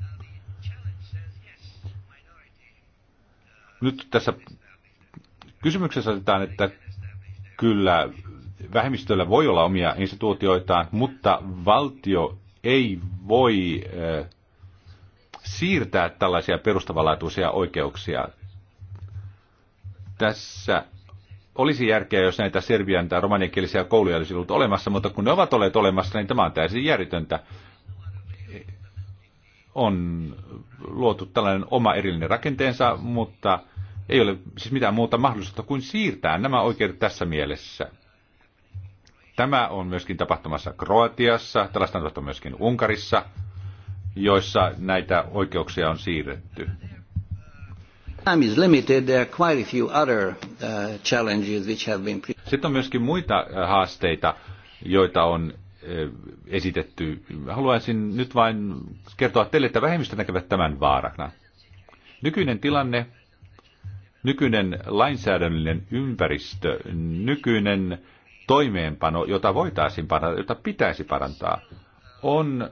Nyt tässä kysymyksessä asetetaan, että kyllä vähemmistöllä voi olla omia instituutioitaan, mutta valtio ei voi siirtää tällaisia perustavanlaatuisia oikeuksia. Tässä olisi järkeä, jos näitä serbian tai romanienkielisiä kouluja olisi ollut olemassa, mutta kun ne ovat olleet olemassa, niin tämä on täysin järjetöntä. On luotu tällainen oma erillinen rakenteensa, mutta ei ole siis mitään muuta mahdollisuutta kuin siirtää nämä oikeudet tässä mielessä. Tämä on myöskin tapahtumassa Kroatiassa, tällaista on myöskin Unkarissa, joissa näitä oikeuksia on siirretty. Uh, Sitten on myöskin muita uh, haasteita, joita on uh, esitetty. Haluaisin nyt vain kertoa teille, että vähemmistö näkevät tämän vaarana. Nykyinen tilanne, nykyinen lainsäädännöllinen ympäristö, nykyinen toimeenpano, jota voitaisiin parantaa, jota pitäisi parantaa, on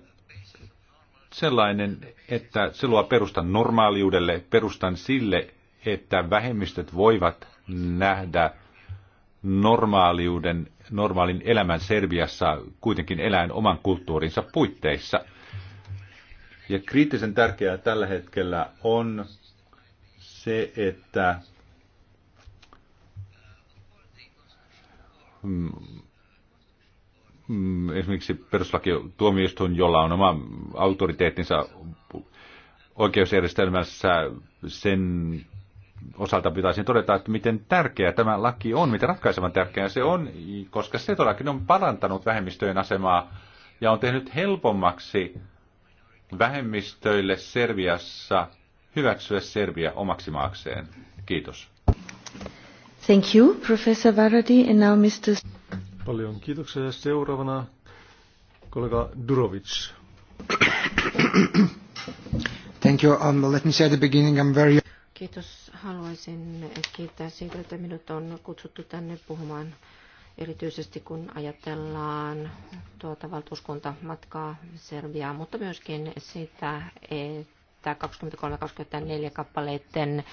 sellainen, että se luo perustan normaaliudelle, perustan sille, että vähemmistöt voivat nähdä normaaliuden, normaalin elämän Serbiassa kuitenkin eläin oman kulttuurinsa puitteissa. Ja kriittisen tärkeää tällä hetkellä on se, että Mm, esimerkiksi perustuslakituomioistuin, jolla on oma autoriteettinsa oikeusjärjestelmässä, sen osalta pitäisi todeta, että miten tärkeä tämä laki on, miten ratkaisevan tärkeä se on, koska se todellakin on parantanut vähemmistöjen asemaa ja on tehnyt helpommaksi vähemmistöille Serviassa hyväksyä Serbia omaksi maakseen. Kiitos. Thank you, Professor Varadi, and now Mr. Paljon kiitoksia. Seuraavana kollega Durovic. Thank you. Um, let me say at the beginning I'm very... Kiitos. Haluaisin kiittää siitä, että minut on kutsuttu tänne puhumaan erityisesti kun ajatellaan tuota valtuuskuntamatkaa Serbiaan, mutta myöskin sitä, että että 23-24 kappaleiden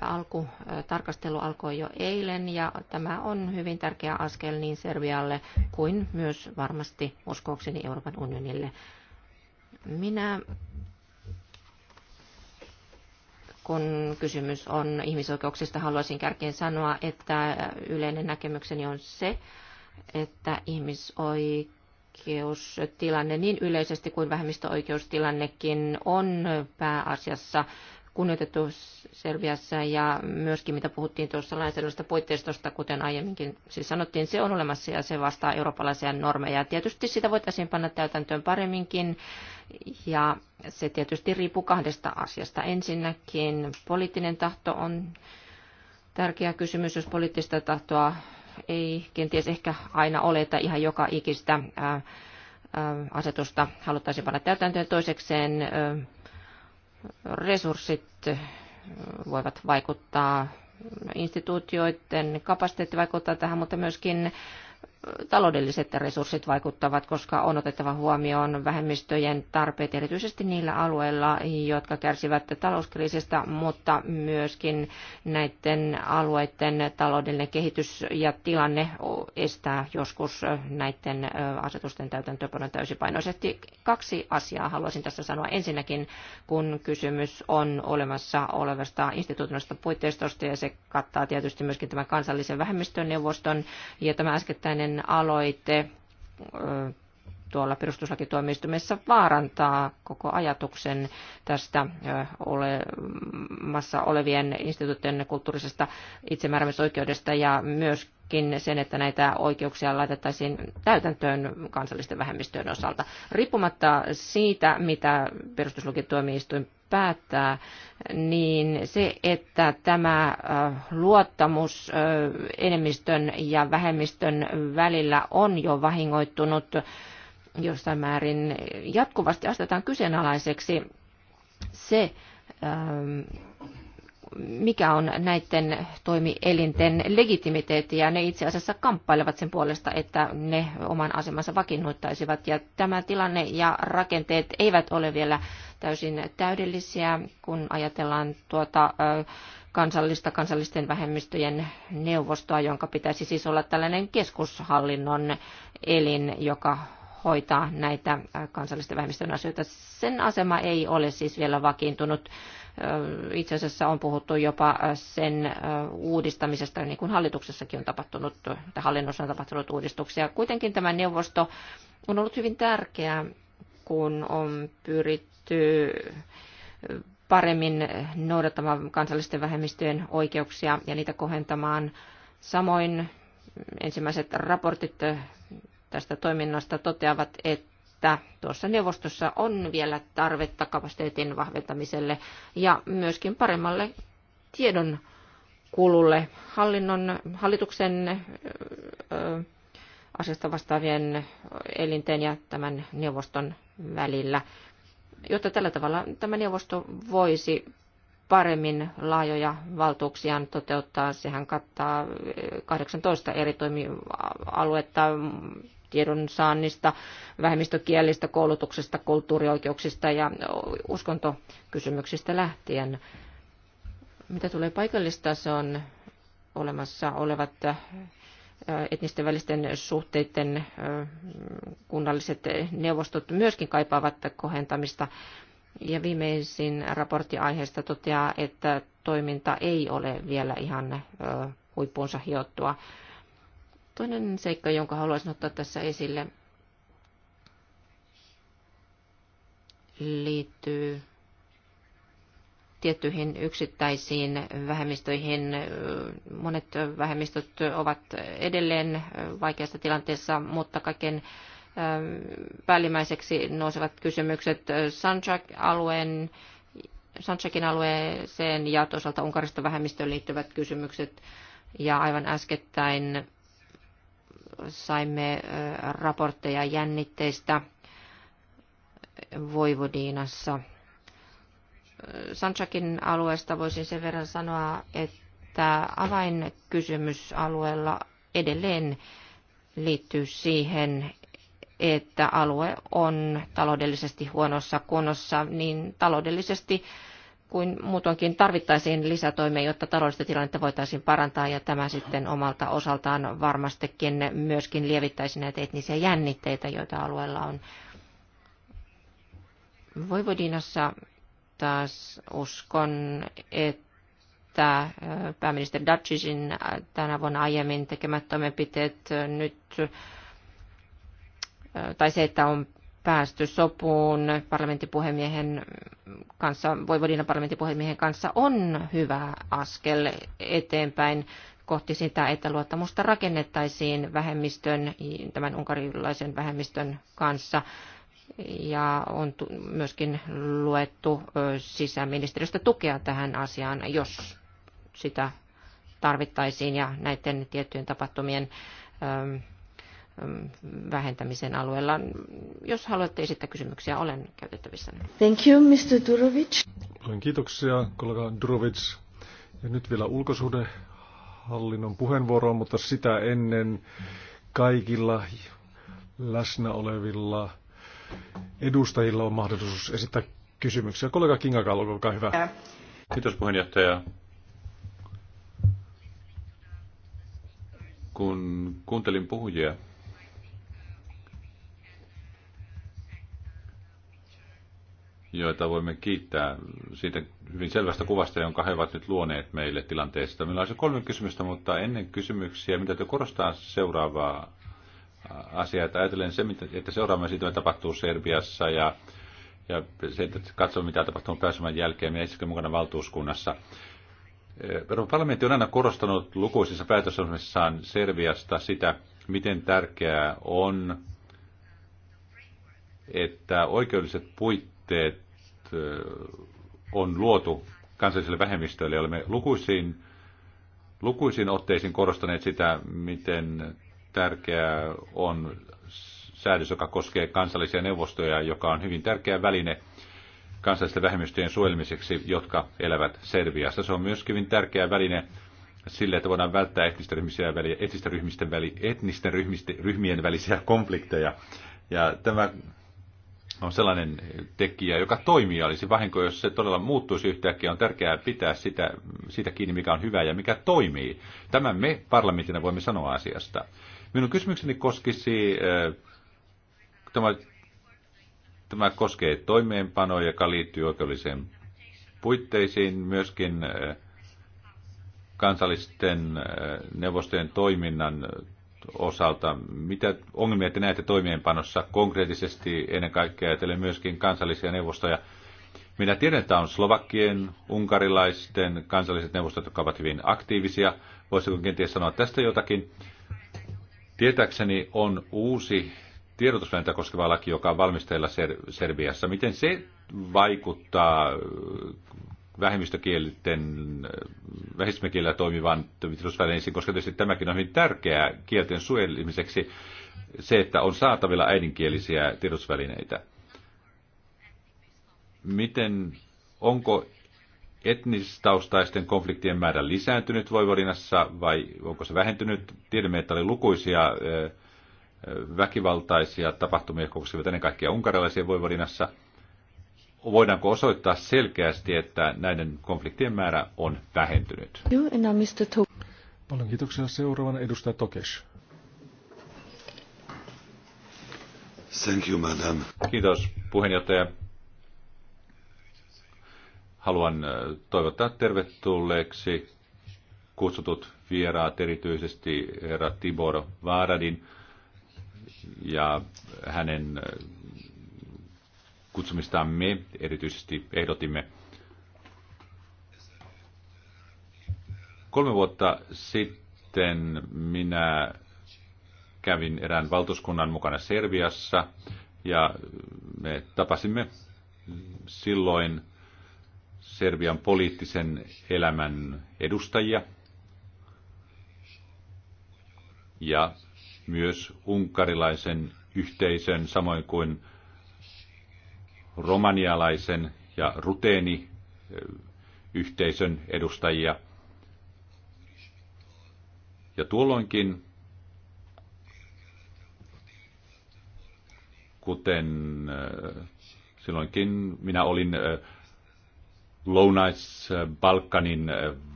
alku, tarkastelu alkoi jo eilen ja tämä on hyvin tärkeä askel niin Serbialle kuin myös varmasti uskoakseni Euroopan unionille. Minä kun kysymys on ihmisoikeuksista, haluaisin kärkeen sanoa, että yleinen näkemykseni on se, että ihmisoikeudet ihmisoikeustilanne niin yleisesti kuin vähemmistöoikeustilannekin on pääasiassa kunnioitettu Serbiassa ja myöskin mitä puhuttiin tuossa lainsäädännöstä puitteistosta, kuten aiemminkin siis sanottiin, se on olemassa ja se vastaa eurooppalaisia normeja. Tietysti sitä voitaisiin panna täytäntöön paremminkin ja se tietysti riippuu kahdesta asiasta. Ensinnäkin poliittinen tahto on tärkeä kysymys, jos poliittista tahtoa ei kenties ehkä aina ole, että ihan joka ikistä asetusta haluttaisiin panna täytäntöön. Toisekseen resurssit voivat vaikuttaa instituutioiden kapasiteetti vaikuttaa tähän, mutta myöskin taloudelliset resurssit vaikuttavat, koska on otettava huomioon vähemmistöjen tarpeet erityisesti niillä alueilla, jotka kärsivät talouskriisistä, mutta myöskin näiden alueiden taloudellinen kehitys ja tilanne estää joskus näiden asetusten täytäntöönpanon täysipainoisesti. Kaksi asiaa haluaisin tässä sanoa. Ensinnäkin, kun kysymys on olemassa olevasta instituutioista puitteistosta ja se kattaa tietysti myöskin tämän kansallisen vähemmistöneuvoston ja tämä äskettäinen tällainen aloite tuolla perustuslakituomioistuimessa vaarantaa koko ajatuksen tästä olemassa olevien instituuttien kulttuurisesta itsemääräämisoikeudesta ja myöskin sen, että näitä oikeuksia laitettaisiin täytäntöön kansallisten vähemmistöjen osalta. Riippumatta siitä, mitä perustuslakituomioistuin päättää, niin se, että tämä äh, luottamus äh, enemmistön ja vähemmistön välillä on jo vahingoittunut jossain määrin jatkuvasti astetaan kyseenalaiseksi, se ähm, mikä on näiden toimielinten legitimiteetti, ja ne itse asiassa kamppailevat sen puolesta, että ne oman asemansa vakiinnuttaisivat. Ja tämä tilanne ja rakenteet eivät ole vielä täysin täydellisiä, kun ajatellaan tuota kansallista kansallisten vähemmistöjen neuvostoa, jonka pitäisi siis olla tällainen keskushallinnon elin, joka hoitaa näitä kansallisten vähemmistön asioita. Sen asema ei ole siis vielä vakiintunut itse asiassa on puhuttu jopa sen uudistamisesta, niin kuin hallituksessakin on tapahtunut, tai hallinnossa on tapahtunut uudistuksia. Kuitenkin tämä neuvosto on ollut hyvin tärkeä, kun on pyritty paremmin noudattamaan kansallisten vähemmistöjen oikeuksia ja niitä kohentamaan. Samoin ensimmäiset raportit tästä toiminnasta toteavat, että että tuossa neuvostossa on vielä tarvetta kapasiteetin vahventamiselle ja myöskin paremmalle tiedon kululle hallinnon, hallituksen asiasta vastaavien elinten ja tämän neuvoston välillä, jotta tällä tavalla tämä neuvosto voisi paremmin laajoja valtuuksiaan toteuttaa. Sehän kattaa 18 eri toimialuetta, tiedonsaannista, vähemmistökielistä, koulutuksesta, kulttuurioikeuksista ja uskontokysymyksistä lähtien. Mitä tulee paikallistason olemassa olevat etnisten välisten suhteiden kunnalliset neuvostot myöskin kaipaavat kohentamista. Ja viimeisin raportti aiheesta toteaa, että toiminta ei ole vielä ihan huippuunsa hiottua. Toinen seikka, jonka haluaisin ottaa tässä esille, liittyy tiettyihin yksittäisiin vähemmistöihin. Monet vähemmistöt ovat edelleen vaikeassa tilanteessa, mutta kaiken ähm, päällimmäiseksi nousevat kysymykset Sanchak-alueen Sanchakin alueeseen ja toisaalta Unkarista vähemmistöön liittyvät kysymykset. Ja aivan äskettäin saimme raportteja jännitteistä Voivodinassa. Sanchakin alueesta voisin sen verran sanoa, että avainkysymys alueella edelleen liittyy siihen, että alue on taloudellisesti huonossa kunnossa, niin taloudellisesti kuin muutoinkin tarvittaisiin lisätoimia, jotta taloudellista tilannetta voitaisiin parantaa ja tämä sitten omalta osaltaan varmastikin myöskin lievittäisi näitä etnisiä jännitteitä, joita alueella on. Voivodinassa taas uskon, että pääministeri Dacisin tänä vuonna aiemmin tekemät toimenpiteet nyt tai se, että on päästy sopuun parlamenttipuhemiehen kanssa, Voivodina parlamenttipuhemiehen kanssa, on hyvä askel eteenpäin kohti sitä, että luottamusta rakennettaisiin vähemmistön, tämän unkarilaisen vähemmistön kanssa. Ja on myöskin luettu sisäministeriöstä tukea tähän asiaan, jos sitä tarvittaisiin ja näiden tiettyjen tapahtumien vähentämisen alueella. Jos haluatte esittää kysymyksiä, olen käytettävissä. Thank you, Mr. Durovic. Olen kiitoksia, kollega Durovic. Ja nyt vielä ulkosuhdehallinnon puheenvuoro, mutta sitä ennen kaikilla läsnä olevilla edustajilla on mahdollisuus esittää kysymyksiä. Kollega Kingakalo, olkaa hyvä. Kiitos puheenjohtaja. Kun kuuntelin puhujia, joita voimme kiittää siitä hyvin selvästä kuvasta, jonka he ovat nyt luoneet meille tilanteesta. Meillä on se kolme kysymystä, mutta ennen kysymyksiä, mitä te korostaa seuraavaa äh, asiaa, että ajatellen se, että seuraamme siitä, mitä tapahtuu Serbiassa ja, ja se, että katsomme, mitä tapahtuu pääsemän jälkeen, me itsekin mukana valtuuskunnassa. Äh, Euroopan parlamentti on aina korostanut lukuisissa päätösohjelmissaan Serbiasta sitä, miten tärkeää on, että oikeudelliset puitteet puitteet on luotu kansalliselle vähemmistölle. Olemme lukuisiin, lukuisiin otteisiin korostaneet sitä, miten tärkeää on säädös, joka koskee kansallisia neuvostoja, joka on hyvin tärkeä väline kansallisten vähemmistöjen suojelmiseksi, jotka elävät Serbiassa. Se on myös hyvin tärkeä väline sille, että voidaan välttää etnisten, ryhmisiä, etnisten, ryhmisten, väli, etnisten ryhmisten, ryhmien välisiä konflikteja. Ja tämä on sellainen tekijä, joka toimii olisi vahinko, jos se todella muuttuisi yhtäkkiä. On tärkeää pitää sitä, sitä kiinni, mikä on hyvä ja mikä toimii. Tämän me parlamentina voimme sanoa asiasta. Minun kysymykseni koskisi, äh, tämä, tämä koskee toimeenpanoa, joka liittyy oikeudelliseen puitteisiin, myöskin äh, kansallisten äh, neuvostojen toiminnan osalta. Mitä ongelmia te näette toimienpanossa konkreettisesti ennen kaikkea ajatellen myöskin kansallisia neuvostoja? Minä tiedän, että on slovakkien, unkarilaisten kansalliset neuvostot, jotka ovat hyvin aktiivisia. Voisiko kenties sanoa tästä jotakin? Tietääkseni on uusi tiedotusvälineitä koskeva laki, joka on valmisteilla Ser- Serbiassa. Miten se vaikuttaa vähemmistökielten, vähemmistökielellä toimivan tiedotusvälineisiin, koska tietysti tämäkin on hyvin tärkeää kielten suojelimiseksi, se, että on saatavilla äidinkielisiä tiedotusvälineitä. Miten, onko etnistaustaisten konfliktien määrä lisääntynyt Voivodinassa vai onko se vähentynyt? Tiedämme, että oli lukuisia väkivaltaisia tapahtumia, jotka koskivat ennen kaikkea unkarilaisia Voivodinassa – voidaanko osoittaa selkeästi, että näiden konfliktien määrä on vähentynyt? Paljon kiitoksia. Seuraavana edustaja Tokes. Thank you, madam. Kiitos puheenjohtaja. Haluan äh, toivottaa tervetulleeksi kutsutut vieraat, erityisesti herra Tibor Vaaradin ja hänen äh, kutsumistaan me erityisesti ehdotimme. Kolme vuotta sitten minä kävin erään valtuuskunnan mukana Serviassa ja me tapasimme silloin Serbian poliittisen elämän edustajia ja myös unkarilaisen yhteisön samoin kuin romanialaisen ja ruteeni yhteisön edustajia. Ja tuolloinkin, kuten silloinkin minä olin Lounais-Balkanin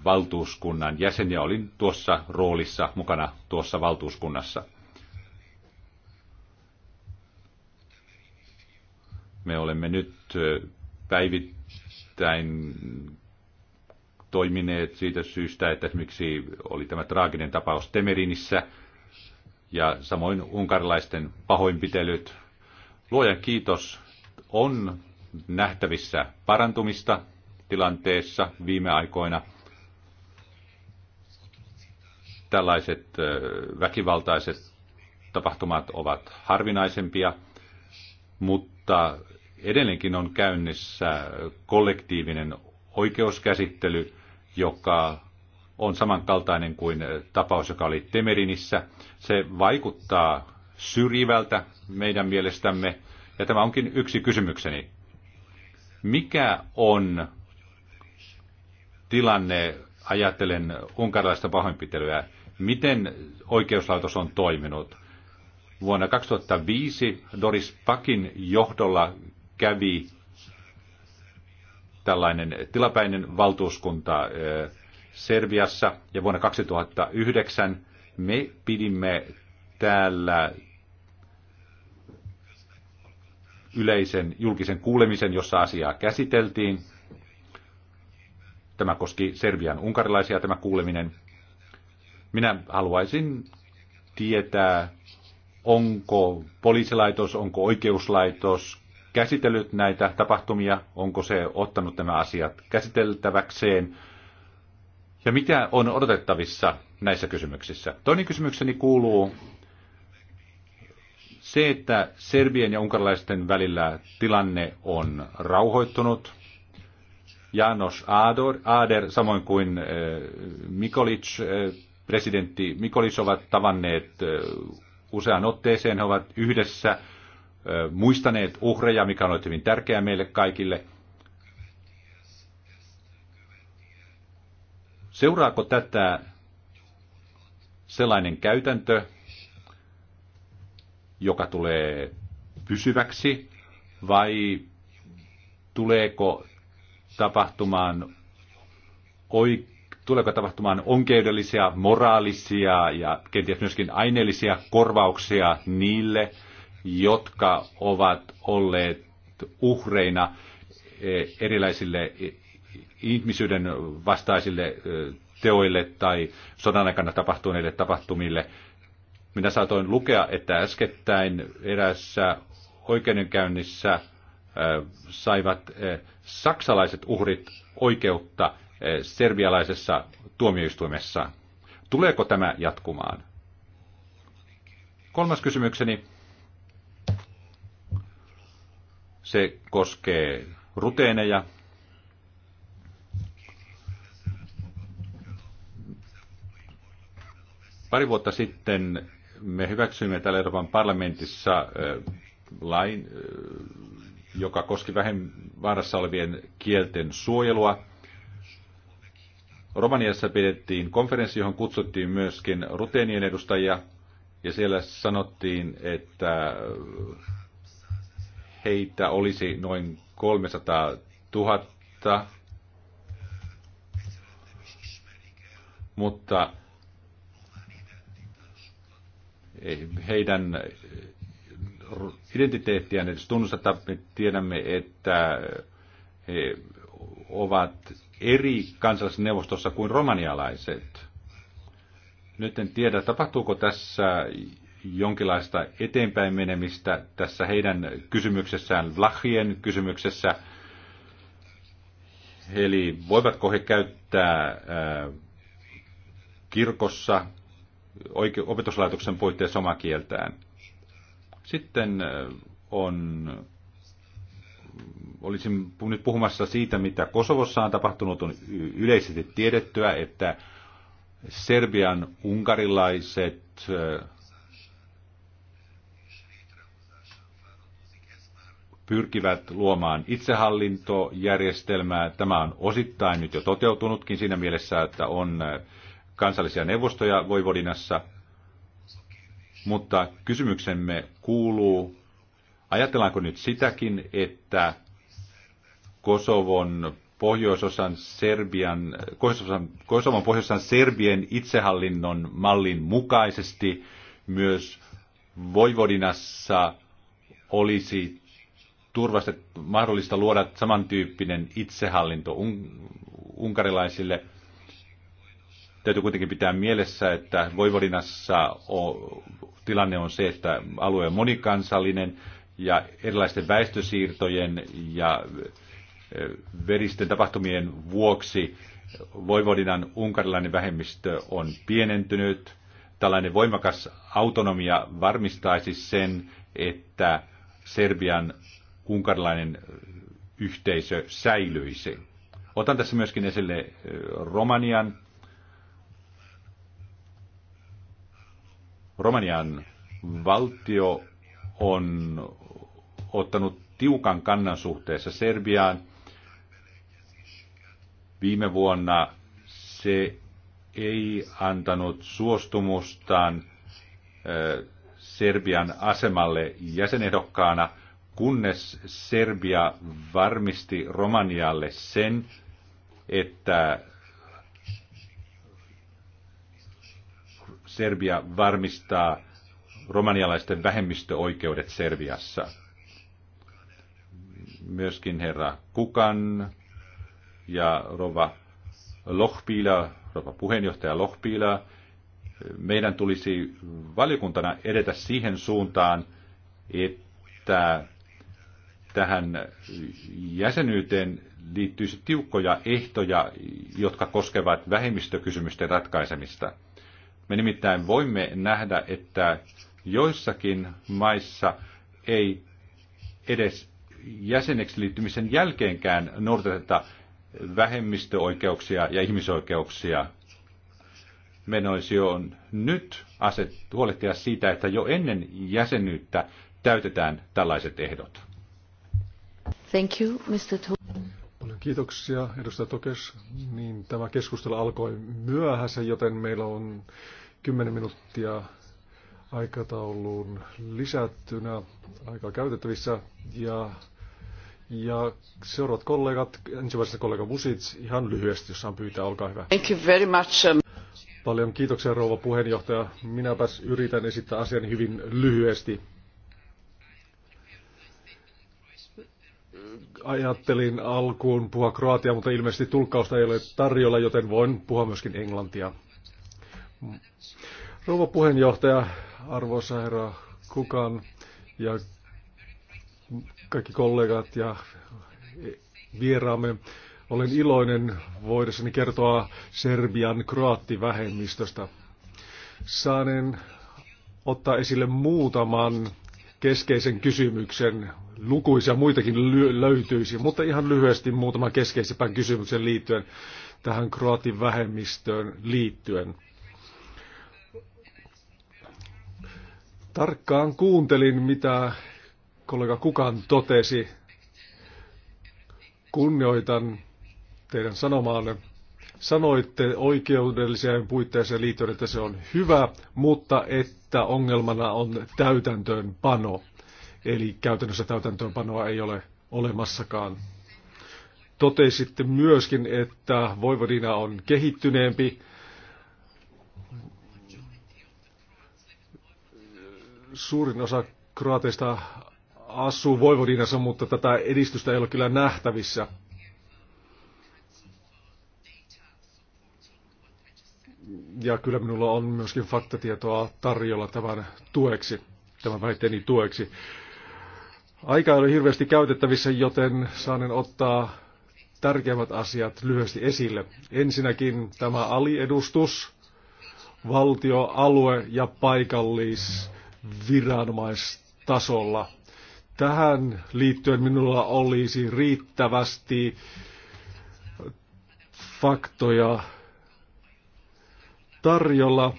valtuuskunnan jäsen ja olin tuossa roolissa mukana tuossa valtuuskunnassa. Me olemme nyt päivittäin toimineet siitä syystä, että esimerkiksi oli tämä traaginen tapaus Temerinissä ja samoin unkarilaisten pahoinpitelyt. Luojan kiitos on nähtävissä parantumista tilanteessa viime aikoina. Tällaiset väkivaltaiset tapahtumat ovat harvinaisempia, mutta edelleenkin on käynnissä kollektiivinen oikeuskäsittely, joka on samankaltainen kuin tapaus, joka oli Temerinissä. Se vaikuttaa syrjivältä meidän mielestämme, ja tämä onkin yksi kysymykseni. Mikä on tilanne, ajattelen unkarilaista pahoinpitelyä, miten oikeuslaitos on toiminut? Vuonna 2005 Doris Pakin johdolla kävi tällainen tilapäinen valtuuskunta eh, Serviassa ja vuonna 2009 me pidimme täällä yleisen julkisen kuulemisen, jossa asiaa käsiteltiin. Tämä koski Serbian unkarilaisia tämä kuuleminen. Minä haluaisin tietää, onko poliisilaitos, onko oikeuslaitos käsitellyt näitä tapahtumia? Onko se ottanut nämä asiat käsiteltäväkseen? Ja mitä on odotettavissa näissä kysymyksissä? Toinen kysymykseni kuuluu se, että Serbien ja unkarilaisten välillä tilanne on rauhoittunut. Janos Ador, Ader, samoin kuin eh, Mikolic, eh, presidentti Mikolic ovat tavanneet eh, useaan otteeseen. He ovat yhdessä muistaneet uhreja, mikä on ollut hyvin tärkeää meille kaikille. Seuraako tätä sellainen käytäntö, joka tulee pysyväksi, vai tuleeko tapahtumaan tuleeko tapahtumaan onkeudellisia, moraalisia ja kenties myöskin aineellisia korvauksia niille, jotka ovat olleet uhreina e, erilaisille ihmisyyden vastaisille e, teoille tai sodan aikana tapahtuneille tapahtumille. Minä saatoin lukea, että äskettäin erässä oikeudenkäynnissä e, saivat saksalaiset uhrit oikeutta serbialaisessa tuomioistuimessa. Tuleeko tämä jatkumaan? Kolmas kysymykseni. Se koskee ruteeneja. Pari vuotta sitten me hyväksyimme täällä Euroopan parlamentissa lain, joka koski vähän vaarassa olevien kielten suojelua. Romaniassa pidettiin konferenssi, johon kutsuttiin myöskin ruteenien edustajia, ja siellä sanottiin, että heitä olisi noin 300 000, mutta heidän identiteettiään edes tunnusteta. Me tiedämme, että he ovat eri kansallisneuvostossa kuin romanialaiset. Nyt en tiedä, tapahtuuko tässä jonkinlaista eteenpäin menemistä tässä heidän kysymyksessään, Vlachien kysymyksessä. Eli voivatko he käyttää äh, kirkossa opetuslaitoksen puitteissa omaa kieltään. Sitten äh, on, olisin nyt puhumassa siitä, mitä Kosovossa on tapahtunut, on yleisesti tiedettyä, että Serbian unkarilaiset äh, pyrkivät luomaan itsehallintojärjestelmää. Tämä on osittain nyt jo toteutunutkin siinä mielessä, että on kansallisia neuvostoja Voivodinassa. Mutta kysymyksemme kuuluu, ajatellaanko nyt sitäkin, että Kosovon pohjoisosan Serbian, Kosovan, Kosovan pohjoisosan Serbien itsehallinnon mallin mukaisesti myös Voivodinassa olisi turvasta mahdollista luoda samantyyppinen itsehallinto unkarilaisille. Täytyy kuitenkin pitää mielessä, että Voivodinassa tilanne on se, että alue on monikansallinen ja erilaisten väestösiirtojen ja e, veristen tapahtumien vuoksi Voivodinan unkarilainen vähemmistö on pienentynyt. Tällainen voimakas autonomia varmistaisi sen, että Serbian unkarilainen yhteisö säilyisi. Otan tässä myöskin esille Romanian. Romanian valtio on ottanut tiukan kannan suhteessa Serbiaan. Viime vuonna se ei antanut suostumustaan Serbian asemalle jäsenehdokkaana – kunnes Serbia varmisti Romanialle sen, että Serbia varmistaa romanialaisten vähemmistöoikeudet Serbiassa. Myöskin herra Kukan ja rova Lohpila, rova puheenjohtaja Lohpila, meidän tulisi valiokuntana edetä siihen suuntaan, että tähän jäsenyyteen liittyisi tiukkoja ehtoja, jotka koskevat vähemmistökysymysten ratkaisemista. Me nimittäin voimme nähdä, että joissakin maissa ei edes jäseneksi liittymisen jälkeenkään noudateta vähemmistöoikeuksia ja ihmisoikeuksia. Meidän olisi jo nyt aset, huolehtia siitä, että jo ennen jäsenyyttä täytetään tällaiset ehdot. Thank you, Mr. Paljon kiitoksia, edustaja Tokes. Niin, tämä keskustelu alkoi myöhässä, joten meillä on 10 minuuttia aikatauluun lisättynä aikaa käytettävissä. Ja, ja seuraavat kollegat, ensimmäisenä kollega Busits, ihan lyhyesti, jos saan pyytää, olkaa hyvä. Thank you very much. Um, Paljon kiitoksia rouva puheenjohtaja. Minäpäs yritän esittää asian hyvin lyhyesti. ajattelin alkuun puhua kroatiaa, mutta ilmeisesti tulkkausta ei ole tarjolla, joten voin puhua myöskin englantia. Rouva puheenjohtaja, arvoisa herra Kukan ja kaikki kollegat ja vieraamme, olen iloinen voidessani kertoa Serbian kroattivähemmistöstä. Saanen ottaa esille muutaman keskeisen kysymyksen. Lukuisia muitakin löytyisi, mutta ihan lyhyesti muutama keskeisempään kysymyksen liittyen tähän kroatin vähemmistöön liittyen. Tarkkaan kuuntelin, mitä kollega Kukan totesi. Kunnioitan teidän sanomaanne. Sanoitte oikeudelliseen puitteeseen liittyen, että se on hyvä, mutta että ongelmana on täytäntöönpano. Eli käytännössä täytäntöönpanoa ei ole olemassakaan. Totesitte myöskin, että Voivodina on kehittyneempi. Suurin osa kroateista asuu Voivodinassa, mutta tätä edistystä ei ole kyllä nähtävissä. ja kyllä minulla on myöskin faktatietoa tarjolla tämän tueksi, tämän väitteeni tueksi. Aika ei ole hirveästi käytettävissä, joten saanen ottaa tärkeimmät asiat lyhyesti esille. Ensinnäkin tämä aliedustus, valtio, alue ja paikallisviranomaistasolla. Tähän liittyen minulla olisi riittävästi faktoja tarjolla,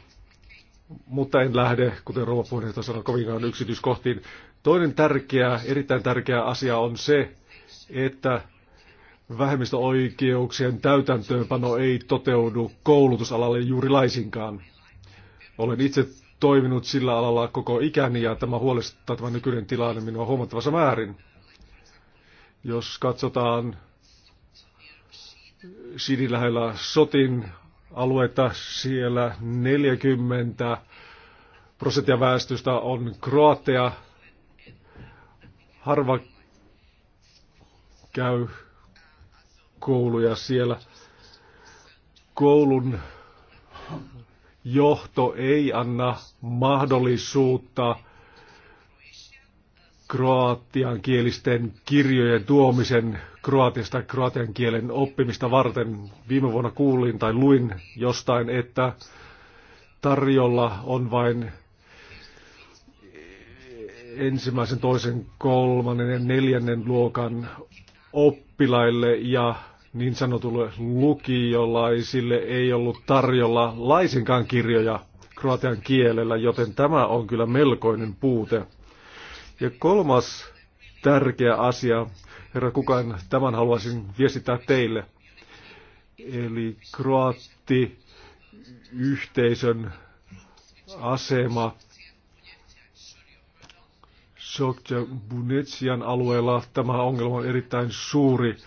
mutta en lähde, kuten rouva puheenjohtaja sanoi, kovinkaan yksityiskohtiin. Toinen tärkeä, erittäin tärkeä asia on se, että vähemmistöoikeuksien täytäntöönpano ei toteudu koulutusalalle juuri laisinkaan. Olen itse toiminut sillä alalla koko ikäni ja tämä huolestuttaa nykyinen tilanne minua huomattavassa määrin. Jos katsotaan Sidin lähellä Sotin aluetta. Siellä 40 prosenttia väestöstä on Kroatia. Harva käy kouluja siellä. Koulun johto ei anna mahdollisuutta kroatian kielisten kirjojen tuomisen kroatista kroatian kielen oppimista varten. Viime vuonna kuulin tai luin jostain, että tarjolla on vain ensimmäisen, toisen, kolmannen ja neljännen luokan oppilaille ja niin sanotulle lukiolaisille ei ollut tarjolla laisinkaan kirjoja kroatian kielellä, joten tämä on kyllä melkoinen puute. Ja kolmas tärkeä asia, herra kukaan, tämän haluaisin viestittää teille. Eli kroatti yhteisön asema Sokja Bunetsian alueella tämä ongelma on erittäin suuri.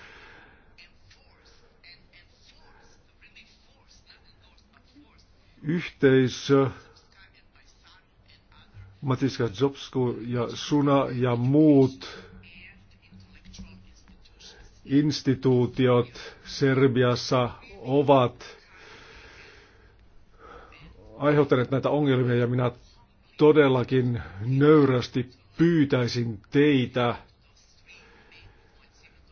Yhteisö Matiska Jobsku ja Suna ja muut instituutiot Serbiassa ovat aiheuttaneet näitä ongelmia ja minä todellakin nöyrästi pyytäisin teitä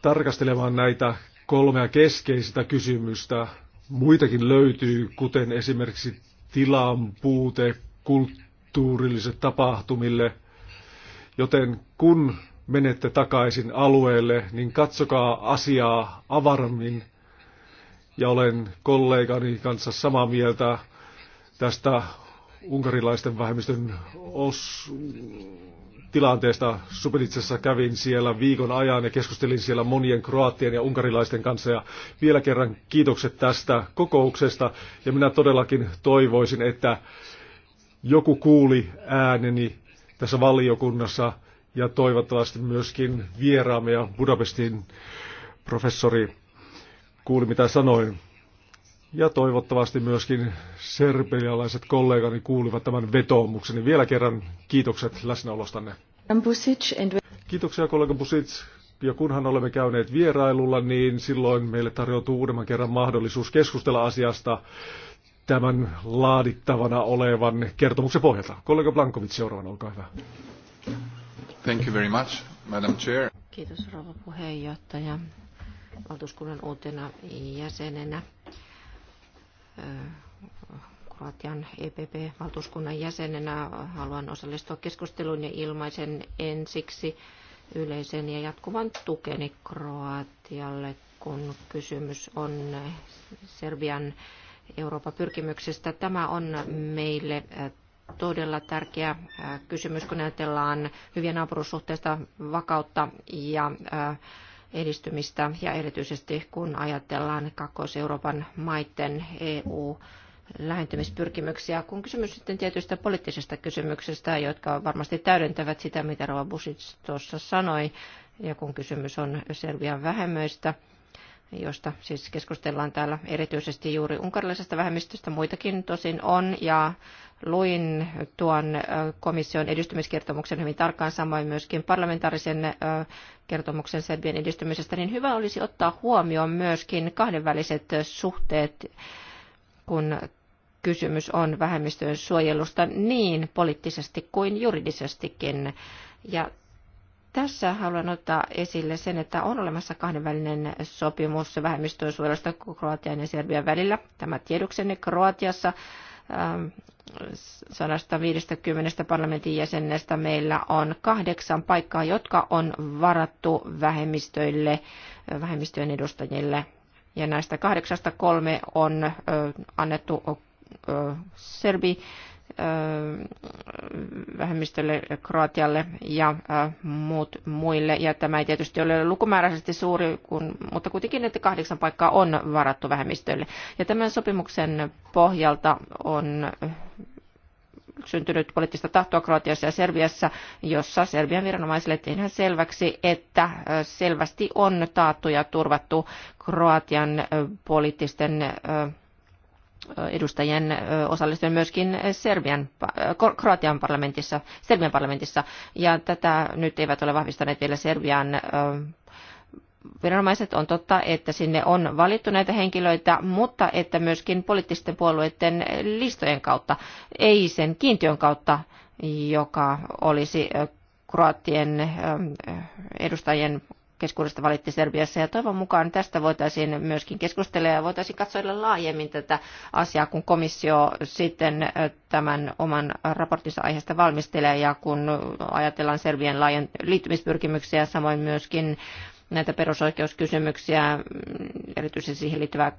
tarkastelemaan näitä kolmea keskeistä kysymystä. Muitakin löytyy, kuten esimerkiksi tilan puute, kulttuuri, kulttuurillisille tapahtumille. Joten kun menette takaisin alueelle, niin katsokaa asiaa avarmin. Ja olen kollegani kanssa samaa mieltä tästä unkarilaisten vähemmistön os tilanteesta. Supelitsessa kävin siellä viikon ajan ja keskustelin siellä monien kroattien ja unkarilaisten kanssa. Ja vielä kerran kiitokset tästä kokouksesta. Ja minä todellakin toivoisin, että joku kuuli ääneni tässä valiokunnassa ja toivottavasti myöskin vieraamme ja Budapestin professori kuuli mitä sanoin. Ja toivottavasti myöskin serbialaiset kollegani kuulivat tämän vetoomukseni. Vielä kerran kiitokset läsnäolostanne. Kiitoksia kollega Busic. Ja kunhan olemme käyneet vierailulla, niin silloin meille tarjoutuu uudemman kerran mahdollisuus keskustella asiasta tämän laadittavana olevan kertomuksen pohjalta. Kollega Blankovic seuraavana, olkaa hyvä. Thank you very much, Madam Chair. Kiitos rouva puheenjohtaja, valtuuskunnan uutena jäsenenä. Kroatian EPP-valtuuskunnan jäsenenä haluan osallistua keskusteluun ja ilmaisen ensiksi yleisen ja jatkuvan tukeni Kroatialle, kun kysymys on Serbian Euroopan pyrkimyksistä. Tämä on meille äh, todella tärkeä äh, kysymys, kun ajatellaan hyviä naapurussuhteista vakautta ja äh, edistymistä ja erityisesti kun ajatellaan Kakkois-Euroopan maiden EU lähentymispyrkimyksiä, kun kysymys sitten tietystä poliittisesta kysymyksestä, jotka varmasti täydentävät sitä, mitä Rova Busic tuossa sanoi, ja kun kysymys on Serbian vähemmöistä, josta siis keskustellaan täällä erityisesti juuri unkarilaisesta vähemmistöstä. Muitakin tosin on ja luin tuon komission edistymiskertomuksen hyvin tarkkaan, samoin myöskin parlamentaarisen kertomuksen Serbian edistymisestä, niin hyvä olisi ottaa huomioon myöskin kahdenväliset suhteet, kun kysymys on vähemmistöjen suojelusta niin poliittisesti kuin juridisestikin. Ja tässä haluan ottaa esille sen, että on olemassa kahdenvälinen sopimus vähemmistöön suojelusta Kroatian ja Serbian välillä. Tämä tiedoksenne Kroatiassa 150 ähm, parlamentin jäsenestä meillä on kahdeksan paikkaa, jotka on varattu vähemmistöille, äh, vähemmistöjen edustajille. Ja näistä kahdeksasta kolme on äh, annettu äh, serbi vähemmistölle, Kroatialle ja muut, muille. Ja tämä ei tietysti ole lukumääräisesti suuri, kun, mutta kuitenkin että kahdeksan paikkaa on varattu vähemmistölle. Ja tämän sopimuksen pohjalta on syntynyt poliittista tahtoa Kroatiassa ja Serbiassa, jossa Serbian viranomaisille tehdään selväksi, että selvästi on taattu ja turvattu Kroatian poliittisten edustajien osallistuen myöskin Serbian, Kroatian parlamentissa, Serbian parlamentissa. Ja tätä nyt eivät ole vahvistaneet vielä Serbian viranomaiset on totta, että sinne on valittu näitä henkilöitä, mutta että myöskin poliittisten puolueiden listojen kautta, ei sen kiintiön kautta, joka olisi Kroatian edustajien keskuudesta valitti Serbiassa. Ja toivon mukaan tästä voitaisiin myöskin keskustella ja voitaisiin katsoa laajemmin tätä asiaa, kun komissio sitten tämän oman raporttinsa aiheesta valmistelee ja kun ajatellaan Serbian laajen liittymispyrkimyksiä, samoin myöskin näitä perusoikeuskysymyksiä, mm, erityisesti siihen liittyvää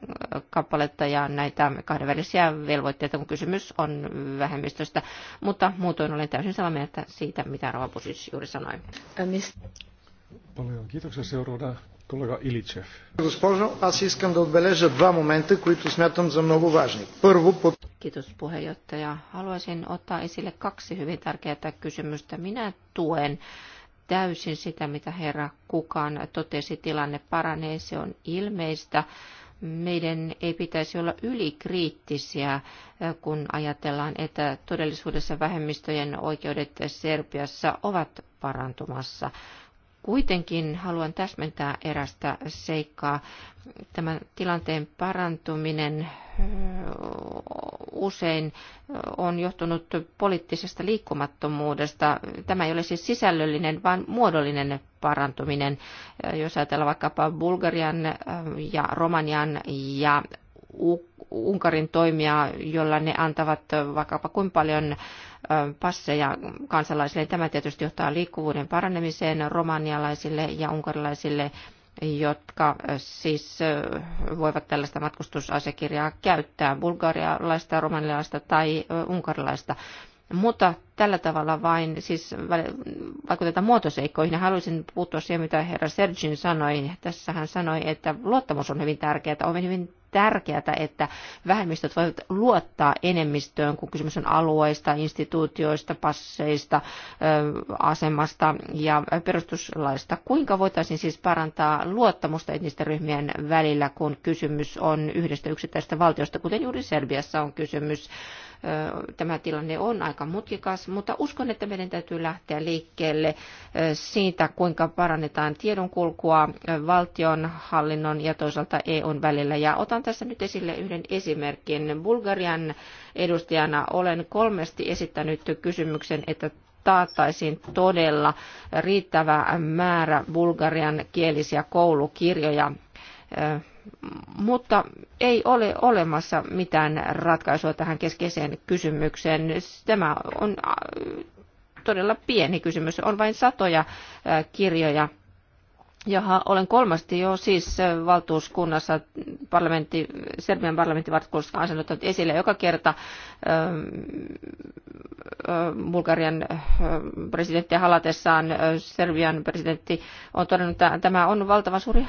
kappaletta ja näitä kahdenvälisiä velvoitteita, kun kysymys on vähemmistöstä. Mutta muutoin olen täysin samaa mieltä siitä, mitä Rova Pusis juuri sanoi. Äh, Paljon kiitoksia seuraavana колега Иличев. Госпожо, аз искам да отбележа два момента, които смятам за много важни. Първо, Kiitos puheenjohtaja. Haluaisin ottaa esille kaksi hyvin tärkeää kysymystä. Minä tuen täysin sitä, mitä herra Kukan totesi, tilanne paranee, se on ilmeistä. Meidän ei pitäisi olla ylikriittisiä, eh, kun ajatellaan, että todellisuudessa vähemmistöjen oikeudet Serbiassa ovat parantumassa. Kuitenkin haluan täsmentää erästä seikkaa. Tämän tilanteen parantuminen usein on johtunut poliittisesta liikkumattomuudesta. Tämä ei ole siis sisällöllinen, vaan muodollinen parantuminen. Jos ajatellaan vaikkapa Bulgarian ja Romanian ja Unkarin toimia, jolla ne antavat vaikkapa kuin paljon passeja kansalaisille. Tämä tietysti johtaa liikkuvuuden parannemiseen romanialaisille ja unkarilaisille, jotka siis voivat tällaista matkustusasiakirjaa käyttää, bulgarialaista, romanialaista tai unkarilaista. Mutta tällä tavalla vain siis vaikutetaan muotoseikkoihin. Haluaisin puuttua siihen, mitä herra Sergin sanoi. Tässä hän sanoi, että luottamus on hyvin tärkeää. on hyvin tärkeää, että vähemmistöt voivat luottaa enemmistöön, kun kysymys on alueista, instituutioista, passeista, asemasta ja perustuslaista. Kuinka voitaisiin siis parantaa luottamusta etnisten ryhmien välillä, kun kysymys on yhdestä yksittäisestä valtiosta, kuten juuri Serbiassa on kysymys? tämä tilanne on aika mutkikas, mutta uskon, että meidän täytyy lähteä liikkeelle siitä, kuinka parannetaan tiedonkulkua valtion, hallinnon ja toisaalta EUn välillä. Ja otan tässä nyt esille yhden esimerkin. Bulgarian edustajana olen kolmesti esittänyt kysymyksen, että taattaisiin todella riittävä määrä bulgarian kielisiä koulukirjoja mutta ei ole olemassa mitään ratkaisua tähän keskeiseen kysymykseen. Tämä on todella pieni kysymys. On vain satoja kirjoja Jaha, olen kolmasti jo siis valtuuskunnassa parlamentti, Serbian parlamentin valtuuskunnassa asian ottanut esille joka kerta Bulgarian presidenttiä halatessaan Serbian presidentti on todennut, että tämä on valtavan suuri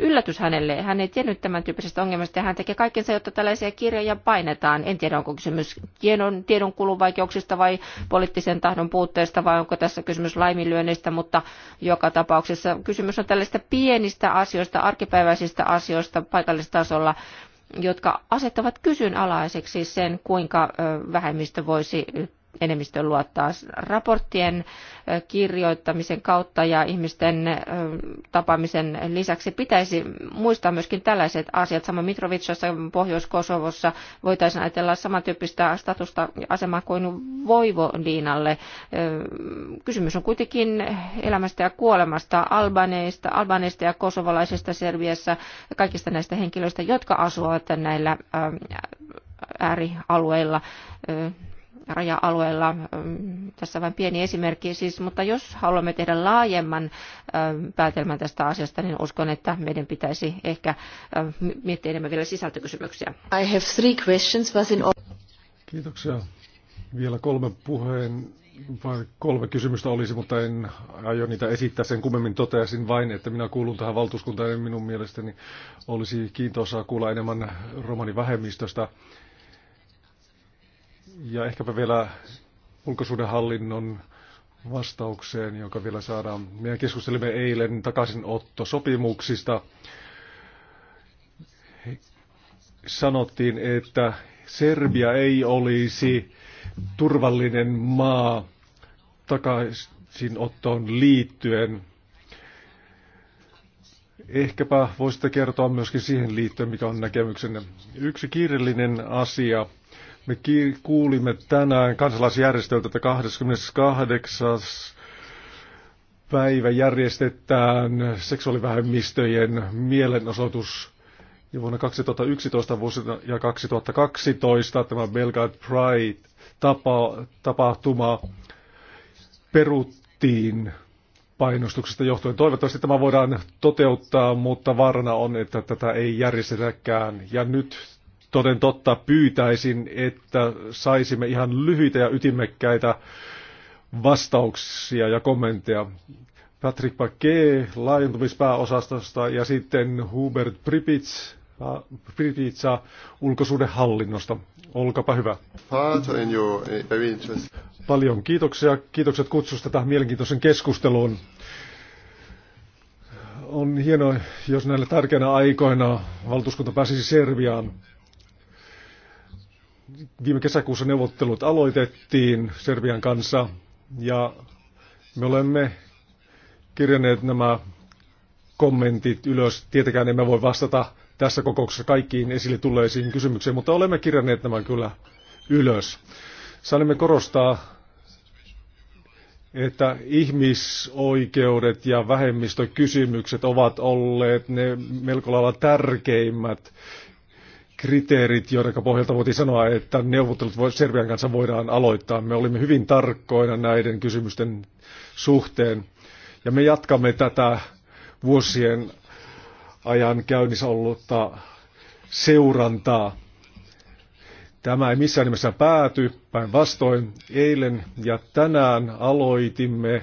yllätys hänelle. Hän ei tiennyt tämän tyyppisestä ongelmasta ja hän tekee kaikensa, jotta tällaisia kirjoja painetaan. En tiedä, onko kysymys tiedon, tiedon kulun vaikeuksista vai poliittisen tahdon puutteesta vai onko tässä kysymys laiminlyönnistä, mutta joka tapauksessa kysymys on tällä tällaista pienistä asioista, arkipäiväisistä asioista paikallistasolla, jotka asettavat kysynalaiseksi sen, kuinka vähemmistö voisi enemmistö luottaa raporttien kirjoittamisen kautta ja ihmisten tapaamisen lisäksi pitäisi muistaa myöskin tällaiset asiat. Sama Mitrovicassa Pohjois-Kosovossa voitaisiin ajatella samantyyppistä statusta asemaa kuin Voivodiinalle. Kysymys on kuitenkin elämästä ja kuolemasta albaneista, albaneista ja kosovalaisista Serbiassa ja kaikista näistä henkilöistä, jotka asuvat näillä äärialueilla raja-alueella. Tässä vain pieni esimerkki siis, mutta jos haluamme tehdä laajemman päätelmän tästä asiasta, niin uskon, että meidän pitäisi ehkä miettiä enemmän vielä sisältökysymyksiä. I have three questions, was in... Kiitoksia. Vielä kolme puheen vai kolme kysymystä olisi, mutta en aio niitä esittää. Sen kummemmin toteasin vain, että minä kuulun tähän valtuuskuntaan ja minun mielestäni olisi kiintoisaa kuulla enemmän romanivähemmistöstä. vähemmistöstä ja ehkäpä vielä ulkosuudenhallinnon vastaukseen, joka vielä saadaan. Meidän keskustelimme eilen sopimuksista Sanottiin, että Serbia ei olisi turvallinen maa takaisinottoon liittyen. Ehkäpä voisitte kertoa myöskin siihen liittyen, mikä on näkemyksenne. Yksi kiireellinen asia me kuulimme tänään kansalaisjärjestöltä, että 28. päivä järjestetään seksuaalivähemmistöjen mielenosoitus. Ja vuonna 2011 vuosina ja 2012 tämä Belgrade Pride-tapahtuma peruttiin painostuksesta johtuen. Toivottavasti tämä voidaan toteuttaa, mutta vaarana on, että tätä ei järjestetäkään. Ja nyt toden totta pyytäisin, että saisimme ihan lyhyitä ja ytimekkäitä vastauksia ja kommentteja. Patrick Paquet laajentumispääosastosta ja sitten Hubert Pripitz, äh, Pripitsa ulkosuudenhallinnosta. Olkapa hyvä. Eh, Paljon kiitoksia. Kiitokset kutsusta tähän mielenkiintoisen keskusteluun. On hienoa, jos näillä tärkeänä aikoina valtuuskunta pääsisi Serbiaan viime kesäkuussa neuvottelut aloitettiin Serbian kanssa ja me olemme kirjanneet nämä kommentit ylös. Tietenkään emme voi vastata tässä kokouksessa kaikkiin esille tulleisiin kysymyksiin, mutta olemme kirjanneet nämä kyllä ylös. Saimme korostaa, että ihmisoikeudet ja vähemmistökysymykset ovat olleet ne melko lailla tärkeimmät kriteerit, joiden pohjalta voitiin sanoa, että neuvottelut Serbian kanssa voidaan aloittaa. Me olimme hyvin tarkkoina näiden kysymysten suhteen. Ja me jatkamme tätä vuosien ajan käynnissä ollutta seurantaa. Tämä ei missään nimessä pääty, päinvastoin eilen ja tänään aloitimme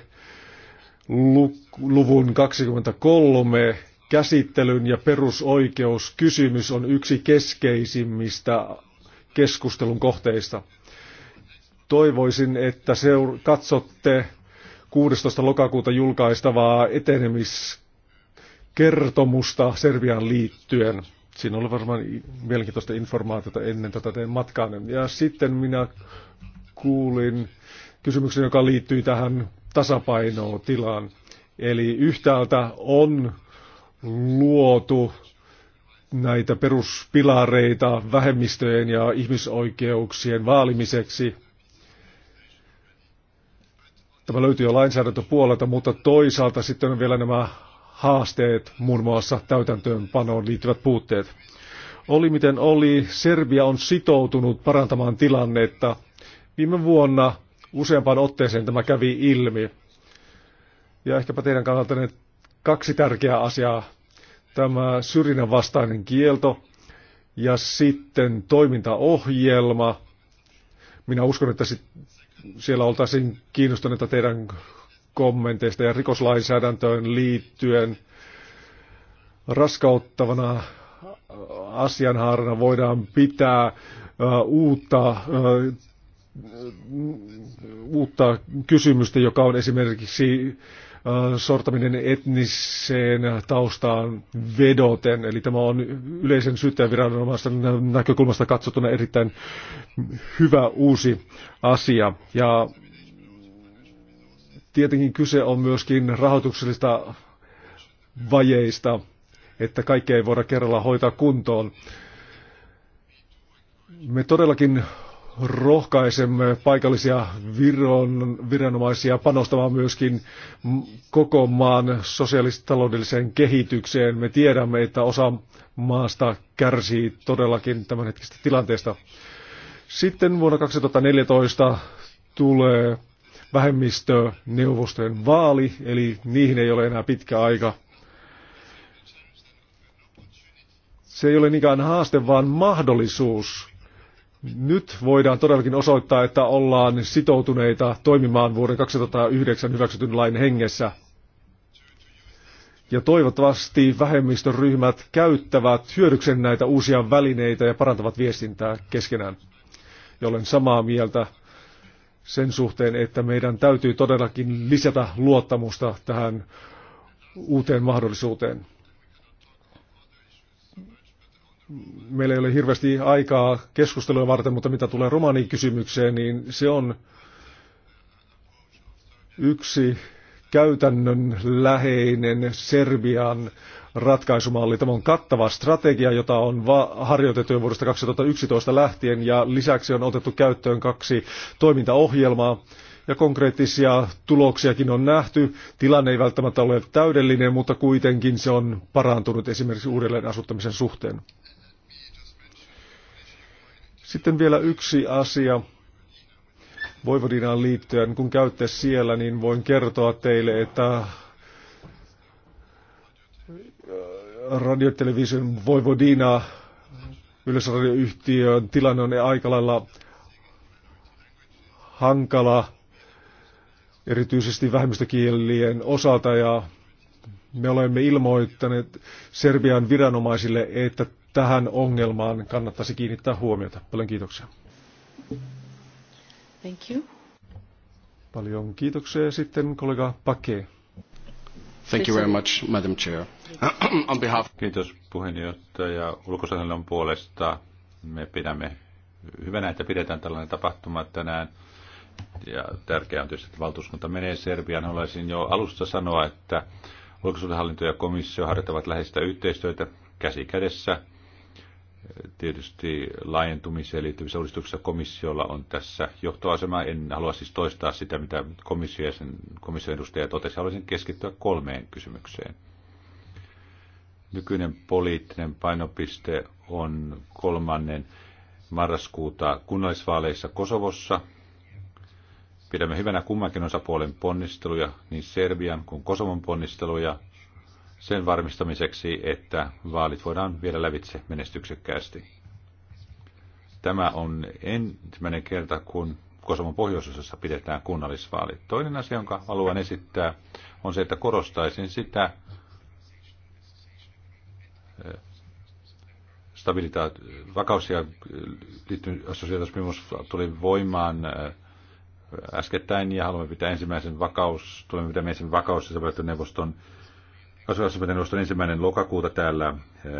luvun 23 käsittelyn ja perusoikeuskysymys on yksi keskeisimmistä keskustelun kohteista. Toivoisin, että seur- katsotte 16. lokakuuta julkaistavaa etenemiskertomusta Serbian liittyen. Siinä oli varmaan mielenkiintoista informaatiota ennen tätä teidän matkaanne. Ja sitten minä kuulin kysymyksen, joka liittyy tähän tasapainotilaan. Eli yhtäältä on luotu näitä peruspilareita vähemmistöjen ja ihmisoikeuksien vaalimiseksi. Tämä löytyy jo lainsäädäntöpuolelta, mutta toisaalta sitten on vielä nämä haasteet, muun muassa täytäntöönpanoon liittyvät puutteet. Oli miten oli, Serbia on sitoutunut parantamaan tilannetta. Viime vuonna useampaan otteeseen tämä kävi ilmi. Ja ehkäpä teidän kannaltanne kaksi tärkeää asiaa tämä syrjinnän vastainen kielto ja sitten toimintaohjelma. Minä uskon, että sit siellä oltaisiin kiinnostuneita teidän kommenteista ja rikoslainsäädäntöön liittyen. Raskauttavana asianhaarana voidaan pitää uutta, uutta kysymystä, joka on esimerkiksi Äh, sortaminen etniseen taustaan vedoten. Eli tämä on yleisen syyttäjäviranomaisten näkökulmasta katsottuna erittäin hyvä uusi asia. Ja tietenkin kyse on myöskin rahoituksellista vajeista, että kaikkea ei voida kerralla hoitaa kuntoon. Me todellakin rohkaisemme paikallisia viron, viranomaisia panostamaan myöskin koko maan sosiaalistaloudelliseen kehitykseen. Me tiedämme, että osa maasta kärsii todellakin hetkistä tilanteesta. Sitten vuonna 2014 tulee vähemmistöneuvostojen vaali, eli niihin ei ole enää pitkä aika. Se ei ole niinkään haaste, vaan mahdollisuus nyt voidaan todellakin osoittaa, että ollaan sitoutuneita toimimaan vuoden 2009 hyväksytyn lain hengessä. Ja toivottavasti vähemmistöryhmät käyttävät hyödyksen näitä uusia välineitä ja parantavat viestintää keskenään. Ja olen samaa mieltä sen suhteen, että meidän täytyy todellakin lisätä luottamusta tähän uuteen mahdollisuuteen meillä ei ole hirveästi aikaa keskustelua varten, mutta mitä tulee romaanikysymykseen, niin se on yksi käytännön läheinen Serbian ratkaisumalli. Tämä on kattava strategia, jota on harjoitettu jo vuodesta 2011 lähtien ja lisäksi on otettu käyttöön kaksi toimintaohjelmaa ja konkreettisia tuloksiakin on nähty. Tilanne ei välttämättä ole täydellinen, mutta kuitenkin se on parantunut esimerkiksi uudelleen asuttamisen suhteen. Sitten vielä yksi asia Voivodinaan liittyen. Kun käytte siellä, niin voin kertoa teille, että äh, radiotelevision Voivodina yleisradioyhtiön tilanne on aika lailla hankala, erityisesti vähemmistökielien osalta, ja me olemme ilmoittaneet Serbian viranomaisille, että tähän ongelmaan kannattaisi kiinnittää huomiota. Paljon kiitoksia. Thank you. Paljon kiitoksia. Sitten kollega Pake. Thank you very much, Madam Chair. *clears throat* On behalf... Kiitos puheenjohtaja. Ulkosuojelun puolesta me pidämme hyvänä, että pidetään tällainen tapahtuma tänään. Ja tärkeää on tietysti, että valtuuskunta menee Serbiaan. Haluaisin jo alusta sanoa, että ulkosuhdehallinto ja komissio harjoittavat läheistä yhteistyötä käsi kädessä – Tietysti laajentumiseen liittyvissä uudistuksissa komissiolla on tässä johtoasema. En halua siis toistaa sitä, mitä komissio ja sen komission edustaja totesi. Haluaisin keskittyä kolmeen kysymykseen. Nykyinen poliittinen painopiste on kolmannen marraskuuta kunnallisvaaleissa Kosovossa. Pidämme hyvänä kummankin osapuolen ponnisteluja, niin Serbian kuin Kosovon ponnisteluja sen varmistamiseksi, että vaalit voidaan viedä lävitse menestyksekkäästi. Tämä on ensimmäinen kerta, kun Kosovon pohjoisosassa pidetään kunnallisvaalit. Toinen asia, jonka haluan esittää, on se, että korostaisin sitä eh, stabilitaat- vakaus- ja assosiaatiosopimus tuli voimaan eh, äskettäin ja haluamme pitää ensimmäisen vakaus, tulemme pitää ensimmäisen vakaus- ja neuvoston neuvoston ensimmäinen lokakuuta täällä eh,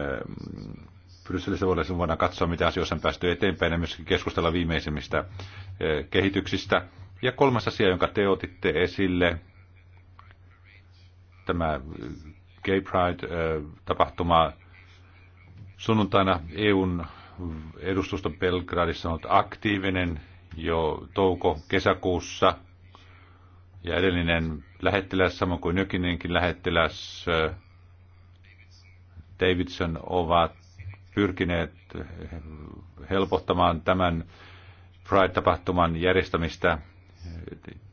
Brysselissä voidaan katsoa, mitä asioissa on päästy eteenpäin ja myöskin keskustella viimeisimmistä eh, kehityksistä. Ja kolmas asia, jonka te otitte esille, tämä eh, Gay Pride-tapahtuma sunnuntaina EUn edustuston Belgradissa on ollut aktiivinen jo touko-kesäkuussa ja edellinen lähettiläs, samoin kuin nykyinenkin lähettiläs äh, Davidson, ovat pyrkineet helpottamaan tämän Pride-tapahtuman järjestämistä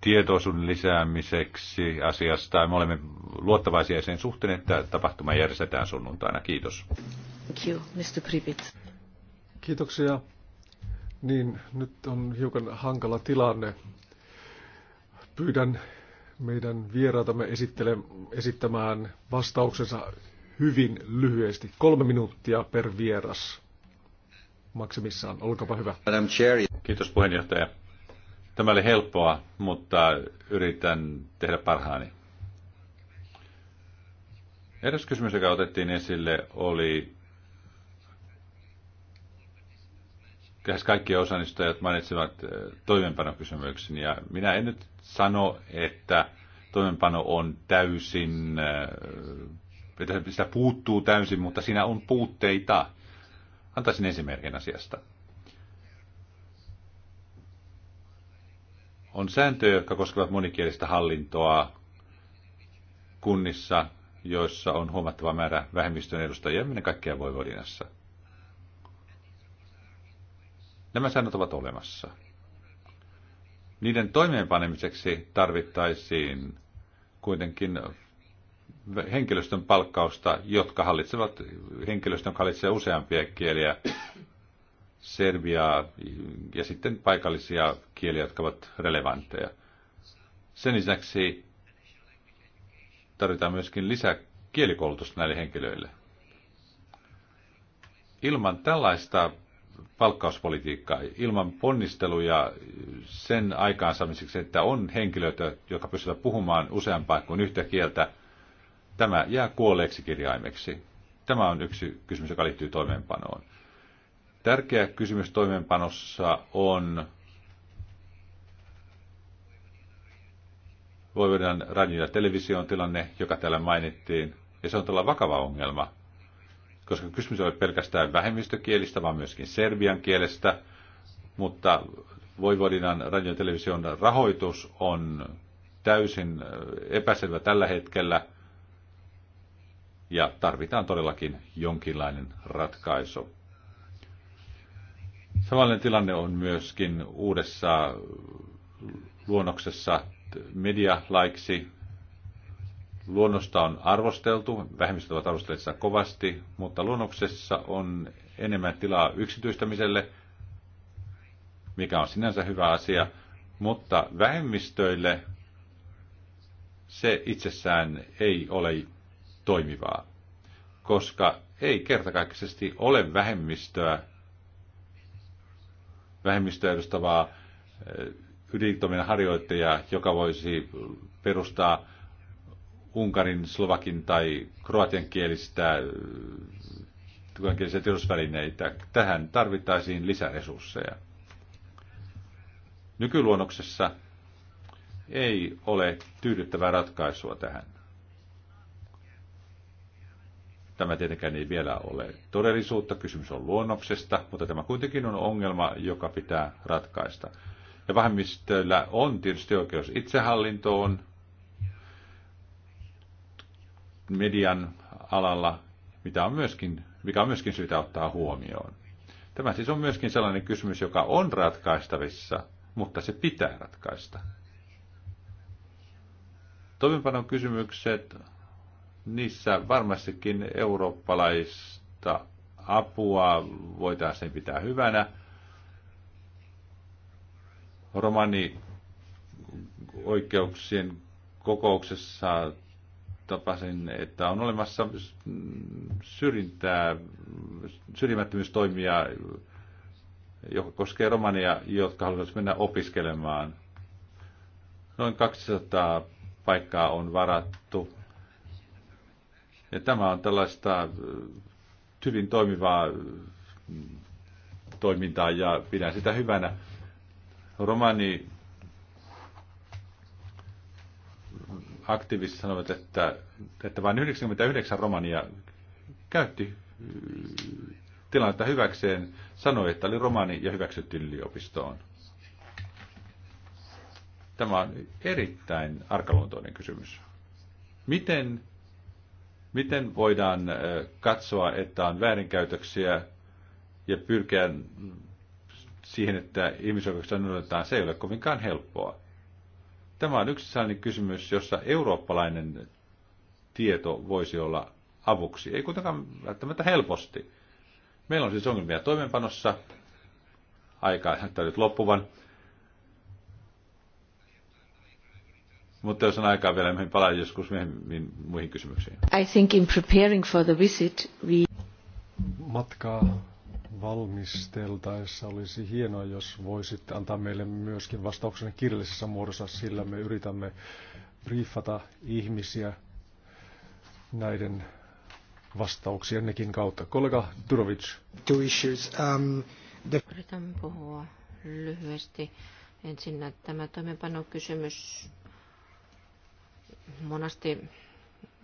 tietoisuuden lisäämiseksi asiasta. Me olemme luottavaisia sen suhteen, että tapahtuma järjestetään sunnuntaina. Kiitos. Thank you, Mr. Kiitoksia. Niin, nyt on hiukan hankala tilanne. Pyydän meidän vieraatamme esittämään vastauksensa hyvin lyhyesti. Kolme minuuttia per vieras maksimissaan. Olkaapa hyvä. Madam Chair. Kiitos puheenjohtaja. Tämä oli helppoa, mutta yritän tehdä parhaani. Eräs kysymys, joka otettiin esille, oli lähes kaikki osannistajat mainitsivat eh, toimenpanokysymyksen ja minä en nyt sano, että toimenpano on täysin, eh, että sitä puuttuu täysin, mutta siinä on puutteita. Antaisin esimerkin asiasta. On sääntöjä, jotka koskevat monikielistä hallintoa kunnissa, joissa on huomattava määrä vähemmistön edustajia, ennen kaikkea Voivodinassa – Nämä säännöt ovat olemassa. Niiden toimeenpanemiseksi tarvittaisiin kuitenkin henkilöstön palkkausta, jotka hallitsevat, henkilöstön, jotka hallitsee useampia kieliä, serbiaa ja sitten paikallisia kieliä, jotka ovat relevantteja. Sen lisäksi tarvitaan myöskin lisää kielikoulutusta näille henkilöille. Ilman tällaista palkkauspolitiikka Ilman ponnisteluja sen aikaansaamiseksi, että on henkilöitä, jotka pystyvät puhumaan useampaa kuin yhtä kieltä, tämä jää kuolleeksi kirjaimeksi. Tämä on yksi kysymys, joka liittyy toimeenpanoon. Tärkeä kysymys toimeenpanossa on voidaan radio- ja television tilanne, joka täällä mainittiin, ja se on todella vakava ongelma koska kysymys ei ole pelkästään vähemmistökielistä, vaan myöskin serbian kielestä, mutta Voivodinan radio- ja television rahoitus on täysin äh, epäselvä tällä hetkellä ja tarvitaan todellakin jonkinlainen ratkaisu. Samanlainen tilanne on myöskin uudessa luonnoksessa laiksi. Luonnosta on arvosteltu, vähemmistöt ovat arvostelleet sitä kovasti, mutta luonnoksessa on enemmän tilaa yksityistämiselle, mikä on sinänsä hyvä asia, mutta vähemmistöille se itsessään ei ole toimivaa, koska ei kertakaikkisesti ole vähemmistöä, vähemmistöä edustavaa eh, ydintoiminnan harjoittajaa, joka voisi perustaa unkarin, slovakin tai kroatian kielistä äh, kielisiä tiedotusvälineitä. Tähän tarvittaisiin lisäresursseja. Nykyluonnoksessa ei ole tyydyttävää ratkaisua tähän. Tämä tietenkään ei vielä ole todellisuutta, kysymys on luonnoksesta, mutta tämä kuitenkin on ongelma, joka pitää ratkaista. Ja vähemmistöllä on tietysti oikeus itsehallintoon, median alalla, mitä on myöskin, mikä on myöskin syytä ottaa huomioon. Tämä siis on myöskin sellainen kysymys, joka on ratkaistavissa, mutta se pitää ratkaista. Toimenpanon kysymykset, niissä varmastikin eurooppalaista apua voitaisiin pitää hyvänä. Romani oikeuksien kokouksessa tapasin, että on olemassa syrjintää, syrjimättömyystoimia, joka koskee romania, jotka haluaisivat mennä opiskelemaan. Noin 200 paikkaa on varattu. Ja tämä on tällaista äh, hyvin toimivaa mm, toimintaa ja pidän sitä hyvänä. Romani aktivistit sanoivat, että, että vain 99 romania käytti mm, tilannetta hyväkseen, sanoi, että oli romani ja hyväksyttiin yliopistoon. Tämä on erittäin arkaluontoinen kysymys. Miten, miten voidaan katsoa, että on väärinkäytöksiä ja pyrkiä siihen, että ihmisoikeuksia noudatetaan, se ei ole kovinkaan helppoa. Tämä on yksi sellainen kysymys, jossa eurooppalainen tieto voisi olla avuksi. Ei kuitenkaan välttämättä helposti. Meillä on siis ongelmia toimenpanossa. Aika näyttää nyt loppuvan. Mutta jos on aikaa vielä, mihin palaan joskus myöhemmin muihin kysymyksiin. I think in preparing for the visit we... Matkaa valmisteltaessa olisi hienoa, jos voisitte antaa meille myöskin vastauksen kirjallisessa muodossa, sillä me yritämme briefata ihmisiä näiden vastauksien nekin kautta. Kollega Durovic. Two issues. Um, the... Yritän puhua lyhyesti. Ensinnä tämä toimenpanokysymys. Monasti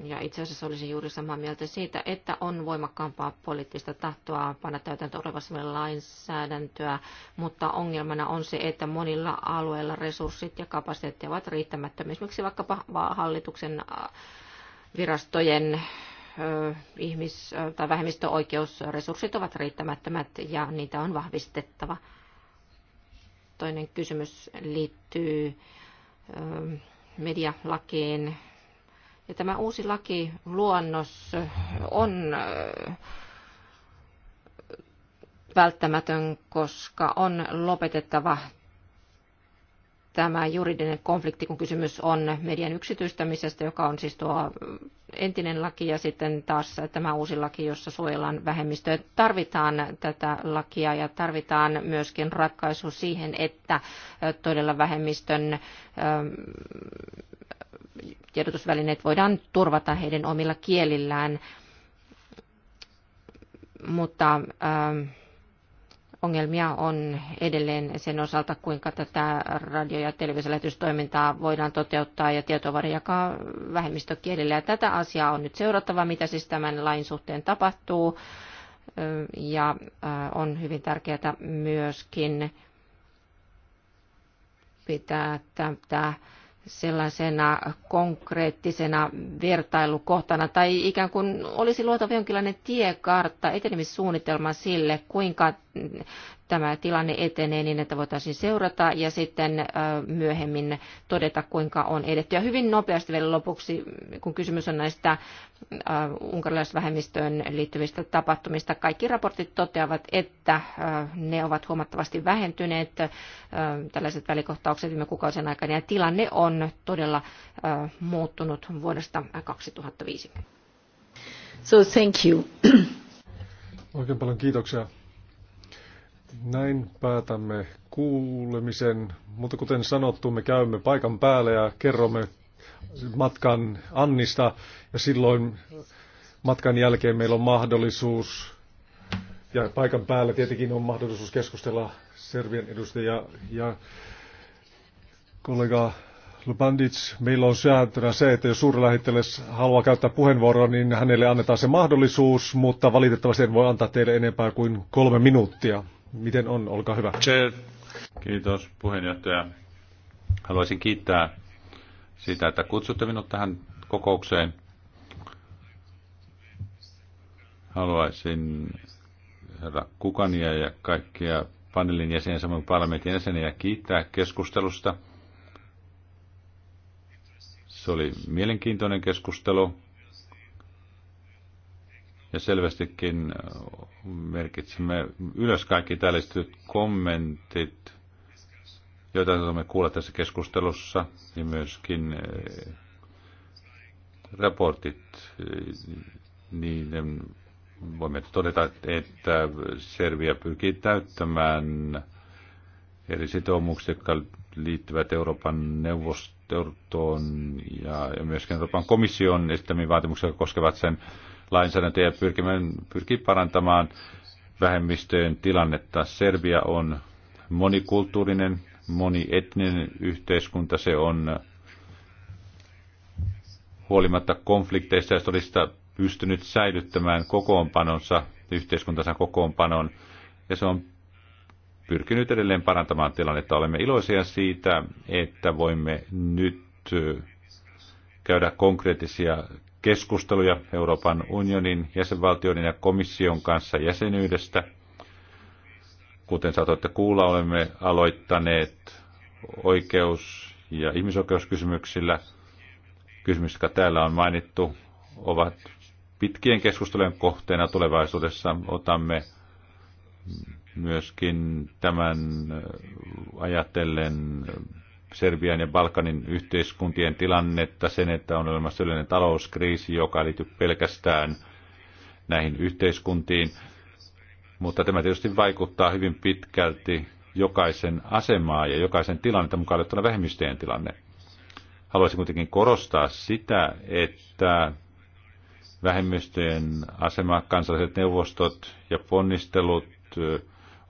ja itse asiassa olisin juuri samaa mieltä siitä, että on voimakkaampaa poliittista tahtoa panna täytäntöön olevassa lainsäädäntöä, mutta ongelmana on se, että monilla alueilla resurssit ja kapasiteetti ovat riittämättömiä. Esimerkiksi vaikkapa hallituksen äh, virastojen ihmis- tai vähemmistöoikeusresurssit ovat riittämättömät ja niitä on vahvistettava. Toinen kysymys liittyy medialakiin ja tämä uusi lakiluonnos on äh, välttämätön, koska on lopetettava tämä juridinen konflikti, kun kysymys on median yksityistämisestä, joka on siis tuo entinen laki ja sitten taas tämä uusi laki, jossa suojellaan vähemmistöä. Tarvitaan tätä lakia ja tarvitaan myöskin ratkaisu siihen, että todella vähemmistön ähm, tiedotusvälineet voidaan turvata heidän omilla kielillään. Mutta äh, ongelmia on edelleen sen osalta, kuinka tätä radio- ja televisiolähetystoimintaa voidaan toteuttaa ja tietovarja jakaa vähemmistökielillä. Ja tätä asiaa on nyt seurattava, mitä siis tämän lain suhteen tapahtuu. Ja on hyvin tärkeää myöskin pitää tätä sellaisena konkreettisena vertailukohtana tai ikään kuin olisi luotava jonkinlainen tiekartta, etenemissuunnitelma sille, kuinka tämä tilanne etenee niin, että voitaisiin seurata ja sitten myöhemmin todeta, kuinka on edetty. Ja hyvin nopeasti vielä lopuksi, kun kysymys on näistä unkarilaisvähemmistöön liittyvistä tapahtumista, kaikki raportit toteavat, että ne ovat huomattavasti vähentyneet, tällaiset välikohtaukset viime kuukausien aikana, ja tilanne on todella muuttunut vuodesta 2005. So thank you. Oikein paljon kiitoksia. Näin päätämme kuulemisen, mutta kuten sanottu, me käymme paikan päälle ja kerromme matkan Annista ja silloin matkan jälkeen meillä on mahdollisuus ja paikan päällä tietenkin on mahdollisuus keskustella Servien edustaja ja kollega Lubandic, meillä on sääntönä se, että jos suurlähettiläs haluaa käyttää puheenvuoroa, niin hänelle annetaan se mahdollisuus, mutta valitettavasti en voi antaa teille enempää kuin kolme minuuttia. Miten on? Olkaa hyvä. Chair. Kiitos puheenjohtaja. Haluaisin kiittää siitä, että kutsutte minut tähän kokoukseen. Haluaisin herra Kukania ja kaikkia paneelin jäseniä, samoin parlamentin jäseniä kiittää keskustelusta. Se oli mielenkiintoinen keskustelu. Ja selvästikin äh, merkitsemme ylös kaikki tällaiset kommentit, joita olemme kuulla tässä keskustelussa, ja myöskin äh, raportit, niin voimme todeta, että Serbia pyrkii täyttämään eri sitoumukset, jotka liittyvät Euroopan neuvostoon ja myöskin Euroopan komission esittämiin vaatimuksia, jotka koskevat sen lainsäädäntöä ja pyrkii parantamaan vähemmistöjen tilannetta. Serbia on monikulttuurinen, monietninen yhteiskunta. Se on huolimatta konflikteista ja sodista pystynyt säilyttämään kokoonpanonsa, yhteiskuntansa kokoonpanon, ja se on pyrkinyt edelleen parantamaan tilannetta. Olemme iloisia siitä, että voimme nyt käydä konkreettisia keskusteluja Euroopan unionin, jäsenvaltioiden ja komission kanssa jäsenyydestä. Kuten saatoitte kuulla, olemme aloittaneet oikeus- ja ihmisoikeuskysymyksillä. Kysymykset, jotka täällä on mainittu, ovat pitkien keskustelujen kohteena tulevaisuudessa. Otamme myöskin tämän ajatellen Serbian ja Balkanin yhteiskuntien tilannetta, sen, että on olemassa yleinen talouskriisi, joka liittyy pelkästään näihin yhteiskuntiin. Mutta tämä tietysti vaikuttaa hyvin pitkälti jokaisen asemaa ja jokaisen tilannetta, mukaan otettuna vähemmistöjen tilanne. Haluaisin kuitenkin korostaa sitä, että vähemmistöjen asema, kansalliset neuvostot ja ponnistelut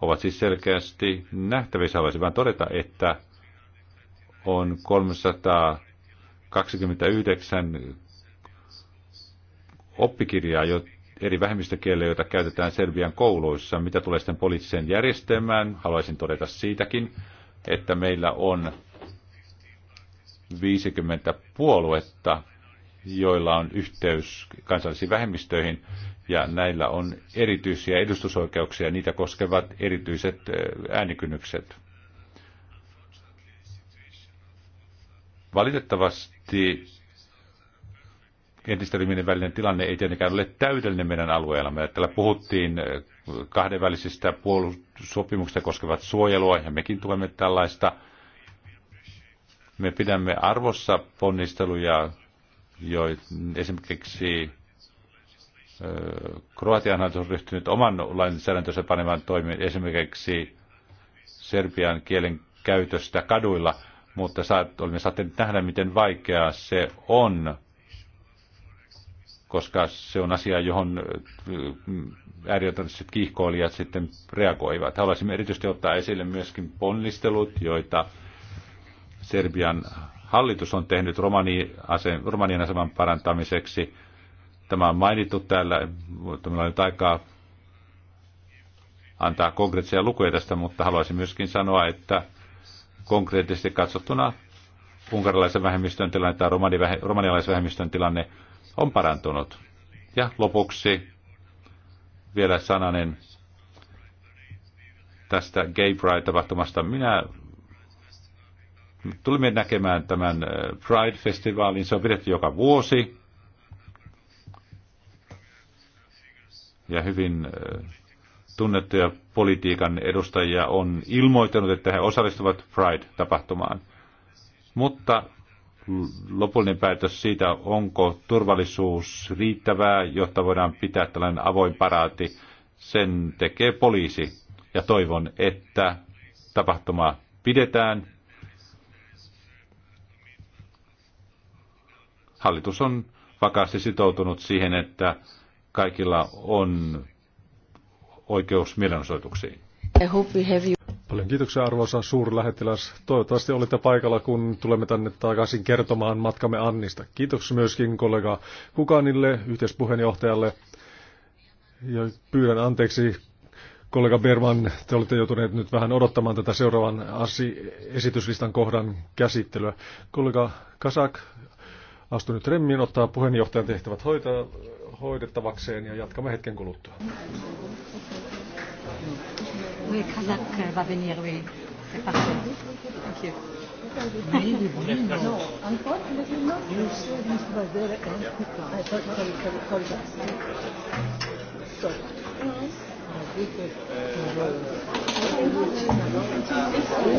ovat siis selkeästi nähtävissä. Haluaisin vain todeta, että on 329 oppikirjaa jo eri vähemmistökielillä, joita käytetään Serbian kouluissa. Mitä tulee sitten poliittiseen järjestelmään, haluaisin todeta siitäkin, että meillä on 50 puoluetta, joilla on yhteys kansallisiin vähemmistöihin, ja näillä on erityisiä edustusoikeuksia, niitä koskevat erityiset äänikynnykset. Valitettavasti entisten välinen tilanne ei tietenkään ole täydellinen meidän alueellamme. Täällä puhuttiin eh, kahdenvälisistä puolustussopimuksista koskevat suojelua, ja mekin tuemme tällaista. Me pidämme arvossa ponnisteluja, joita esimerkiksi eh, Kroatian hallitus on ryhtynyt oman lainsäädäntönsä panemaan toimeen esimerkiksi serbian kielen käytöstä kaduilla – mutta saat, olimme saaneet nähdä, miten vaikeaa se on, koska se on asia, johon äh, äärioitaiset kiihkoilijat sitten reagoivat. Haluaisimme erityisesti ottaa esille myöskin ponnistelut, joita Serbian hallitus on tehnyt Romanian aseman parantamiseksi. Tämä on mainittu täällä, mutta meillä on nyt aikaa antaa konkreettisia lukuja tästä, mutta haluaisin myöskin sanoa, että konkreettisesti katsottuna unkarilaisen vähemmistön tilanne tai romanialaisen vähemmistön tilanne on parantunut. Ja lopuksi vielä sananen tästä Gay Pride-tapahtumasta. Minä tulimme näkemään tämän äh, Pride-festivaalin. Se on pidetty joka vuosi. Ja hyvin äh, tunnettuja politiikan edustajia on ilmoittanut, että he osallistuvat Pride-tapahtumaan. Mutta lopullinen päätös siitä, onko turvallisuus riittävää, jotta voidaan pitää tällainen avoin paraati, sen tekee poliisi. Ja toivon, että tapahtuma pidetään. Hallitus on vakaasti sitoutunut siihen, että kaikilla on oikeus mielenosoituksiin. Paljon kiitoksia arvoisa suurlähettiläs. Toivottavasti olitte paikalla, kun tulemme tänne takaisin kertomaan matkamme Annista. Kiitoksia myöskin kollega Kukanille, yhteispuheenjohtajalle. Ja pyydän anteeksi kollega Berman, te olette joutuneet nyt vähän odottamaan tätä seuraavan asi- esityslistan kohdan käsittelyä. Kollega Kasak astui nyt remmiin, ottaa puheenjohtajan tehtävät hoitaa, hoidettavakseen ja jatkamme hetken kuluttua. Oui, Kazakh euh, va venir, oui. C'est parfait. Thank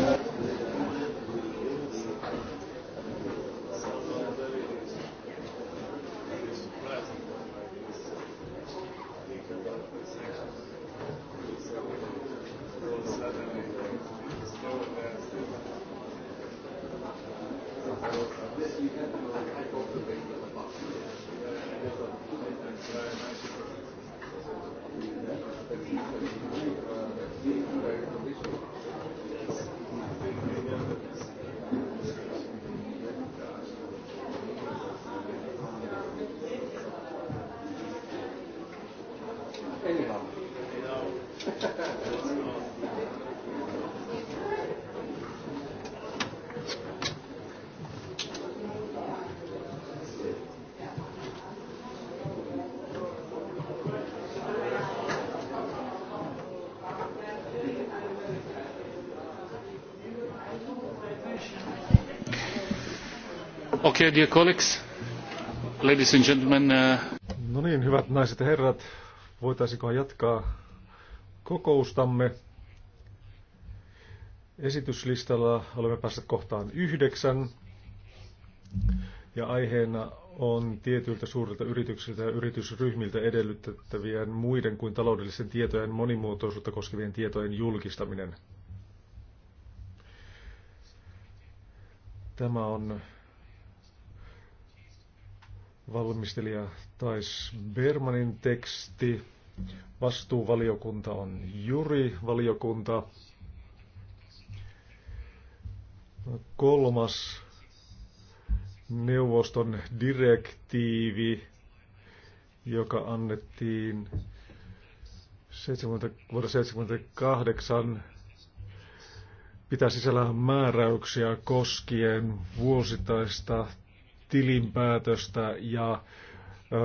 you. You ladies and gentlemen. Uh, no niin, hyvät naiset ja herrat, voitaisiinko jatkaa kokoustamme. Esityslistalla olemme päässeet kohtaan yhdeksän. Ja aiheena on tietyiltä suurilta yrityksiltä ja yritysryhmiltä edellytettävien muiden kuin taloudellisten tietojen monimuotoisuutta koskevien tietojen julkistaminen. Tämä on valmistelija Tais Bermanin teksti. Vastuuvaliokunta on Juri-valiokunta. Kolmas neuvoston direktiivi, joka annettiin 70, vuonna 1978 pitää sisällään määräyksiä koskien vuosittaista tilinpäätöstä ja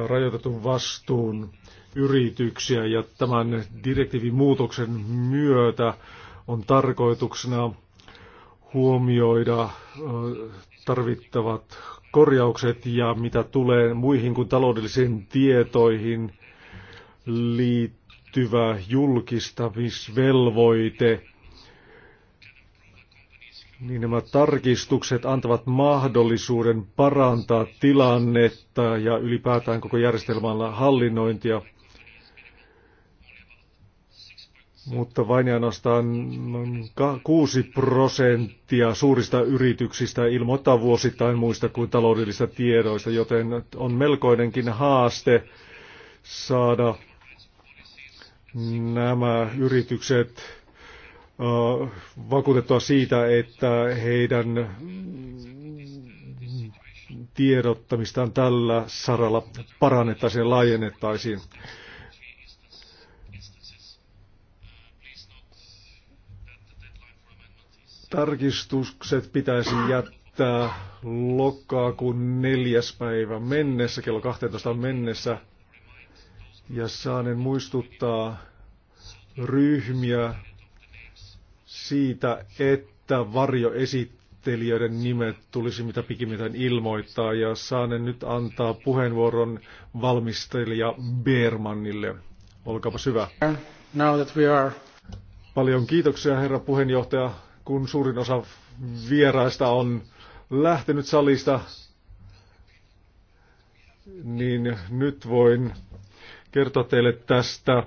rajoitetun vastuun yrityksiä ja tämän direktiivimuutoksen muutoksen myötä on tarkoituksena huomioida tarvittavat korjaukset ja mitä tulee muihin kuin taloudellisiin tietoihin liittyvä julkistamisvelvoite – niin nämä tarkistukset antavat mahdollisuuden parantaa tilannetta ja ylipäätään koko järjestelmällä hallinnointia. Mutta vain ainoastaan 6 prosenttia suurista yrityksistä ilmoittaa vuosittain muista kuin taloudellisista tiedoista, joten on melkoinenkin haaste saada nämä yritykset vakuutettua siitä, että heidän tiedottamistaan tällä saralla parannettaisiin ja laajennettaisiin. Tarkistukset pitäisi jättää lokakuun neljäs päivä mennessä, kello 12 mennessä. Ja saanen muistuttaa ryhmiä siitä, että varjoesittelijöiden nimet tulisi mitä pikimmiten ilmoittaa ja saanen nyt antaa puheenvuoron valmistelija Bermanille. Olkaapa hyvä. Now that we are... Paljon kiitoksia herra puheenjohtaja, kun suurin osa vieraista on lähtenyt salista, niin nyt voin kertoa teille tästä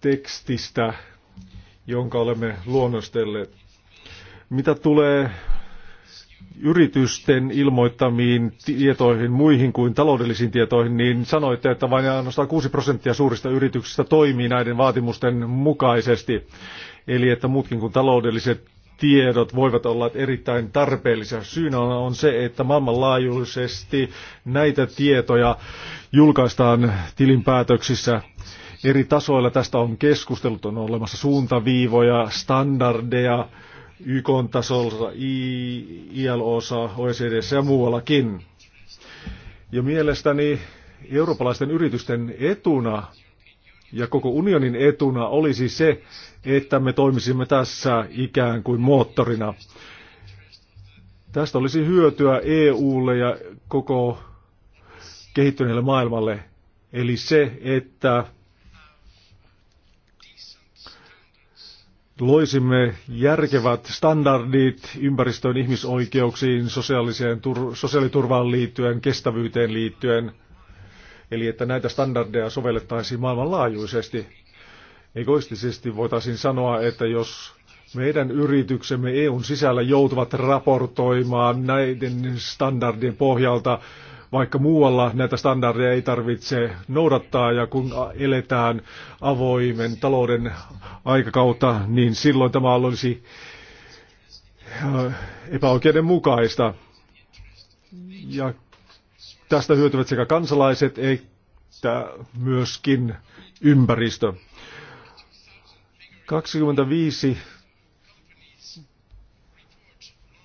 tekstistä, jonka olemme luonnostelleet. Mitä tulee yritysten ilmoittamiin tietoihin muihin kuin taloudellisiin tietoihin, niin sanoitte, että vain ainoastaan 6 prosenttia suurista yrityksistä toimii näiden vaatimusten mukaisesti. Eli että muutkin kuin taloudelliset tiedot voivat olla erittäin tarpeellisia. Syynä on se, että maailmanlaajuisesti näitä tietoja julkaistaan tilinpäätöksissä Eri tasoilla tästä on keskusteltu, on olemassa suuntaviivoja, standardeja, yk tasolla, ILOssa, OECDssä ja muuallakin. Ja mielestäni eurooppalaisten yritysten etuna ja koko unionin etuna olisi se, että me toimisimme tässä ikään kuin moottorina. Tästä olisi hyötyä EUlle ja koko kehittyneelle maailmalle. Eli se, että loisimme järkevät standardit ympäristöön, ihmisoikeuksiin, sosiaaliseen tur- sosiaaliturvaan liittyen, kestävyyteen liittyen, eli että näitä standardeja sovellettaisiin maailmanlaajuisesti. Egoistisesti voitaisiin sanoa, että jos meidän yrityksemme EUn sisällä joutuvat raportoimaan näiden standardien pohjalta vaikka muualla näitä standardeja ei tarvitse noudattaa ja kun eletään avoimen talouden aikakautta, niin silloin tämä olisi äh, epäoikeudenmukaista. Ja tästä hyötyvät sekä kansalaiset että myöskin ympäristö. 25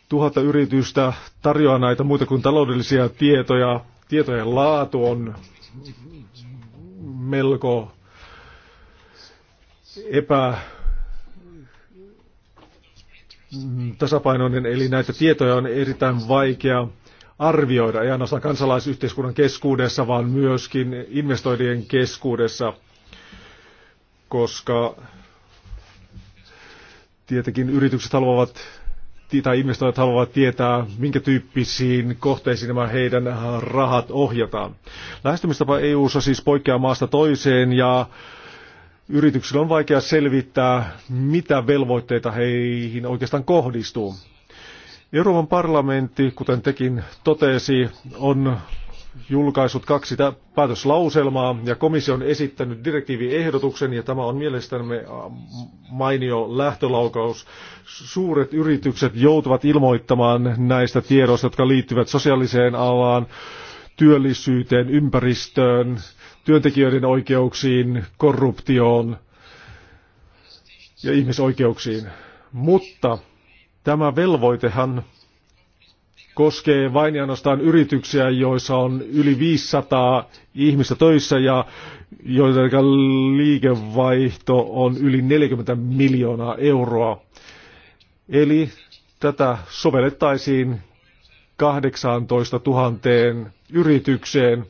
tuhatta yritystä tarjoaa näitä muita kuin taloudellisia tietoja. Tietojen laatu on melko epä tasapainoinen, eli näitä tietoja on erittäin vaikea arvioida, ei ainoastaan kansalaisyhteiskunnan keskuudessa, vaan myöskin investoijien keskuudessa, koska tietenkin yritykset haluavat tai investoijat haluavat tietää, minkä tyyppisiin kohteisiin nämä heidän rahat ohjataan. Lähestymistapa EU-ssa siis poikkeaa maasta toiseen ja yrityksillä on vaikea selvittää, mitä velvoitteita heihin oikeastaan kohdistuu. Euroopan parlamentti, kuten tekin totesi, on julkaissut kaksi päätöslauselmaa ja komissio on esittänyt direktiiviehdotuksen ja tämä on mielestämme mainio lähtölaukaus. Suuret yritykset joutuvat ilmoittamaan näistä tiedoista, jotka liittyvät sosiaaliseen alaan, työllisyyteen, ympäristöön, työntekijöiden oikeuksiin, korruptioon ja ihmisoikeuksiin. Mutta tämä velvoitehan koskee vain ja ainoastaan yrityksiä, joissa on yli 500 ihmistä töissä ja joiden liikevaihto on yli 40 miljoonaa euroa. Eli tätä sovellettaisiin 18 000 yritykseen.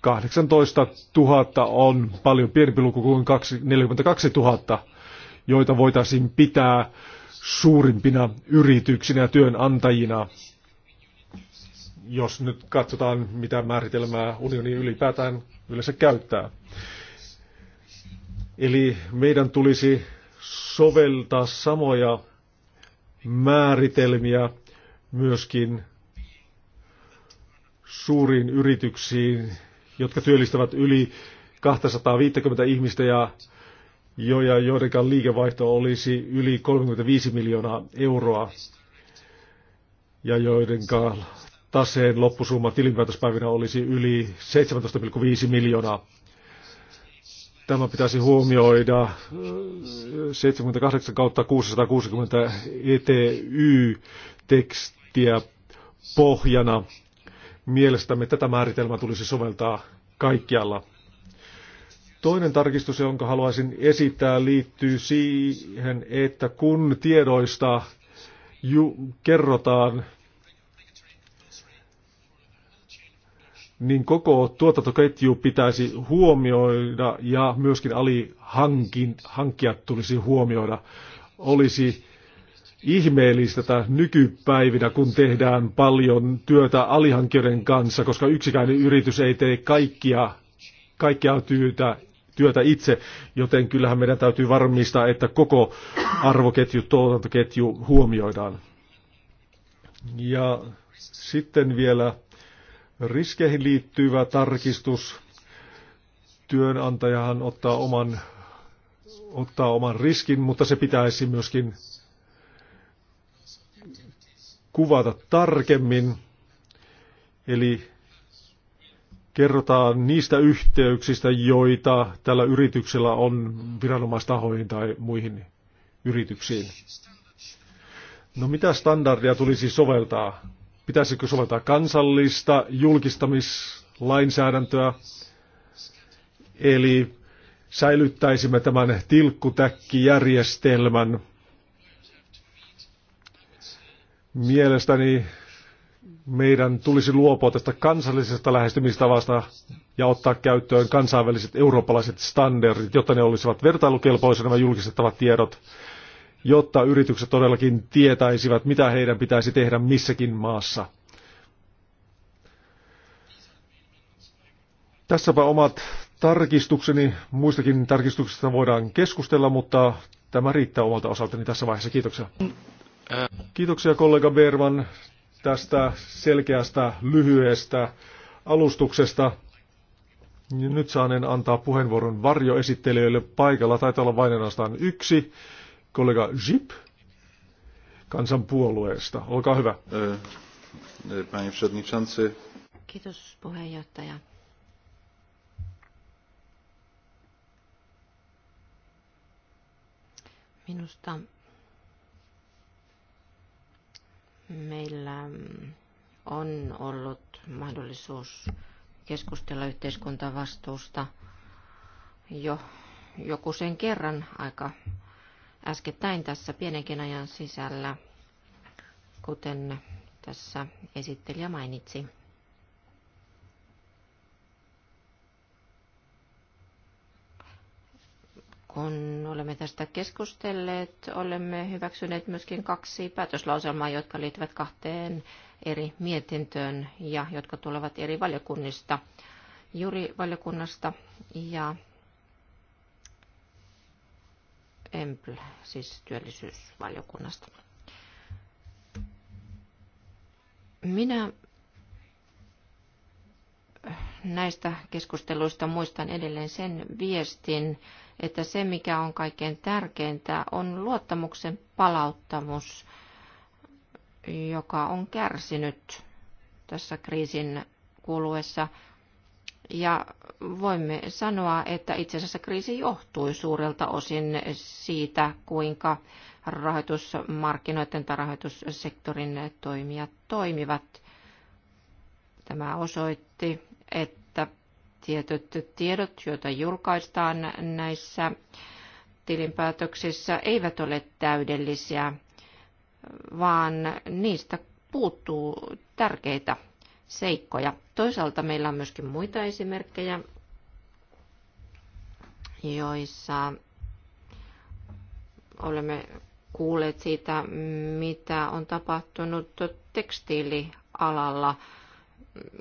18 000 on paljon pienempi luku kuin 42 000, joita voitaisiin pitää suurimpina yrityksinä ja työnantajina jos nyt katsotaan, mitä määritelmää unioni ylipäätään yleensä käyttää. Eli meidän tulisi soveltaa samoja määritelmiä myöskin suuriin yrityksiin, jotka työllistävät yli 250 ihmistä ja joja joidenkaan liikevaihto olisi yli 35 miljoonaa euroa ja joidenkaan taseen loppusumma tilinpäätöspäivinä olisi yli 17,5 miljoonaa. Tämä pitäisi huomioida 78 äh, kautta 660 ETY-tekstiä pohjana. Mielestämme tätä määritelmää tulisi soveltaa kaikkialla. Toinen tarkistus, jonka haluaisin esittää, liittyy siihen, että kun tiedoista kerrotaan niin koko tuotantoketju pitäisi huomioida ja myöskin alihankkijat tulisi huomioida. Olisi ihmeellistä tätä nykypäivinä, kun tehdään paljon työtä alihankkijoiden kanssa, koska yksikään yritys ei tee kaikkia, kaikkia työtä, työtä itse, joten kyllähän meidän täytyy varmistaa, että koko arvoketju, tuotantoketju huomioidaan. Ja sitten vielä riskeihin liittyvä tarkistus. Työnantajahan ottaa oman, ottaa oman riskin, mutta se pitäisi myöskin kuvata tarkemmin. Eli kerrotaan niistä yhteyksistä, joita tällä yrityksellä on viranomaistahoihin tai muihin yrityksiin. No mitä standardia tulisi soveltaa? Pitäisikö soveltaa kansallista julkistamislainsäädäntöä? Eli säilyttäisimme tämän tilkkutäkkijärjestelmän. Mielestäni meidän tulisi luopua tästä kansallisesta lähestymistavasta ja ottaa käyttöön kansainväliset eurooppalaiset standardit, jotta ne olisivat vertailukelpoisia nämä julkistettavat tiedot jotta yritykset todellakin tietäisivät, mitä heidän pitäisi tehdä missäkin maassa. Tässäpä omat tarkistukseni. Muistakin tarkistuksista voidaan keskustella, mutta tämä riittää omalta osaltani tässä vaiheessa. Kiitoksia. Kiitoksia kollega Bervan tästä selkeästä, lyhyestä alustuksesta. Nyt saanen antaa puheenvuoron varjoesittelijöille. Paikalla taitaa olla vain ainoastaan yksi. Kollega Zip kansanpuolueesta. Olkaa hyvä. E, e, Kiitos puheenjohtaja. Minusta meillä on ollut mahdollisuus keskustella yhteiskuntavastuusta jo joku sen kerran aika äskettäin tässä pienenkin ajan sisällä, kuten tässä esittelijä mainitsi. kun olemme tästä keskustelleet, olemme hyväksyneet myöskin kaksi päätöslauselmaa, jotka liittyvät kahteen eri mietintöön ja jotka tulevat eri valiokunnista, juuri valiokunnasta ja EMPL, siis työllisyysvaliokunnasta. Minä näistä keskusteluista muistan edelleen sen viestin, että se mikä on kaikkein tärkeintä on luottamuksen palauttamus, joka on kärsinyt tässä kriisin kuluessa – ja voimme sanoa, että itse asiassa kriisi johtui suurelta osin siitä, kuinka rahoitusmarkkinoiden tai rahoitussektorin toimijat toimivat. Tämä osoitti, että tietyt tiedot, joita julkaistaan näissä tilinpäätöksissä, eivät ole täydellisiä, vaan niistä puuttuu tärkeitä seikkoja Toisaalta meillä on myöskin muita esimerkkejä, joissa olemme kuulleet siitä, mitä on tapahtunut tekstiilialalla.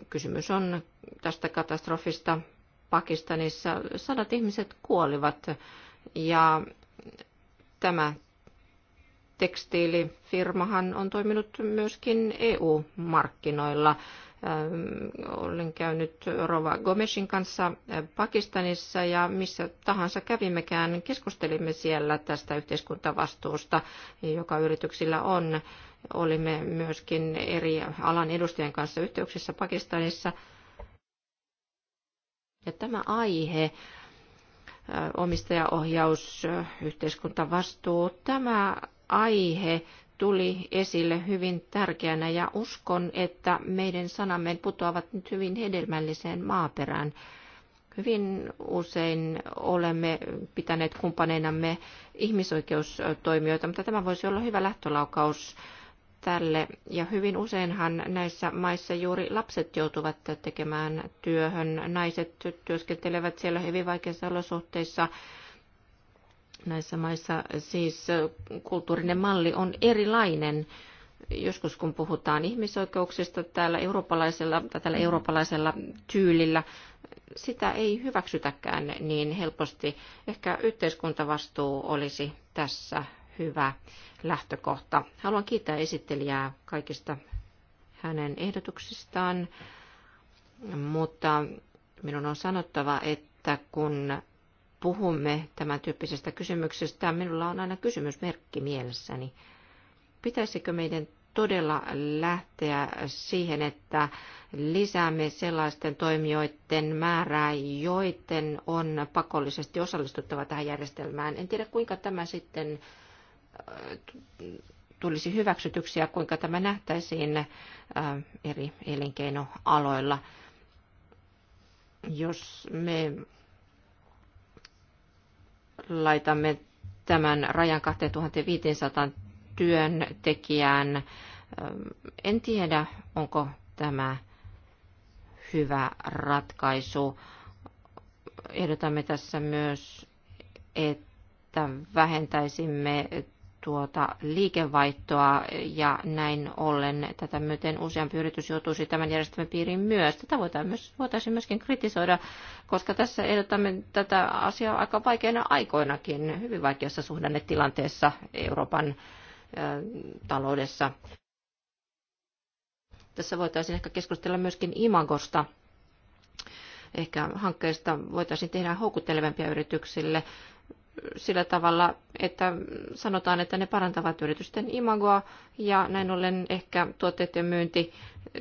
Kysymys on tästä katastrofista Pakistanissa. Sadat ihmiset kuolivat ja tämä tekstiilifirmahan on toiminut myöskin EU-markkinoilla olen käynyt Rova Gomeshin kanssa äh, Pakistanissa ja missä tahansa kävimmekään, keskustelimme siellä tästä yhteiskuntavastuusta, joka yrityksillä on. Olimme myöskin eri alan edustajien kanssa yhteyksissä Pakistanissa. Ja tämä aihe, äh, omistajaohjaus, yhteiskuntavastuu, tämä aihe tuli esille hyvin tärkeänä ja uskon, että meidän sanamme putoavat nyt hyvin hedelmälliseen maaperään. Hyvin usein olemme pitäneet kumppaneinamme ihmisoikeustoimijoita, mutta tämä voisi olla hyvä lähtölaukaus tälle. Ja hyvin useinhan näissä maissa juuri lapset joutuvat tekemään työhön. Naiset työskentelevät siellä hyvin vaikeissa olosuhteissa Näissä maissa siis kulttuurinen malli on erilainen. Joskus kun puhutaan ihmisoikeuksista täällä eurooppalaisella, tai täällä eurooppalaisella tyylillä, sitä ei hyväksytäkään niin helposti. Ehkä yhteiskuntavastuu olisi tässä hyvä lähtökohta. Haluan kiittää esittelijää kaikista hänen ehdotuksistaan, mutta minun on sanottava, että kun puhumme tämän tyyppisestä kysymyksestä, minulla on aina kysymysmerkki mielessäni. Pitäisikö meidän todella lähteä siihen, että lisäämme sellaisten toimijoiden määrää, joiden on pakollisesti osallistuttava tähän järjestelmään. En tiedä, kuinka tämä sitten äh, tulisi hyväksytyksi ja kuinka tämä nähtäisiin äh, eri elinkeinoaloilla. Jos me laitamme tämän rajan 2500 työntekijään. En tiedä, onko tämä hyvä ratkaisu. Ehdotamme tässä myös, että vähentäisimme tuota liikevaihtoa ja näin ollen tätä myöten useampi yritys joutuisi tämän järjestelmän piiriin myös. Tätä voitaisiin, myös, voitaisiin myöskin kritisoida, koska tässä ehdotamme tätä asiaa aika vaikeina aikoinakin, hyvin vaikeassa suhdannetilanteessa Euroopan taloudessa. Tässä voitaisiin ehkä keskustella myöskin imagosta. Ehkä hankkeista voitaisiin tehdä houkuttelevampia yrityksille sillä tavalla, että sanotaan, että ne parantavat yritysten imagoa ja näin ollen ehkä tuotteiden myynti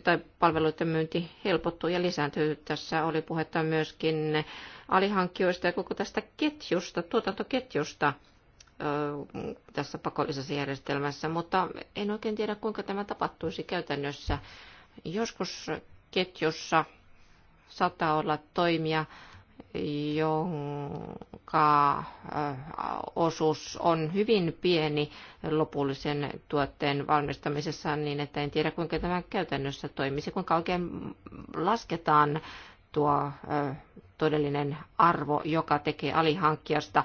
tai palveluiden myynti helpottuu ja lisääntyy. Tässä oli puhetta myöskin alihankkijoista ja koko tästä ketjusta, tuotantoketjusta tässä pakollisessa järjestelmässä, mutta en oikein tiedä, kuinka tämä tapahtuisi käytännössä. Joskus ketjussa saattaa olla toimia, jonka äh, osuus on hyvin pieni lopullisen tuotteen valmistamisessa, niin että en tiedä kuinka tämä käytännössä toimisi, kuinka oikein lasketaan tuo äh, todellinen arvo, joka tekee alihankkijasta äh,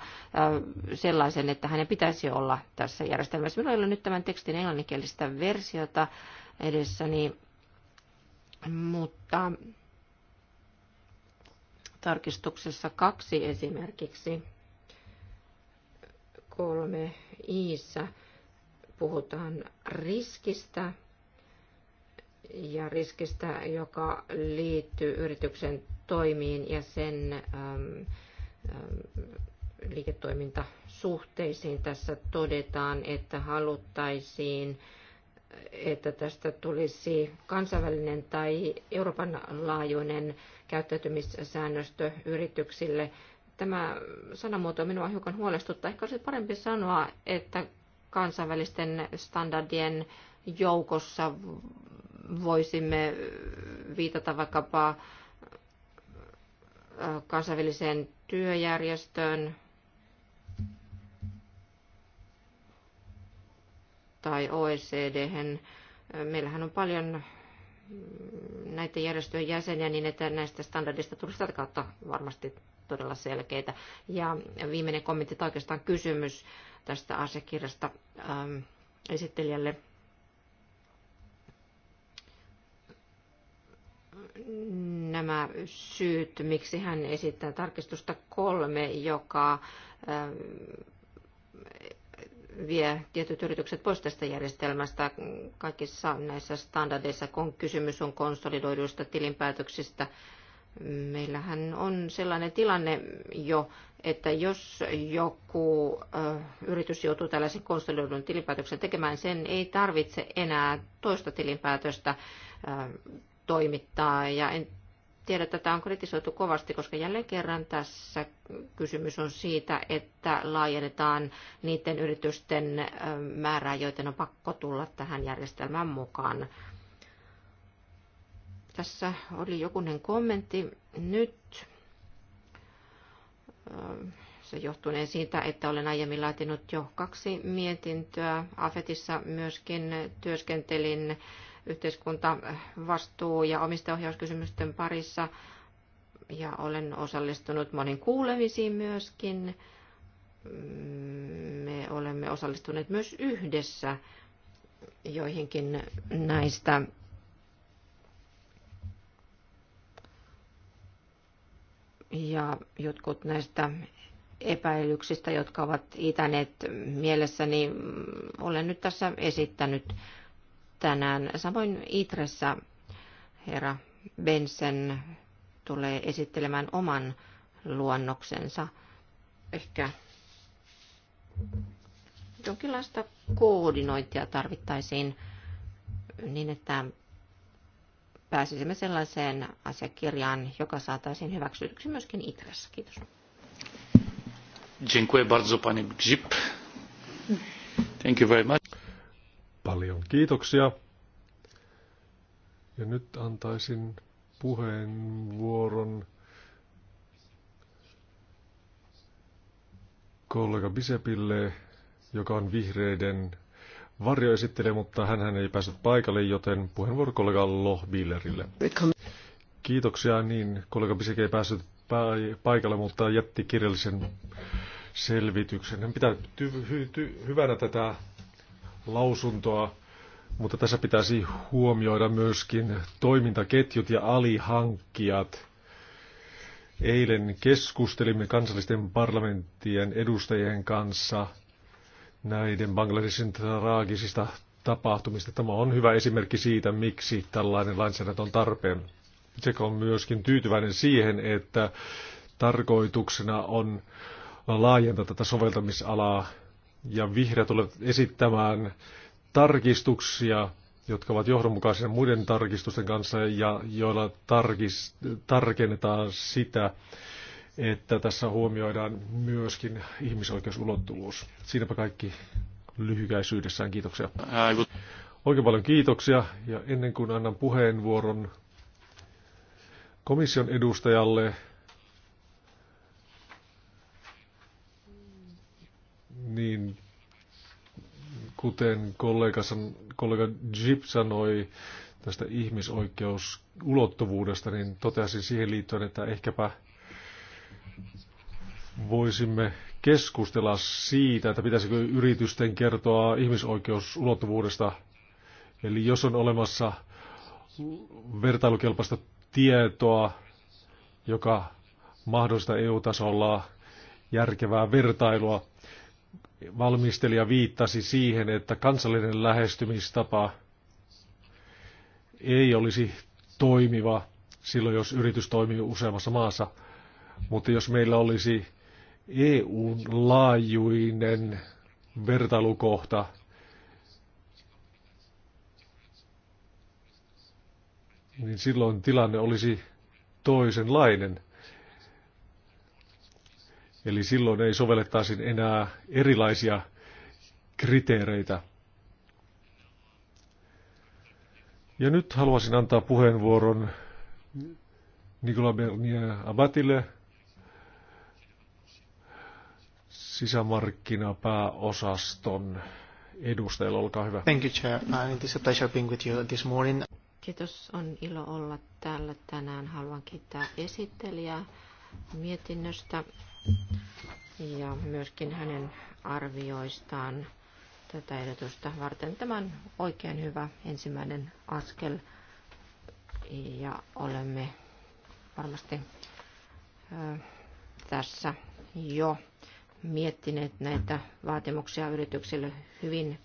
sellaisen, että hänen pitäisi olla tässä järjestelmässä. Minulla ei ole nyt tämän tekstin englanninkielistä versiota edessäni, mutta tarkistuksessa kaksi esimerkiksi kolme iissä puhutaan riskistä ja riskistä, joka liittyy yrityksen toimiin ja sen äm, äm, liiketoimintasuhteisiin. Tässä todetaan, että haluttaisiin, että tästä tulisi kansainvälinen tai Euroopan laajuinen käyttäytymissäännöstö yrityksille. Tämä sanamuoto minua hiukan huolestuttaa. Ehkä olisi parempi sanoa, että kansainvälisten standardien joukossa voisimme viitata vaikkapa kansainväliseen työjärjestöön tai OECD. Meillähän on paljon näiden järjestöjen jäseniä niin, että näistä standardista tulisi tätä kautta varmasti todella selkeitä. Ja viimeinen kommentti tai oikeastaan kysymys tästä asiakirjasta ähm, esittelijälle. Nämä syyt, miksi hän esittää tarkistusta kolme, joka ähm, vie tietyt yritykset pois tästä järjestelmästä. Kaikissa näissä standardeissa, kun kysymys on konsolidoiduista tilinpäätöksistä, meillähän on sellainen tilanne jo, että jos joku ö, yritys joutuu tällaisen konsolidoidun tilinpäätöksen tekemään, sen ei tarvitse enää toista tilinpäätöstä ö, toimittaa. Ja en tiedä, tämä on kritisoitu kovasti, koska jälleen kerran tässä kysymys on siitä, että laajennetaan niiden yritysten määrää, joiden on pakko tulla tähän järjestelmään mukaan. Tässä oli jokunen kommentti nyt. Se johtuneen siitä, että olen aiemmin laatinut jo kaksi mietintöä. Afetissa myöskin työskentelin yhteiskuntavastuu- ja omistajohjauskysymysten parissa. Ja olen osallistunut monin kuulemisiin myöskin. Me olemme osallistuneet myös yhdessä joihinkin näistä ja jotkut näistä epäilyksistä, jotka ovat itäneet mielessäni, olen nyt tässä esittänyt tänään. Samoin Itressä herra Bensen tulee esittelemään oman luonnoksensa. Ehkä jonkinlaista koordinointia tarvittaisiin niin, että pääsisimme sellaiseen asiakirjaan, joka saataisiin hyväksytyksi myöskin Itressä. Kiitos. Dziękuję bardzo, panie Grzyb. Thank you very much. Paljon kiitoksia. Ja nyt antaisin puheenvuoron kollega Bisepille, joka on vihreiden varjoesittelijä, mutta hän ei päässyt paikalle, joten puheenvuoro kollega Billerille. Kiitoksia, niin kollega Bisek ei päässyt paikalle, mutta jätti kirjallisen selvityksen. Hän pitää hy hy- hy hyvänä tätä lausuntoa, mutta tässä pitäisi huomioida myöskin toimintaketjut ja alihankkijat. Eilen keskustelimme kansallisten parlamenttien edustajien kanssa näiden Bangladesin traagisista tapahtumista. Tämä on hyvä esimerkki siitä, miksi tällainen lainsäädäntö on tarpeen. Se on myöskin tyytyväinen siihen, että tarkoituksena on laajentaa tätä soveltamisalaa ja vihreät tulevat esittämään tarkistuksia, jotka ovat johdonmukaisia muiden tarkistusten kanssa ja joilla tarkis, tarkennetaan sitä, että tässä huomioidaan myöskin ihmisoikeusulottuvuus. Siinäpä kaikki lyhykäisyydessään. Kiitoksia. Oikein paljon kiitoksia ja ennen kuin annan puheenvuoron komission edustajalle, kuten kollega, kollega Jip sanoi tästä ihmisoikeusulottuvuudesta, niin totesin siihen liittyen, että ehkäpä voisimme keskustella siitä, että pitäisikö yritysten kertoa ihmisoikeusulottuvuudesta. Eli jos on olemassa vertailukelpoista tietoa, joka mahdollista EU-tasolla järkevää vertailua, valmistelija viittasi siihen, että kansallinen lähestymistapa ei olisi toimiva silloin, jos yritys toimii useammassa maassa. Mutta jos meillä olisi EU-laajuinen vertailukohta, niin silloin tilanne olisi toisenlainen – Eli silloin ei sovellettaisi enää erilaisia kriteereitä. Ja nyt haluaisin antaa puheenvuoron Nikola Bernier Abatille, sisämarkkinapääosaston edustajalle. Olkaa hyvä. Thank you, Chair. Uh, it is a pleasure being with you this morning. Kiitos, on ilo olla täällä tänään. Haluan kiittää esittelijää mietinnöstä ja myöskin hänen arvioistaan tätä ehdotusta varten. Tämä on oikein hyvä ensimmäinen askel ja olemme varmasti tässä jo miettineet näitä vaatimuksia yrityksille hyvin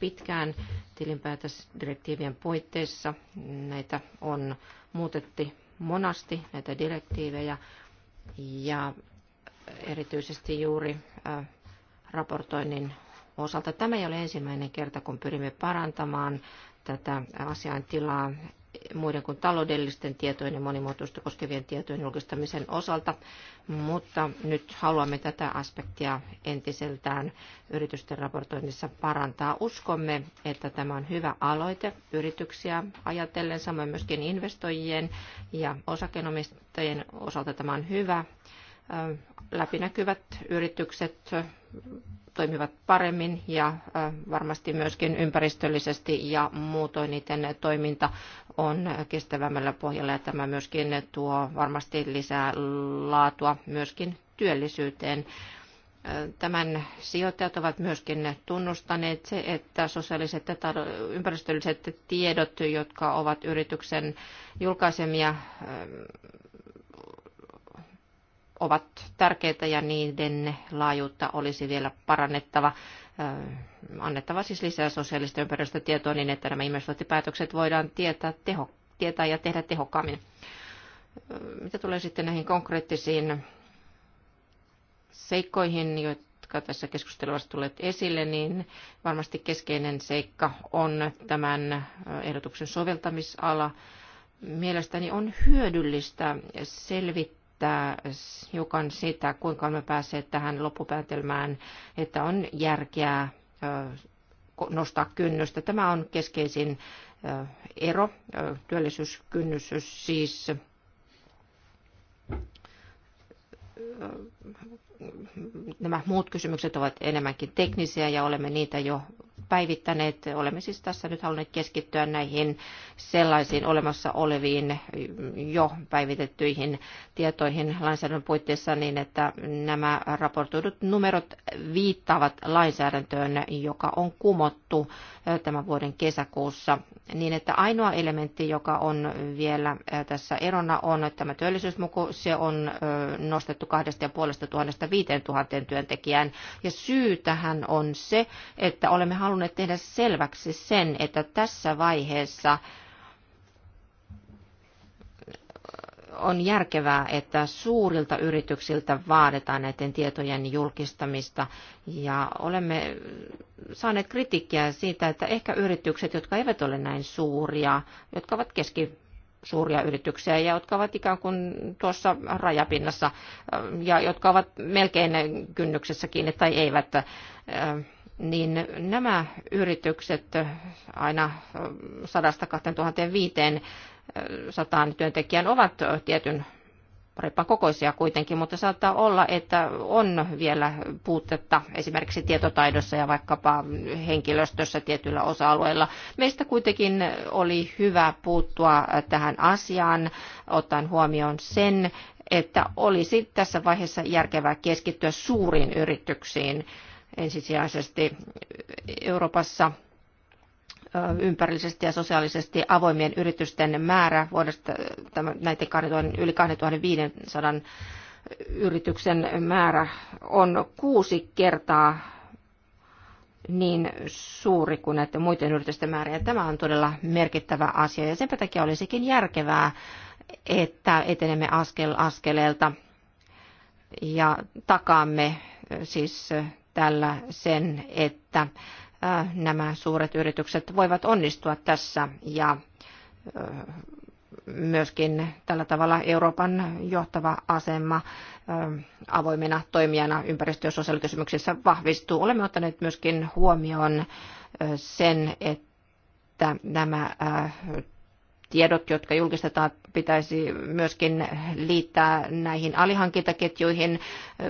pitkään tilinpäätösdirektiivien puitteissa. Näitä on muutetti monasti, näitä direktiivejä, ja erityisesti juuri raportoinnin osalta. Tämä ei ole ensimmäinen kerta, kun pyrimme parantamaan tätä asiantilaa muiden kuin taloudellisten tietojen ja monimuotoista koskevien tietojen julkistamisen osalta, mutta nyt haluamme tätä aspektia entiseltään yritysten raportoinnissa parantaa. Uskomme, että tämä on hyvä aloite yrityksiä ajatellen, samoin myöskin investoijien ja osakenomistajien osalta tämä on hyvä läpinäkyvät yritykset toimivat paremmin ja varmasti myöskin ympäristöllisesti ja muutoin niiden toiminta on kestävämmällä pohjalla ja tämä myöskin tuo varmasti lisää laatua myöskin työllisyyteen. Tämän sijoittajat ovat myöskin tunnustaneet se, että sosiaaliset ja ympäristölliset tiedot, jotka ovat yrityksen julkaisemia, ovat tärkeitä ja niiden laajuutta olisi vielä parannettava annettava siis lisää sosiaalista ympäristötietoa niin, että nämä investointipäätökset voidaan tietää, teho, tietää ja tehdä tehokkaammin. Mitä tulee sitten näihin konkreettisiin seikkoihin, jotka tässä keskustelussa tulee esille, niin varmasti keskeinen seikka on tämän ehdotuksen soveltamisala. Mielestäni on hyödyllistä selvittää, että hiukan sitä, kuinka me pääsee tähän loppupäätelmään, että on järkeä nostaa kynnystä. Tämä on keskeisin ero, työllisyyskynnys siis nämä muut kysymykset ovat enemmänkin teknisiä ja olemme niitä jo päivittäneet. Olemme siis tässä nyt halunneet keskittyä näihin sellaisiin olemassa oleviin mm, jo päivitettyihin tietoihin lainsäädännön puitteissa niin, että nämä raportoidut numerot viittaavat lainsäädäntöön, joka on kumottu tämän vuoden kesäkuussa. Niin, että ainoa elementti, joka on vielä tässä erona, on tämä työllisyysmuku. Se on nostettu 2500 työntekijään. Ja syy tähän on se, että olemme halunneet halunneet tehdä selväksi sen, että tässä vaiheessa on järkevää, että suurilta yrityksiltä vaaditaan näiden tietojen julkistamista. Ja olemme saaneet kritiikkiä siitä, että ehkä yritykset, jotka eivät ole näin suuria, jotka ovat keski suuria yrityksiä ja jotka ovat ikään kuin tuossa rajapinnassa ja jotka ovat melkein kynnyksessä kiinni tai eivät niin nämä yritykset aina 100-2500 työntekijän ovat tietyn parempaa kokoisia kuitenkin, mutta saattaa olla, että on vielä puutetta esimerkiksi tietotaidossa ja vaikkapa henkilöstössä tietyillä osa-alueilla. Meistä kuitenkin oli hyvä puuttua tähän asiaan, ottaen huomioon sen, että olisi tässä vaiheessa järkevää keskittyä suuriin yrityksiin ensisijaisesti Euroopassa ympärillisesti ja sosiaalisesti avoimien yritysten määrä vuodesta näiden 2000, yli 2500 yrityksen määrä on kuusi kertaa niin suuri kuin näiden muiden yritysten määrä. Ja tämä on todella merkittävä asia ja sen takia olisikin järkevää, että etenemme askel askeleelta ja takaamme siis tällä sen, että nämä suuret yritykset voivat onnistua tässä ja myöskin tällä tavalla Euroopan johtava asema avoimena toimijana ympäristö- ja sosiaalikysymyksissä vahvistuu. Olemme ottaneet myöskin huomioon sen, että nämä tiedot, jotka julkistetaan, pitäisi myöskin liittää näihin alihankintaketjuihin.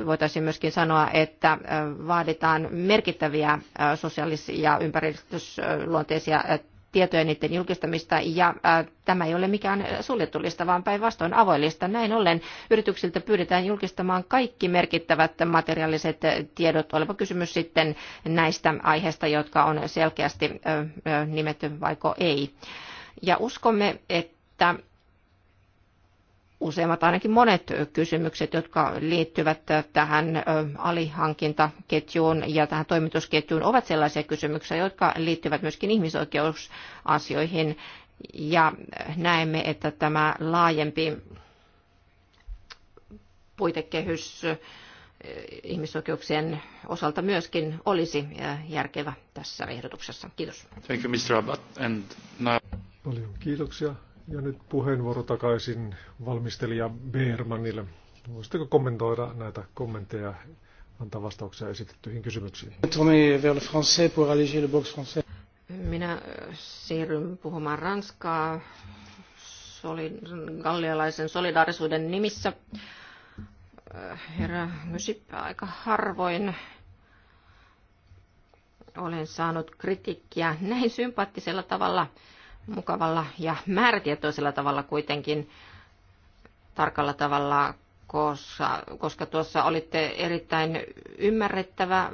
Voitaisiin myöskin sanoa, että vaaditaan merkittäviä sosiaalis- ja ympäristöluonteisia tietoja niiden julkistamista ja ä, tämä ei ole mikään suljettu lista, vaan päinvastoin avoillista. Näin ollen yrityksiltä pyydetään julkistamaan kaikki merkittävät materiaaliset tiedot, olipa kysymys sitten näistä aiheista, jotka on selkeästi ä, nimetty vaiko ei. Ä, ja uskomme, että useimmat, ainakin monet kysymykset, jotka liittyvät tähän alihankintaketjuun ja tähän toimitusketjuun, ovat sellaisia kysymyksiä, jotka liittyvät myöskin ihmisoikeusasioihin. Ja näemme, että tämä laajempi puitekehys ihmisoikeuksien osalta myöskin olisi järkevä tässä ehdotuksessa. Kiitos. Thank you, Mr. Abbott. And now... Paljon kiitoksia. Ja nyt puheenvuoro takaisin valmistelija Beermanille. Voisitteko kommentoida näitä kommentteja antaa vastauksia esitettyihin kysymyksiin? Minä äh, siirryn puhumaan ranskaa soli, gallialaisen solidaarisuuden nimissä. Äh, herra Mysippä, aika harvoin olen saanut kritiikkiä näin sympaattisella tavalla – mukavalla ja määrätietoisella tavalla kuitenkin tarkalla tavalla, koska, koska tuossa olitte erittäin ymmärrettävä,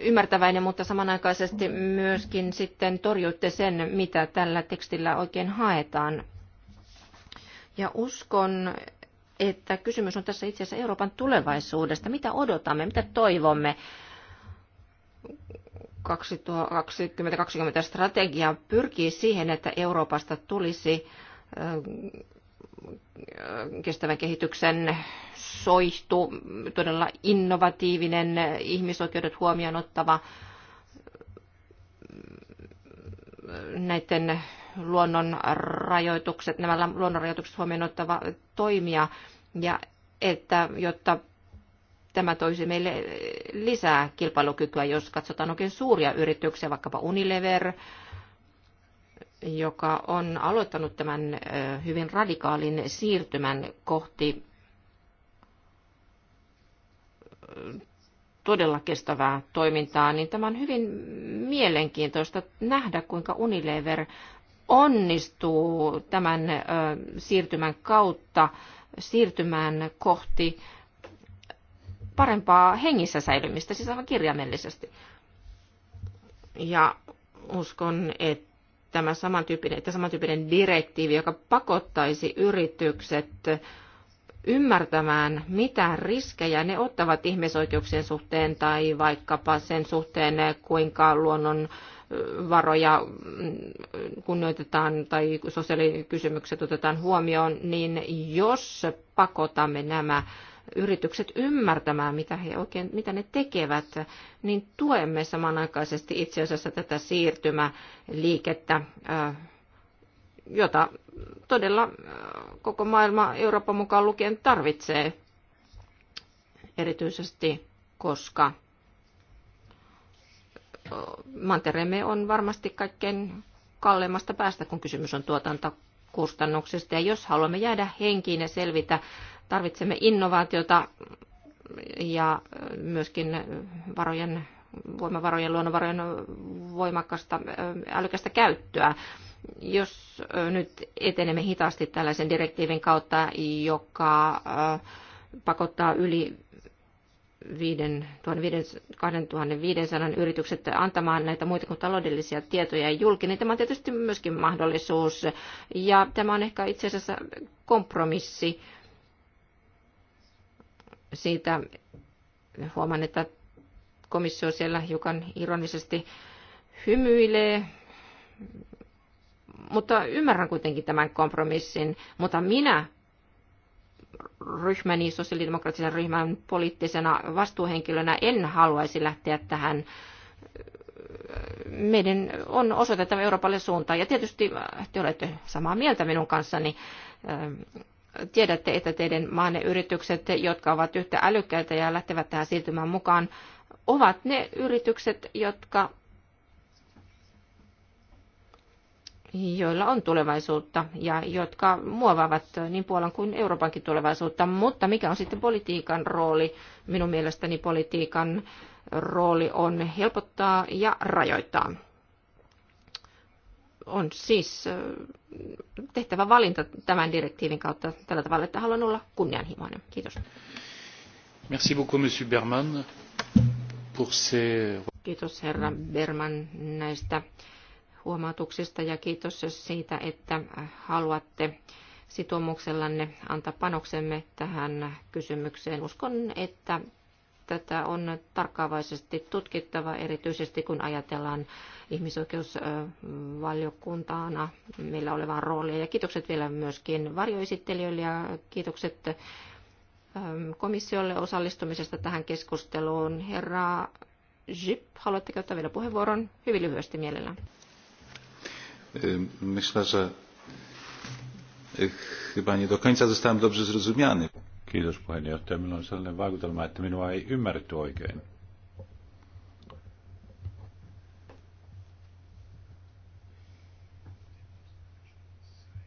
ymmärtäväinen, mutta samanaikaisesti myöskin sitten torjuitte sen, mitä tällä tekstillä oikein haetaan. Ja uskon, että kysymys on tässä itse asiassa Euroopan tulevaisuudesta. Mitä odotamme, mitä toivomme? 2020 strategia pyrkii siihen, että Euroopasta tulisi äh, kestävän kehityksen soihtu, todella innovatiivinen, ihmisoikeudet huomioon ottava näiden luonnon rajoitukset, nämä luonnon rajoitukset huomioon ottava toimija ja että jotta tämä toisi meille eh, lisää kilpailukykyä, jos katsotaan oikein suuria yrityksiä, vaikkapa Unilever, joka on aloittanut tämän eh, hyvin radikaalin siirtymän kohti eh, todella kestävää toimintaa, niin tämä on hyvin mielenkiintoista nähdä, kuinka Unilever onnistuu tämän siirtymän kautta siirtymään kohti parempaa hengissä säilymistä, siis aivan kirjaimellisesti. Ja uskon, että tämä samantyyppinen, että samantyyppinen direktiivi, joka pakottaisi yritykset ymmärtämään, mitä riskejä ne ottavat ihmisoikeuksien suhteen tai vaikkapa sen suhteen, kuinka luonnon varoja mm, kunnioitetaan tai sosiaalikysymykset otetaan huomioon, niin jos pakotamme nämä yritykset ymmärtämään, mitä, he oikein, mitä ne tekevät, niin tuemme samanaikaisesti itse asiassa tätä siirtymäliikettä, jota todella koko maailma Euroopan mukaan lukien tarvitsee, erityisesti koska mantereemme on varmasti kaikkein kalleimmasta päästä, kun kysymys on tuotantokustannuksista. Ja jos haluamme jäädä henkiin ja selvitä Tarvitsemme innovaatiota ja myöskin varojen, voimavarojen, luonnonvarojen voimakasta älykästä käyttöä jos nyt etenemme hitaasti tällaisen direktiivin kautta, joka pakottaa yli 2500 yritykset antamaan näitä muita kuin taloudellisia tietoja julki, niin tämä on tietysti myöskin mahdollisuus. Ja tämä on ehkä itse asiassa kompromissi siitä huomaan, että komissio siellä hiukan ironisesti hymyilee, mutta ymmärrän kuitenkin tämän kompromissin, mutta minä ryhmäni, sosiaalidemokraattisen ryhmän poliittisena vastuuhenkilönä en haluaisi lähteä tähän meidän on osoitettava Euroopalle suuntaa. Ja tietysti te olette samaa mieltä minun kanssani tiedätte, että teidän maanne yritykset, jotka ovat yhtä älykkäitä ja lähtevät tähän siirtymään mukaan, ovat ne yritykset, jotka joilla on tulevaisuutta ja jotka muovaavat niin Puolan kuin Euroopankin tulevaisuutta. Mutta mikä on sitten politiikan rooli? Minun mielestäni politiikan rooli on helpottaa ja rajoittaa on siis äh, tehtävä valinta tämän direktiivin kautta tällä tavalla, että haluan olla kunnianhimoinen. Kiitos. Merci beaucoup, Monsieur Berman, pour ces... Kiitos herra Berman näistä huomautuksista ja kiitos siitä, että haluatte sitoumuksellanne antaa panoksemme tähän kysymykseen. Uskon, että Tätä on tarkkaavaisesti tutkittava, erityisesti kun ajatellaan ihmisoikeusvaliokuntaana meillä olevaan roolia. Ja kiitokset vielä myöskin varjoesittelijöille ja kiitokset ähm, komissiolle osallistumisesta tähän keskusteluun. Herra Jip, haluatte käyttää vielä puheenvuoron? Hyvin lyhyesti mielellä. Myślę, że chyba nie do końca zostałem dobrze zrozumiany. Kiitos puheenjohtaja. Minulla on sellainen vaikutelma, että minua ei ymmärretty oikein.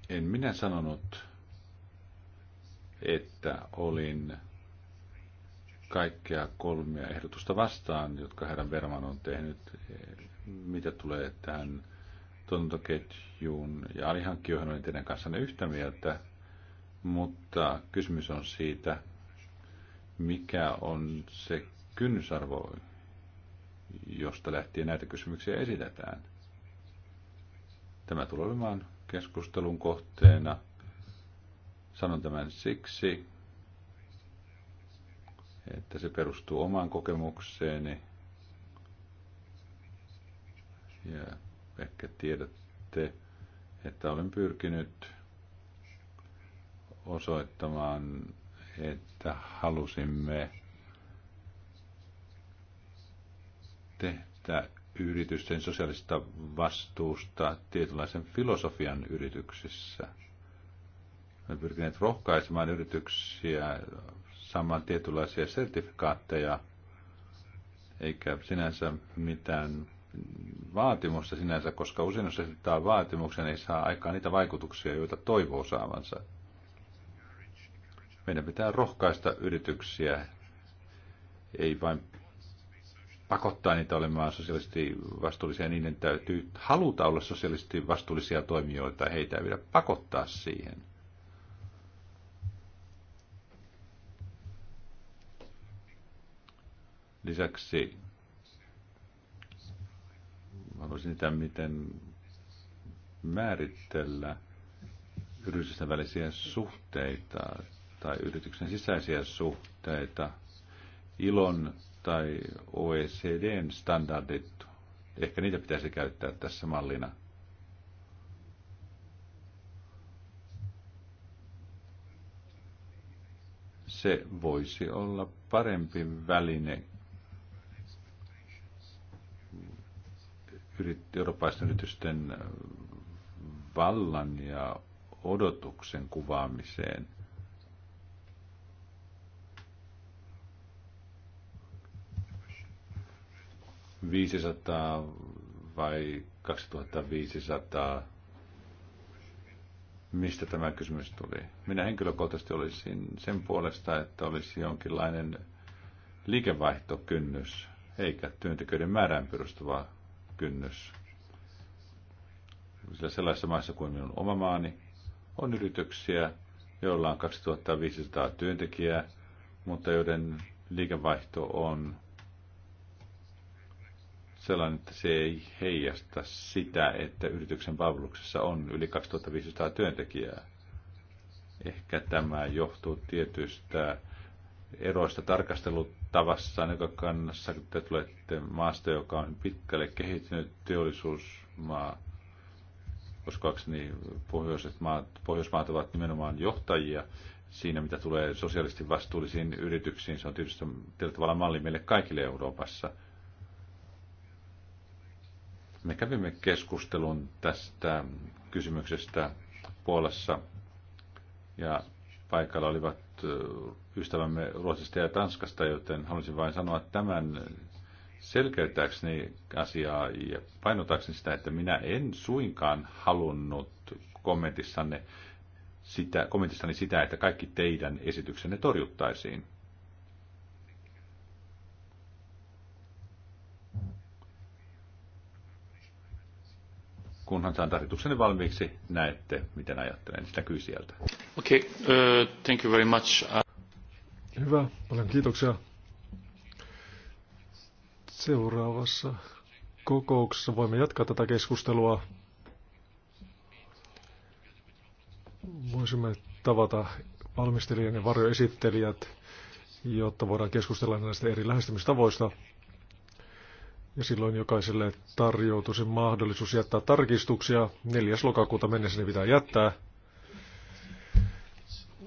En minä sanonut, että olin kaikkea kolmea ehdotusta vastaan, jotka herran Verman on tehnyt, mitä tulee tähän tuotantoketjuun ja alihankkijoihin, olin teidän kanssanne yhtä mieltä – mutta kysymys on siitä, mikä on se kynnysarvo, josta lähtien näitä kysymyksiä esitetään. Tämä tulee olemaan keskustelun kohteena. Sanon tämän siksi, että se perustuu omaan kokemukseeni. Ja ehkä tiedätte, että olen pyrkinyt osoittamaan, että halusimme tehdä yritysten sosiaalista vastuusta tietynlaisen filosofian yrityksissä. Me pyrkineet rohkaisemaan yrityksiä saamaan tietynlaisia sertifikaatteja, eikä sinänsä mitään vaatimusta sinänsä, koska usein jos esitetään vaatimuksen, ei saa aikaan niitä vaikutuksia, joita toivoo saavansa. Meidän pitää rohkaista yrityksiä, ei vain pakottaa niitä olemaan sosiaalisesti vastuullisia, niin niiden täytyy haluta olla sosiaalisesti vastuullisia toimijoita, heitä ei pidä pakottaa siihen. Lisäksi haluaisin sitä, miten määritellä yritysten välisiä suhteita tai yrityksen sisäisiä suhteita, ilon tai OECDn standardit, ehkä niitä pitäisi käyttää tässä mallina. Se voisi olla parempi väline eurooppalaisten yritysten vallan ja odotuksen kuvaamiseen – 500 vai 2500? Mistä tämä kysymys tuli? Minä henkilökohtaisesti olisin sen puolesta, että olisi jonkinlainen liikevaihtokynnys, eikä työntekijöiden määrään perustuva kynnys. Sillä sellaisessa maassa kuin minun oma maani on yrityksiä, joilla on 2500 työntekijää, mutta joiden liikevaihto on sellainen, että se ei heijasta sitä, että yrityksen palveluksessa on yli 2500 työntekijää. Ehkä tämä johtuu tietystä eroista tarkastelutavassa näkökannassa, kun te tulette maasta, joka on pitkälle kehittynyt teollisuusmaa, uskoakseni pohjoiset maat, pohjoismaat ovat nimenomaan johtajia siinä, mitä tulee sosiaalisesti vastuullisiin yrityksiin. Se on tietysti tietyllä tavalla malli meille kaikille Euroopassa – me kävimme keskustelun tästä kysymyksestä Puolassa ja paikalla olivat ystävämme Ruotsista ja Tanskasta, joten halusin vain sanoa tämän selkeyttääkseni asiaa ja painotaakseni sitä, että minä en suinkaan halunnut kommentissanne sitä, kommentissani sitä, että kaikki teidän esityksenne torjuttaisiin. kunhan saan tarjotukseni valmiiksi, näette, miten ajattelen sitä kysieltä. sieltä. okay, uh, thank you very much. Hyvä, paljon kiitoksia. Seuraavassa kokouksessa voimme jatkaa tätä keskustelua. Voisimme tavata valmistelijan ja varjoesittelijät, jotta voidaan keskustella näistä eri lähestymistavoista. Ja silloin jokaiselle tarjoutuisi mahdollisuus jättää tarkistuksia. 4. lokakuuta mennessä ne pitää jättää.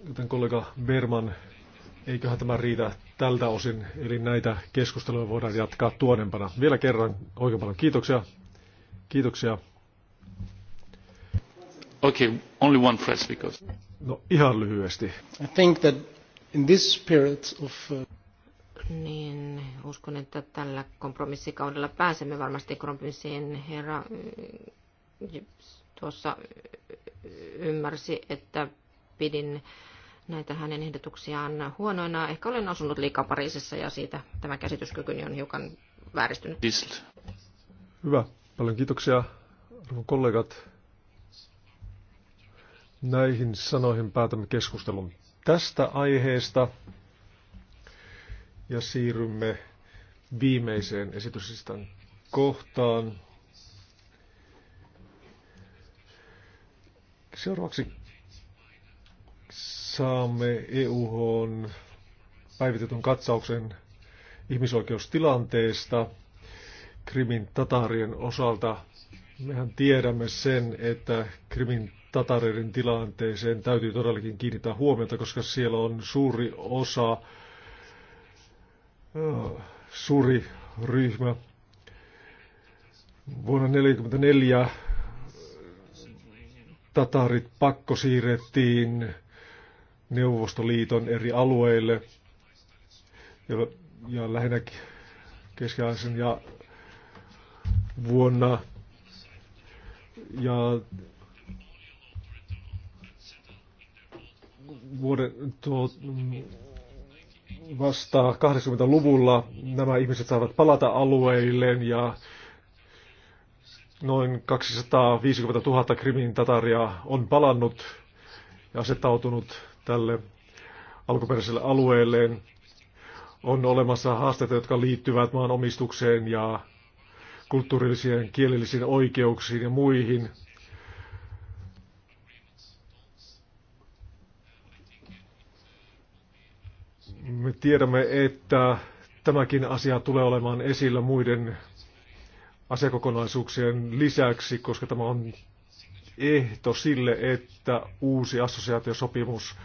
Joten kollega Berman, eiköhän tämä riitä tältä osin. Eli näitä keskusteluja voidaan jatkaa tuonempana. Vielä kerran oikein paljon kiitoksia. Kiitoksia. Okay, only one phrase because... No ihan lyhyesti. I think that in this spirit of... Uh niin uskon, että tällä kompromissikaudella pääsemme varmasti kompromissiin. Herra äh, tuossa äh, ymmärsi, että pidin näitä hänen ehdotuksiaan huonoina. Ehkä olen asunut liikaa Pariisissa ja siitä tämä käsityskykyni on hiukan vääristynyt. Hyvä. Paljon kiitoksia arvon kollegat. Näihin sanoihin päätämme keskustelun tästä aiheesta. Ja siirrymme viimeiseen esityslistan kohtaan. Seuraavaksi saamme EUH päivitetyn katsauksen ihmisoikeustilanteesta Krimin tatarien osalta. Mehän tiedämme sen, että Krimin tatareiden tilanteeseen täytyy todellakin kiinnittää huomiota, koska siellä on suuri osa suuri ryhmä. Vuonna 1944 tatarit pakko siirrettiin Neuvostoliiton eri alueille ja, ja lähinnä keski ja vuonna ja vuoden tuo, vasta 80-luvulla nämä ihmiset saavat palata alueilleen ja noin 250 000 krimin tataria on palannut ja asettautunut tälle alkuperäiselle alueelleen. On olemassa haasteita, jotka liittyvät maanomistukseen ja kulttuurillisiin kielellisiin oikeuksiin ja muihin – Me tiedämme, että tämäkin asia tulee olemaan esillä muiden asiakokonaisuuksien lisäksi, koska tämä on ehto sille, että uusi assosiaatiosopimus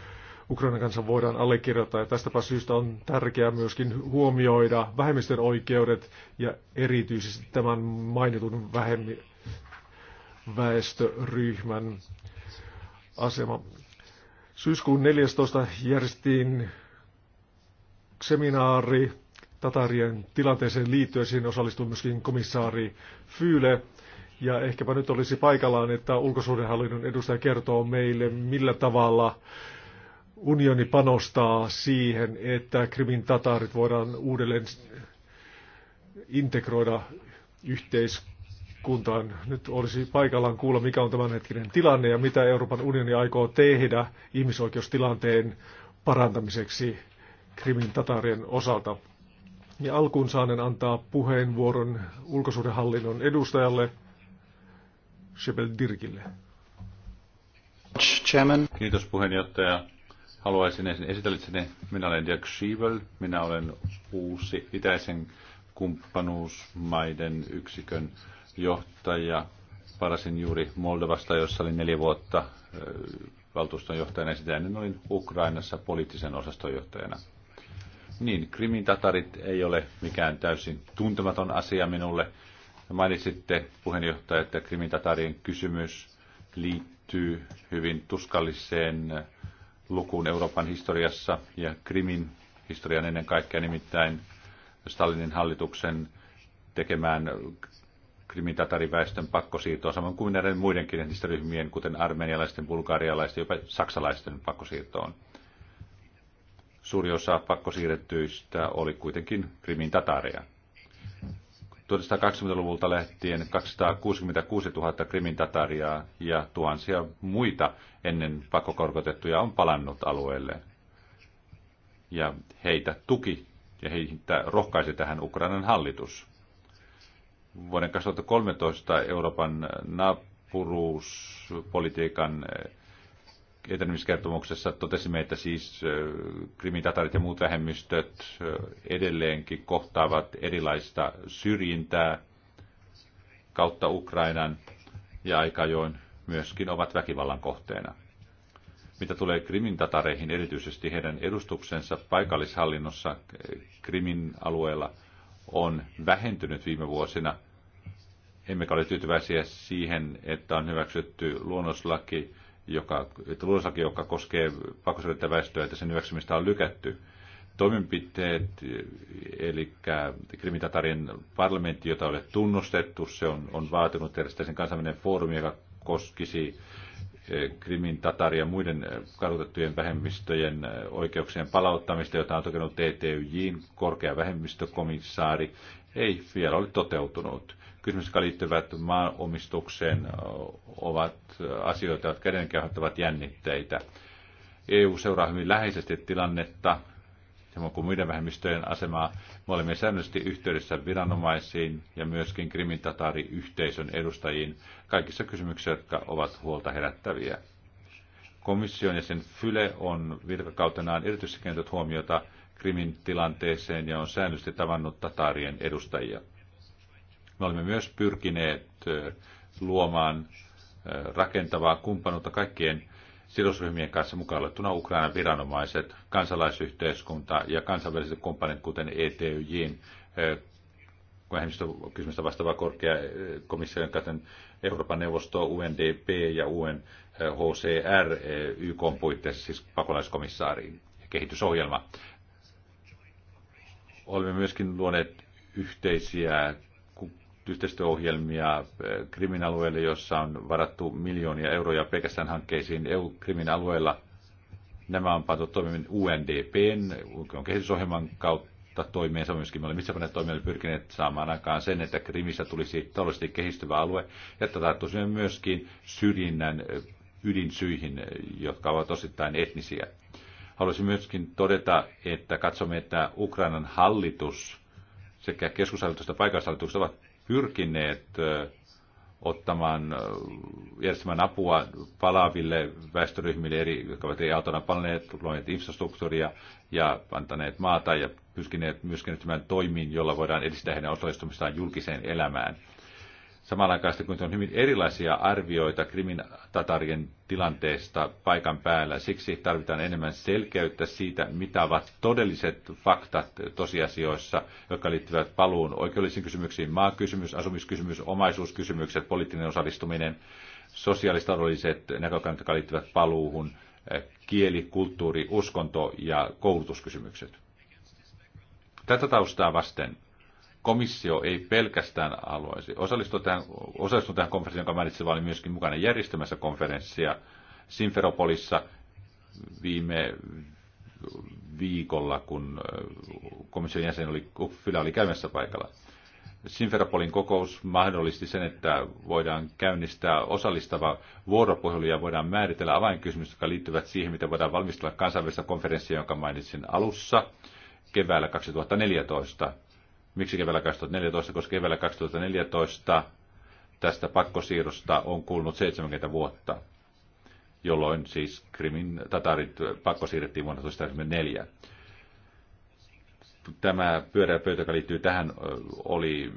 Ukrainan kanssa voidaan allekirjoittaa. Ja tästäpä syystä on tärkeää myöskin huomioida vähemmistön oikeudet ja erityisesti tämän mainitun vähemmi- väestöryhmän asema. Syyskuun 14. järjestettiin seminaari Tatarien tilanteeseen liittyen. Siinä osallistui myöskin komissaari Fyyle. Ja ehkäpä nyt olisi paikallaan, että ulkosuhdehallinnon edustaja kertoo meille, millä tavalla unioni panostaa siihen, että Krimin tatarit voidaan uudelleen integroida yhteiskuntaan. Nyt olisi paikallaan kuulla, mikä on tämänhetkinen tilanne ja mitä Euroopan unioni aikoo tehdä ihmisoikeustilanteen parantamiseksi Krimin tatarien osalta. Ja alkuun saanen antaa puheenvuoron ulkosuhdehallinnon edustajalle Shebel Dirkille. Chairman. Kiitos puheenjohtaja. Haluaisin ensin esitellä sinne. Minä olen Dirk Schiebel. Minä olen uusi itäisen kumppanuusmaiden yksikön johtaja. Parasin juuri Moldovasta, jossa olin neljä vuotta valtuuston johtajana. Sitä ennen olin Ukrainassa poliittisen osaston johtajana. Niin, Krimin tatarit ei ole mikään täysin tuntematon asia minulle. Mainitsitte puheenjohtaja, että Krimin tatarien kysymys liittyy hyvin tuskalliseen lukuun Euroopan historiassa ja Krimin historian ennen kaikkea nimittäin Stalinin hallituksen tekemään Krimin tatariväestön pakkosiirtoa, samoin kuin näiden muidenkin ryhmien, kuten armenialaisten, bulgarialaisten, jopa saksalaisten pakkosiirtoon. Suuri osa pakkosiirrettyistä oli kuitenkin Krimin tatareja. 1920-luvulta lähtien 266 000 Krimin tataria ja tuhansia muita ennen pakkokorkotettuja on palannut alueelle. Ja heitä tuki ja heitä rohkaisi tähän Ukrainan hallitus. Vuoden 2013 Euroopan naapuruuspolitiikan etenemiskertomuksessa totesimme, että siis krimitatarit ja muut vähemmistöt edelleenkin kohtaavat erilaista syrjintää kautta Ukrainan ja aika join myöskin ovat väkivallan kohteena. Mitä tulee Krimin tatareihin, erityisesti heidän edustuksensa paikallishallinnossa Krimin alueella on vähentynyt viime vuosina. Emmekä ole tyytyväisiä siihen, että on hyväksytty luonnoslaki, joka, että luonnoslaki, joka koskee väestöä, että sen hyväksymistä on lykätty. Toimenpiteet, eli Krimitatarien parlamentti, jota olet ole tunnustettu, se on, on vaatinut järjestäisen kansainvälinen foorumi, joka koskisi eh, Krimin Tatar ja muiden eh, kadotettujen vähemmistöjen eh, oikeuksien palauttamista, jota on tukenut TTYJin korkea vähemmistökomissaari, ei vielä ole toteutunut kysymykset, jotka liittyvät maanomistukseen, ovat asioita, jotka edelleen jännitteitä. EU seuraa hyvin läheisesti tilannetta, samoin kuin muiden vähemmistöjen asemaa. Me olemme säännöllisesti yhteydessä viranomaisiin ja myöskin Krimin yhteisön edustajiin kaikissa kysymyksissä, jotka ovat huolta herättäviä. Komission ja sen Fyle on virkakautenaan erityisesti kiinnittänyt huomiota Krimin tilanteeseen ja on säännöllisesti tavannut Tatarien edustajia. Me olemme myös pyrkineet luomaan rakentavaa kumppanuutta kaikkien sidosryhmien kanssa mukaan luettuna Ukrainan viranomaiset, kansalaisyhteiskunta ja kansainväliset kumppanit, kuten ETYJin vähemmistökysymystä vastaava korkea komissio, kuten Euroopan neuvosto, UNDP ja UNHCR YK puitteissa, siis pakolaiskomissaari ja kehitysohjelma. Olemme myöskin luoneet yhteisiä yhteistyöohjelmia eh, kriminalueille, jossa on varattu miljoonia euroja pelkästään hankkeisiin EU-kriminalueilla. Nämä on pantu toimimaan UNDPn, on kehitysohjelman kautta toimeen, samoin myöskin me olemme missä toimijoille pyrkineet saamaan aikaan sen, että krimissä tulisi taloudellisesti kehistyvä alue, ja tätä tarttuisimme myöskin syrjinnän eh, ydinsyihin, jotka ovat osittain etnisiä. Haluaisin myöskin todeta, että katsomme, että Ukrainan hallitus sekä keskushallitus että paikallishallitukset ovat pyrkineet ottamaan, järjestämään apua palaaville väestöryhmille, eri, jotka ovat eri autona palaneet, luoneet infrastruktuuria ja antaneet maata ja pyrkineet myöskin toimiin, jolla voidaan edistää heidän osallistumistaan julkiseen elämään samanaikaisesti kun on hyvin erilaisia arvioita krimin tatarien tilanteesta paikan päällä. Siksi tarvitaan enemmän selkeyttä siitä, mitä ovat todelliset faktat tosiasioissa, jotka liittyvät paluun oikeudellisiin kysymyksiin, maakysymys, asumiskysymys, omaisuuskysymykset, poliittinen osallistuminen, sosiaalistaloudelliset näkökannat, jotka liittyvät paluuhun, kieli, kulttuuri, uskonto ja koulutuskysymykset. Tätä taustaa vasten komissio ei pelkästään haluaisi osallistua tähän, osallistua tähän konferenssiin, jonka mainitsin, vaan oli myöskin mukana järjestämässä konferenssia Sinferopolissa viime viikolla, kun äh, komission jäsen oli, Fylä oli käymässä paikalla. Sinferopolin kokous mahdollisti sen, että voidaan käynnistää osallistava vuoropuhelu ja voidaan määritellä avainkysymykset, jotka liittyvät siihen, mitä voidaan valmistella kansainvälistä konferenssia, jonka mainitsin alussa keväällä 2014. Miksi keväällä 2014? Koska keväällä 2014 tästä pakkosiirrosta on kulunut 70 vuotta, jolloin siis Krimin tatarit pakkosiirrettiin vuonna 1994. Tämä pyörä pöytä, joka liittyy tähän, oli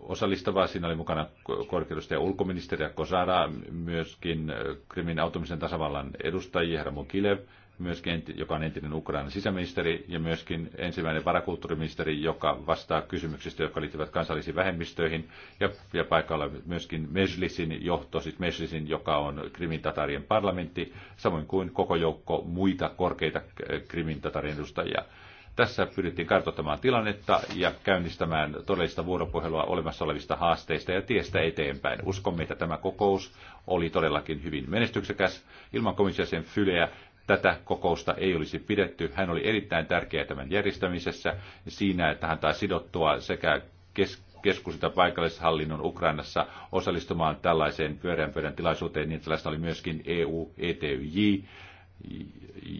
osallistavaa. Siinä oli mukana korkeudustaja ja ulkoministeriä Kosara, myöskin Krimin automisen tasavallan edustajia, herra Kilev, myöskin, joka on entinen Ukrainan sisäministeri, ja myöskin ensimmäinen varakulttuuriministeri, joka vastaa kysymyksistä, jotka liittyvät kansallisiin vähemmistöihin, ja, ja paikalla myöskin Meslisin johto, siis Meslisin, joka on Krimin tatarien parlamentti, samoin kuin koko joukko muita korkeita eh, Krimin tatarien edustajia. Tässä pyrittiin kartoittamaan tilannetta ja käynnistämään todellista vuoropuhelua olemassa olevista haasteista ja tiestä eteenpäin. Uskomme, että tämä kokous oli todellakin hyvin menestyksekäs. Ilman komissiasen Fyleä tätä kokousta ei olisi pidetty. Hän oli erittäin tärkeä tämän järjestämisessä siinä, että hän taisi sidottua sekä kes- keskus- ja paikallishallinnon Ukrainassa osallistumaan tällaiseen pyöreän pöydän tilaisuuteen, niin tällaista oli myöskin EU, ETYJ,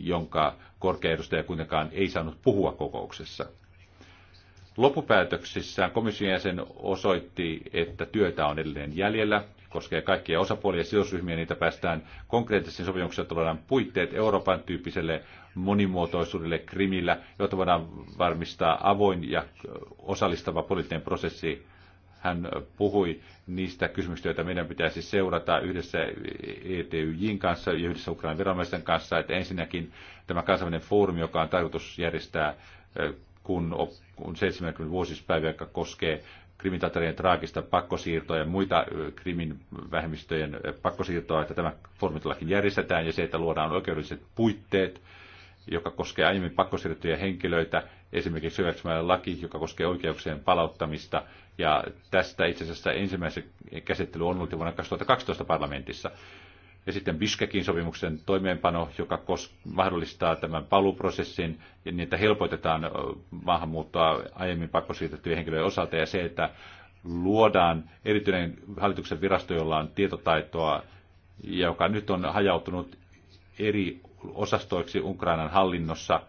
jonka korkea edustaja kuitenkaan ei saanut puhua kokouksessa. Loppupäätöksissään komission jäsen osoitti, että työtä on edelleen jäljellä koskee kaikkia osapuolia ja sidosryhmiä. Niitä päästään konkreettisiin sopimuksiin, että luodaan puitteet Euroopan tyyppiselle monimuotoisuudelle krimillä, jotta voidaan varmistaa avoin ja osallistava poliittinen prosessi hän puhui niistä kysymyksistä, joita meidän pitäisi seurata yhdessä ETYJin kanssa ja yhdessä Ukrainan viranomaisten kanssa. Että ensinnäkin tämä kansainvälinen foorumi, joka on tarkoitus järjestää eh, kun 70 vuosispäivä, joka koskee Krimin traagista pakkosiirtoa ja muita Krimin vähemmistöjen pakkosiirtoa, että tämä formitollakin järjestetään ja se, että luodaan oikeudelliset puitteet, joka koskee aiemmin pakkosiirrettyjä henkilöitä, esimerkiksi hyväksymällä laki, joka koskee oikeuksien palauttamista. Ja tästä itse asiassa ensimmäisen käsittely on ollut vuonna 2012 parlamentissa. Ja sitten Biskekin sopimuksen toimeenpano, joka mahdollistaa tämän paluuprosessin, ja niin että helpotetaan maahanmuuttoa aiemmin pakkosiirrettyjen henkilöiden osalta, ja se, että luodaan erityinen hallituksen virasto, jolla on tietotaitoa, ja joka nyt on hajautunut eri osastoiksi Ukrainan hallinnossa.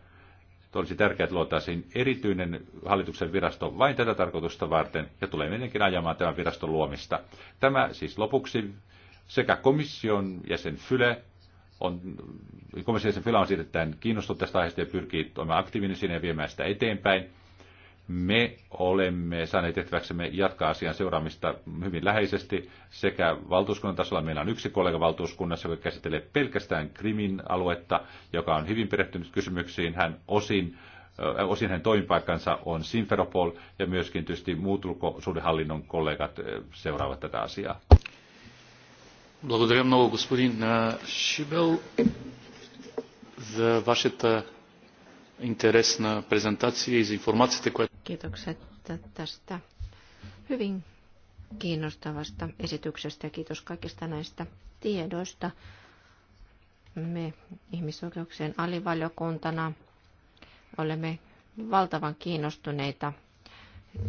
Olisi tärkeää, että luotaisiin erityinen hallituksen virasto vain tätä tarkoitusta varten, ja tulee tietenkin ajamaan tämän viraston luomista. Tämä siis lopuksi sekä komission jäsen Fyle on, komission jäsen Fyle on että kiinnostunut tästä aiheesta ja pyrkii toimimaan aktiivinen siinä ja viemään sitä eteenpäin. Me olemme saaneet tehtäväksemme jatkaa asian seuraamista hyvin läheisesti sekä valtuuskunnan tasolla. Meillä on yksi kollega valtuuskunnassa, joka käsittelee pelkästään Krimin aluetta, joka on hyvin perehtynyt kysymyksiin. Hän osin osin hänen toimipaikkansa on Sinferopol ja myöskin tietysti muut ulkosuudenhallinnon kollegat seuraavat tätä asiaa. Благодаря много, господин Шибел, за вашата интересна презентация и за информацията, която... Kiitokset tästä hyvin kiinnostavasta esityksestä ja kiitos kaikista näistä tiedoista. Me ihmisoikeuksien alivaliokuntana olemme valtavan kiinnostuneita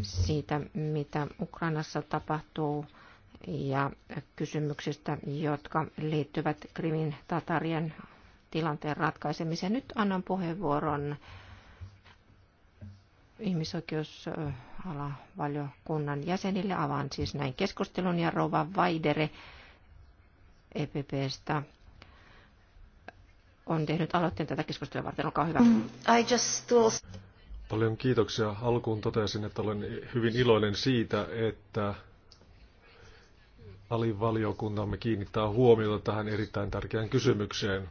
siitä, mitä Ukrainassa tapahtuu – ja kysymyksistä, jotka liittyvät Krimin tatarien tilanteen ratkaisemiseen. Nyt annan puheenvuoron ihmisoikeusalavaliokunnan jäsenille. Avaan siis näin keskustelun ja Rova Vaidere EPPstä on tehnyt aloitteen tätä keskustelua varten. Olkaa hyvä. Mm, I just Paljon kiitoksia. Alkuun totesin, että olen hyvin iloinen siitä, että valiokuntamme kiinnittää huomiota tähän erittäin tärkeään kysymykseen.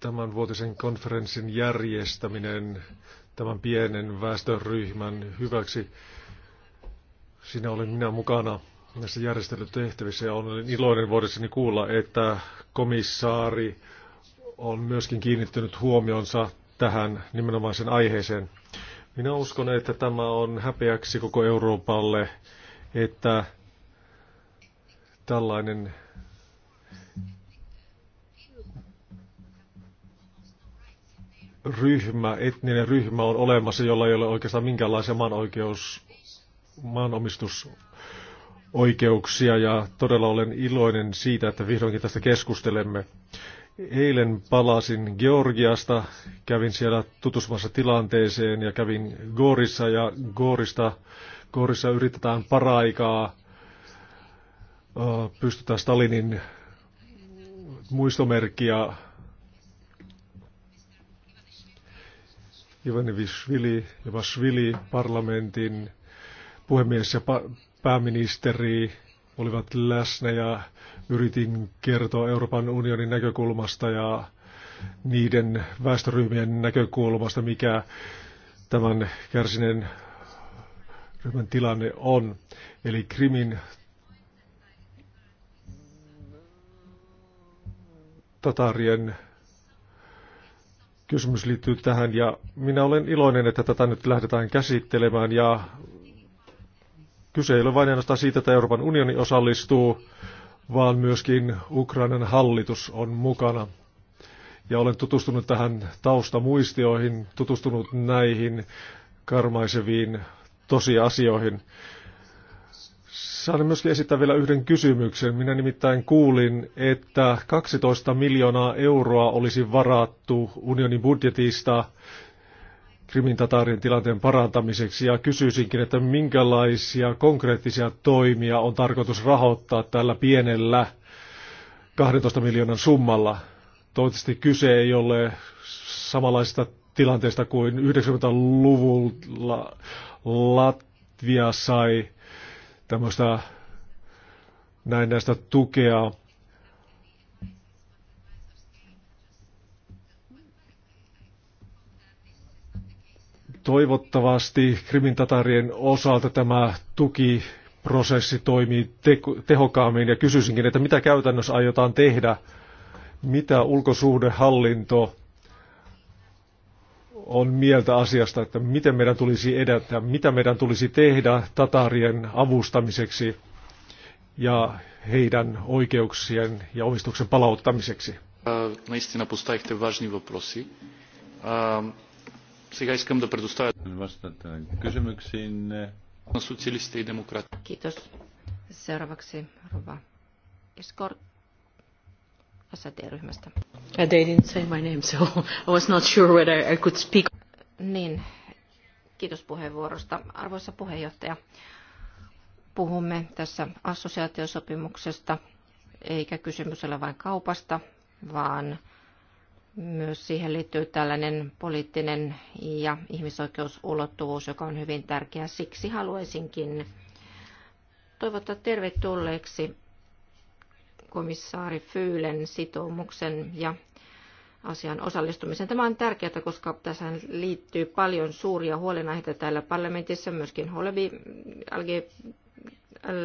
Tämän vuotisen konferenssin järjestäminen tämän pienen väestöryhmän hyväksi. sinä olen minä mukana näissä järjestelytehtävissä ja olen iloinen vuodessani kuulla, että komissaari on myöskin kiinnittynyt huomionsa tähän nimenomaiseen aiheeseen. Minä uskon, että tämä on häpeäksi koko Euroopalle, että tällainen ryhmä, etninen ryhmä on olemassa, jolla ei ole oikeastaan minkäänlaisia maanoikeus, maanomistusoikeuksia ja todella olen iloinen siitä, että vihdoinkin tästä keskustelemme. Eilen palasin Georgiasta, kävin siellä tutustumassa tilanteeseen ja kävin Gorissa ja Gorista, Gorissa yritetään paraikaa pystytään Stalinin muistomerkkiä Vishvili, Vashvili, parlamentin puhemies ja pa- pääministeri olivat läsnä ja yritin kertoa Euroopan unionin näkökulmasta ja niiden väestöryhmien näkökulmasta, mikä tämän kärsineen ryhmän tilanne on. Eli Krimin tatarien kysymys liittyy tähän ja minä olen iloinen, että tätä nyt lähdetään käsittelemään ja kyse ei ole vain ainoastaan siitä, että Euroopan unioni osallistuu, vaan myöskin Ukrainan hallitus on mukana. Ja olen tutustunut tähän taustamuistioihin, tutustunut näihin karmaiseviin tosiasioihin. Saan myöskin esittää vielä yhden kysymyksen. Minä nimittäin kuulin, että 12 miljoonaa euroa olisi varattu unionin budjetista Krimin tatarien tilanteen parantamiseksi ja kysyisinkin, että minkälaisia konkreettisia toimia on tarkoitus rahoittaa tällä pienellä 12 miljoonan summalla. Toivottavasti kyse ei ole samanlaista tilanteesta kuin 90-luvulla Latvia sai tämmöistä näin näistä tukea Toivottavasti Krimin tatarien osalta tämä tukiprosessi toimii tehokkaammin ja kysyisinkin, että mitä käytännössä aiotaan tehdä, mitä ulkosuhdehallinto on mieltä asiasta, että miten meidän tulisi edetä, mitä meidän tulisi tehdä tatarien avustamiseksi ja heidän oikeuksien ja omistuksen palauttamiseksi. Naistina postavihte važni Сега искам да предоставя vastata kysymyksiin. Sosialistidemokraat. Kiitos. Seuraavaksi Rova Eskort. SAT-ryhmästä. They didn't say my name, so I was not sure whether I could speak. Niin, kiitos puheenvuorosta. Arvoisa puheenjohtaja, puhumme tässä assosiaatiosopimuksesta, eikä kysymys ole vain kaupasta, vaan myös siihen liittyy tällainen poliittinen ja ihmisoikeusulottuvuus, joka on hyvin tärkeä. Siksi haluaisinkin toivottaa tervetulleeksi komissaari Fyylen sitoumuksen ja asian osallistumisen. Tämä on tärkeää, koska tässä liittyy paljon suuria huolenaiheita täällä parlamentissa, myöskin Holevi,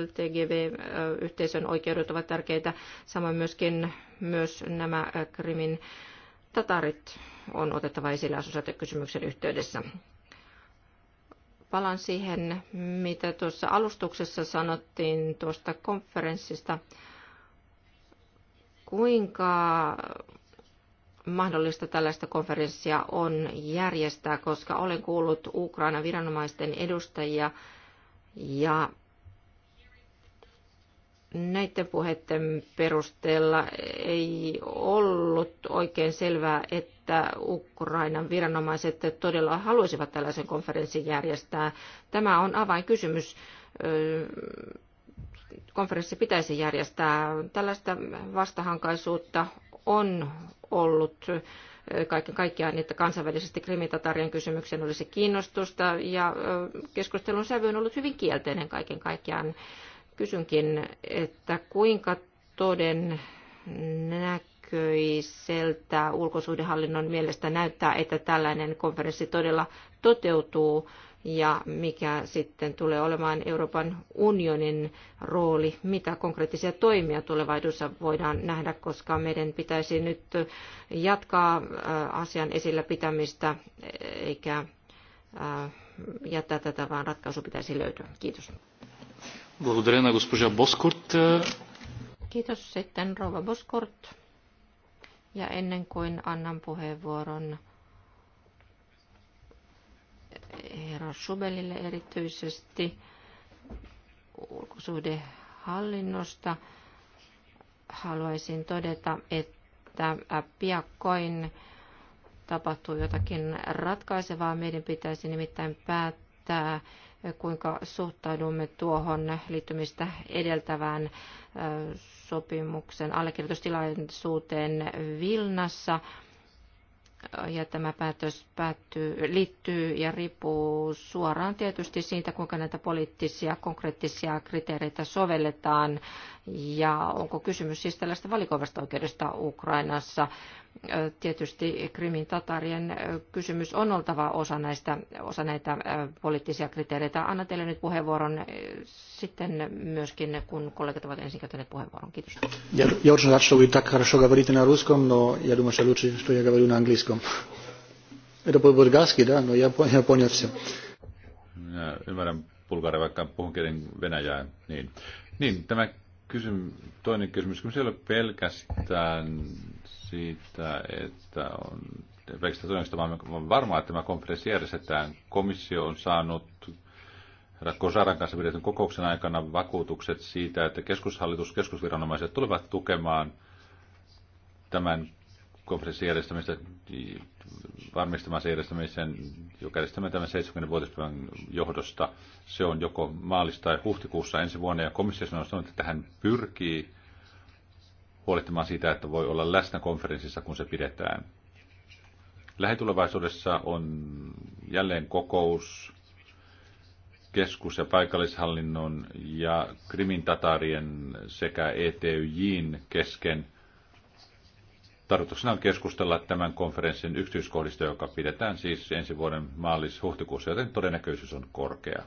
LTGV-yhteisön oikeudet ovat tärkeitä, samoin myöskin myös nämä Krimin Tatarit on otettava esille asusatekysymyksen yhteydessä. Palaan siihen, mitä tuossa alustuksessa sanottiin tuosta konferenssista. Kuinka mahdollista tällaista konferenssia on järjestää, koska olen kuullut Ukraina viranomaisten edustajia ja näiden puheiden perusteella ei ollut oikein selvää, että Ukrainan viranomaiset todella haluaisivat tällaisen konferenssin järjestää. Tämä on avainkysymys. Konferenssi pitäisi järjestää. Tällaista vastahankaisuutta on ollut kaiken kaikkiaan, että kansainvälisesti krimitatarien kysymykseen olisi kiinnostusta ja keskustelun sävy on ollut hyvin kielteinen kaiken kaikkiaan. Kysynkin, että kuinka toden näköiseltä ulkosuhdehallinnon mielestä näyttää, että tällainen konferenssi todella toteutuu ja mikä sitten tulee olemaan Euroopan unionin rooli, mitä konkreettisia toimia tulevaisuudessa voidaan nähdä, koska meidän pitäisi nyt jatkaa äh, asian esillä pitämistä eikä äh, jättää tätä, vaan ratkaisu pitäisi löytyä. Kiitos. Благодаря на госпожа Боскорт. Kiitos sitten Rova Boskort. Ja ennen kuin annan puheenvuoron herra Schubelille erityisesti ulkosuhdehallinnosta, haluaisin todeta, että piakkoin tapahtuu jotakin ratkaisevaa. Meidän pitäisi nimittäin päättää kuinka suhtaudumme tuohon liittymistä edeltävään sopimuksen allekirjoitustilaisuuteen Vilnassa. Ja tämä päätös päättyy, liittyy ja riippuu suoraan tietysti siitä, kuinka näitä poliittisia, konkreettisia kriteereitä sovelletaan ja onko kysymys siis tällaista valikoivasta oikeudesta Ukrainassa. Tietysti Krimin tatarien kysymys on oltava osa, näistä, osa näitä poliittisia kriteereitä. Anna teille nyt puheenvuoron sitten myöskin, kun kollegat ovat ensin käyttäneet puheenvuoron. Kiitos. Я, очень рад, что вы так хорошо говорите на русском, но я думаю, что лучше, что я говорю на английском. Это по-бургарски, да, но я, понял все. ymmärrän bulgaria, vaikka puhunkin venäjää. Niin. niin, tämä kysymys, toinen kysymys, kun se ei ole pelkästään siitä, että on pelkästään on varmaa, että tämä konferenssi järjestetään. Komissio on saanut herra Kosaran kanssa pidetyn kokouksen aikana vakuutukset siitä, että keskushallitus, keskusviranomaiset tulevat tukemaan tämän konferenssin järjestämistä varmistamaan se järjestämisen, joka tämän 70-vuotispäivän johdosta. Se on joko maalista tai huhtikuussa ensi vuonna, ja komissio on sanonut, että hän pyrkii huolehtimaan siitä, että voi olla läsnä konferenssissa, kun se pidetään. Lähitulevaisuudessa on jälleen kokous keskus- ja paikallishallinnon ja Tatarien sekä ETYJin kesken – Tarkoituksena on keskustella tämän konferenssin yksityiskohdista, joka pidetään siis ensi vuoden maalis-huhtikuussa, joten todennäköisyys on korkea.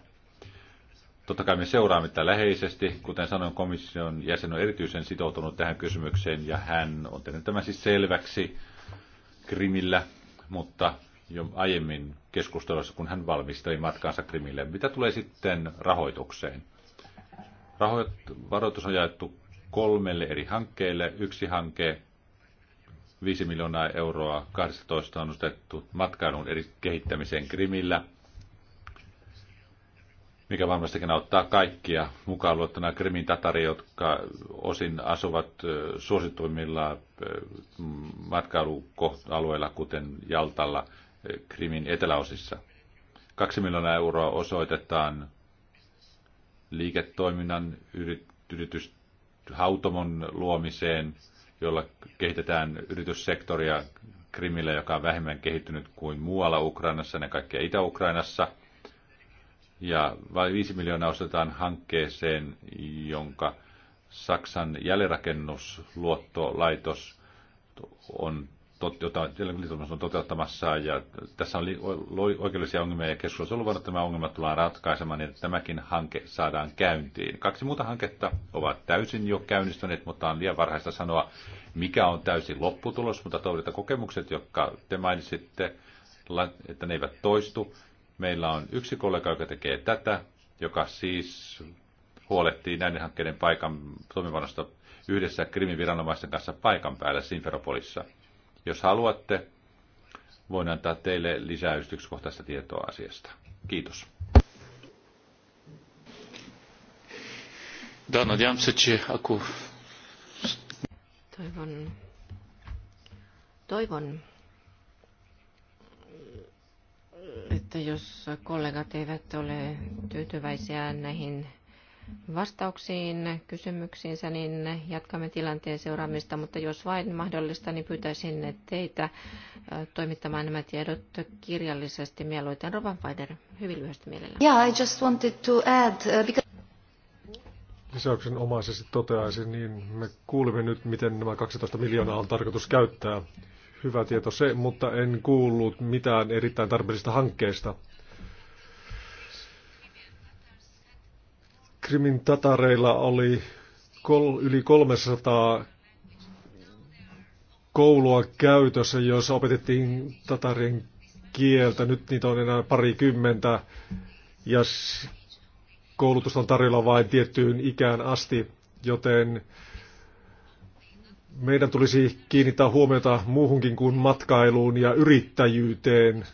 Totta kai me seuraamme tätä läheisesti. Kuten sanoin, komission jäsen on erityisen sitoutunut tähän kysymykseen ja hän on tehnyt tämän siis selväksi Krimillä, mutta jo aiemmin keskustelussa, kun hän valmisteli matkaansa Krimille. Mitä tulee sitten rahoitukseen? Rahoit- varoitus on jaettu kolmelle eri hankkeelle. Yksi hanke 5 miljoonaa euroa 12 on ostettu matkailun eri kehittämiseen Krimillä, mikä varmastikin auttaa kaikkia, mukaan luottuna Krimin tatari, jotka osin asuvat suosituimmilla matkailualueilla, kuten Jaltalla, Krimin eteläosissa. 2 miljoonaa euroa osoitetaan liiketoiminnan yritys, hautomon luomiseen – jolla kehitetään yrityssektoria Krimillä, joka on vähemmän kehittynyt kuin muualla Ukrainassa, ne kaikkea Itä-Ukrainassa. Ja vain 5 miljoonaa ostetaan hankkeeseen, jonka Saksan jälleenrakennusluottolaitos on jota Lissabonin on toteuttamassa, ja tässä on oikeudellisia ongelmia, ja keskustelussa on luvannut, että tämä ongelma tullaan ratkaisemaan, niin että tämäkin hanke saadaan käyntiin. Kaksi muuta hanketta ovat täysin jo käynnistyneet, mutta on liian varhaista sanoa, mikä on täysin lopputulos, mutta toivon, kokemukset, jotka te mainitsitte, että ne eivät toistu. Meillä on yksi kollega, joka tekee tätä, joka siis huolehtii näiden hankkeiden paikan toimivannasta yhdessä krimiviranomaisten kanssa paikan päällä Sinferopolissa. Jos haluatte, voin antaa teille lisää yksityiskohtaista tietoa asiasta. Kiitos. Toivon, toivon, että jos kollegat eivät ole tyytyväisiä näihin vastauksiin kysymyksiinsä, niin jatkamme tilanteen seuraamista, mutta jos vain mahdollista, niin pyytäisin teitä toimittamaan nämä tiedot kirjallisesti mieluiten. Rovan Faider, hyvin lyhyesti mielellä. Yeah, I just wanted to add, uh, because... Lisäyksen omaisesti toteaisin, niin me kuulimme nyt, miten nämä 12 miljoonaa on tarkoitus käyttää. Hyvä tieto se, mutta en kuullut mitään erittäin tarpeellisista hankkeista. Krimin tatareilla oli kol, yli 300 koulua käytössä, joissa opetettiin tatarin kieltä. Nyt niitä on enää parikymmentä ja koulutusta on tarjolla vain tiettyyn ikään asti, joten meidän tulisi kiinnittää huomiota muuhunkin kuin matkailuun ja yrittäjyyteen,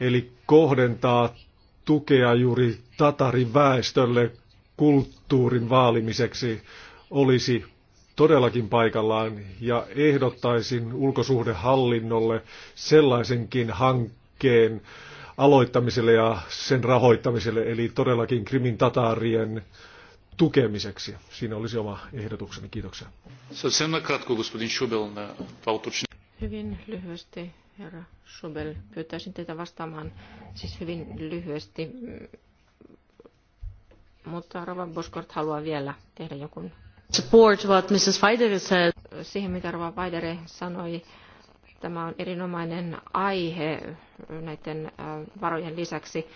eli kohdentaa tukea juuri Tatarin väestölle kulttuurin vaalimiseksi olisi todellakin paikallaan ja ehdottaisin ulkosuhdehallinnolle sellaisenkin hankkeen aloittamiselle ja sen rahoittamiselle, eli todellakin Krimin tataarien tukemiseksi. Siinä olisi oma ehdotukseni. Kiitoksia. Hyvin lyhyesti Herra Schubel, pyytäisin teitä vastaamaan siis hyvin lyhyesti, mutta Rova Boskort haluaa vielä tehdä jonkun support what Mrs. Feidere said. Siihen, mitä Rova Feidere sanoi, tämä on erinomainen aihe näiden äh, varojen lisäksi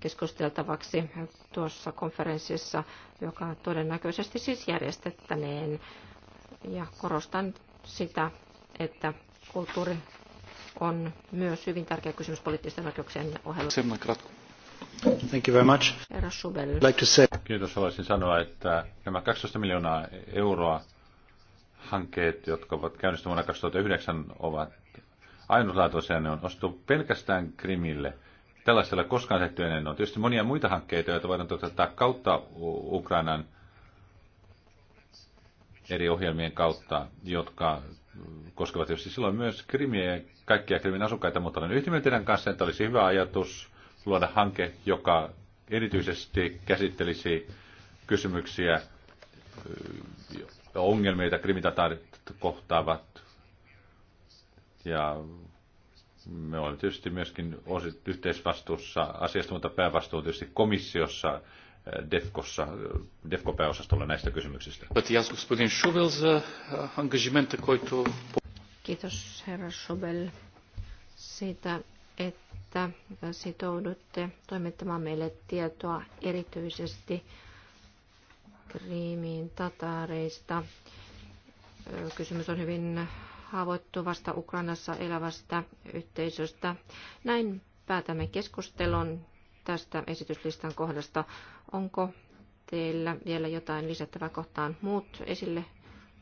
keskusteltavaksi tuossa konferenssissa, joka todennäköisesti siis järjestettäneen. Ja korostan sitä, että kulttuuri on myös hyvin tärkeä kysymys poliittisten oikeuksien ohella. Thank you very much. Like to say... Kiitos. Haluaisin sanoa, että nämä 12 miljoonaa euroa hankkeet, jotka ovat käynnistyneet vuonna 2009, ovat ainutlaatuisia. Ne on ostettu pelkästään Krimille. Tällaista ei ole koskaan tehty ennen. On tietysti monia muita hankkeita, joita voidaan toteuttaa kautta Ukrainan eri ohjelmien kautta, jotka koskevat tietysti silloin myös krimiä ja kaikkia krimin asukkaita, mutta olen yhtä teidän kanssa, että olisi hyvä ajatus luoda hanke, joka erityisesti käsittelisi kysymyksiä ongelmia, joita krimitataarit kohtaavat. Ja me olemme tietysti myöskin yhteisvastuussa asiasta, mutta päävastuu tietysti komissiossa Defkossa, defko pääosastolla näistä kysymyksistä. Uh, Kiitos herra Schubel siitä, että sitoudutte toimittamaan meille tietoa erityisesti Kriimiin tataareista. Kysymys on hyvin haavoittuvasta Ukrainassa elävästä yhteisöstä. Näin päätämme keskustelun tästä esityslistan kohdasta. Onko teillä vielä jotain lisättävää kohtaan muut esille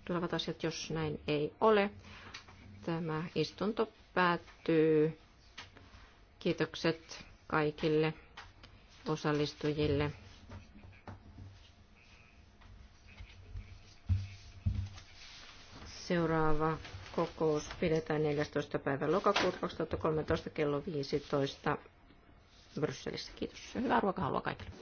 tulevat asiat, jos näin ei ole? Tämä istunto päättyy. Kiitokset kaikille osallistujille. Seuraava kokous pidetään 14. päivä lokakuuta 2013 kello 15. Brysselissä. Kiitos. Hyvää ruokahalua kaikille.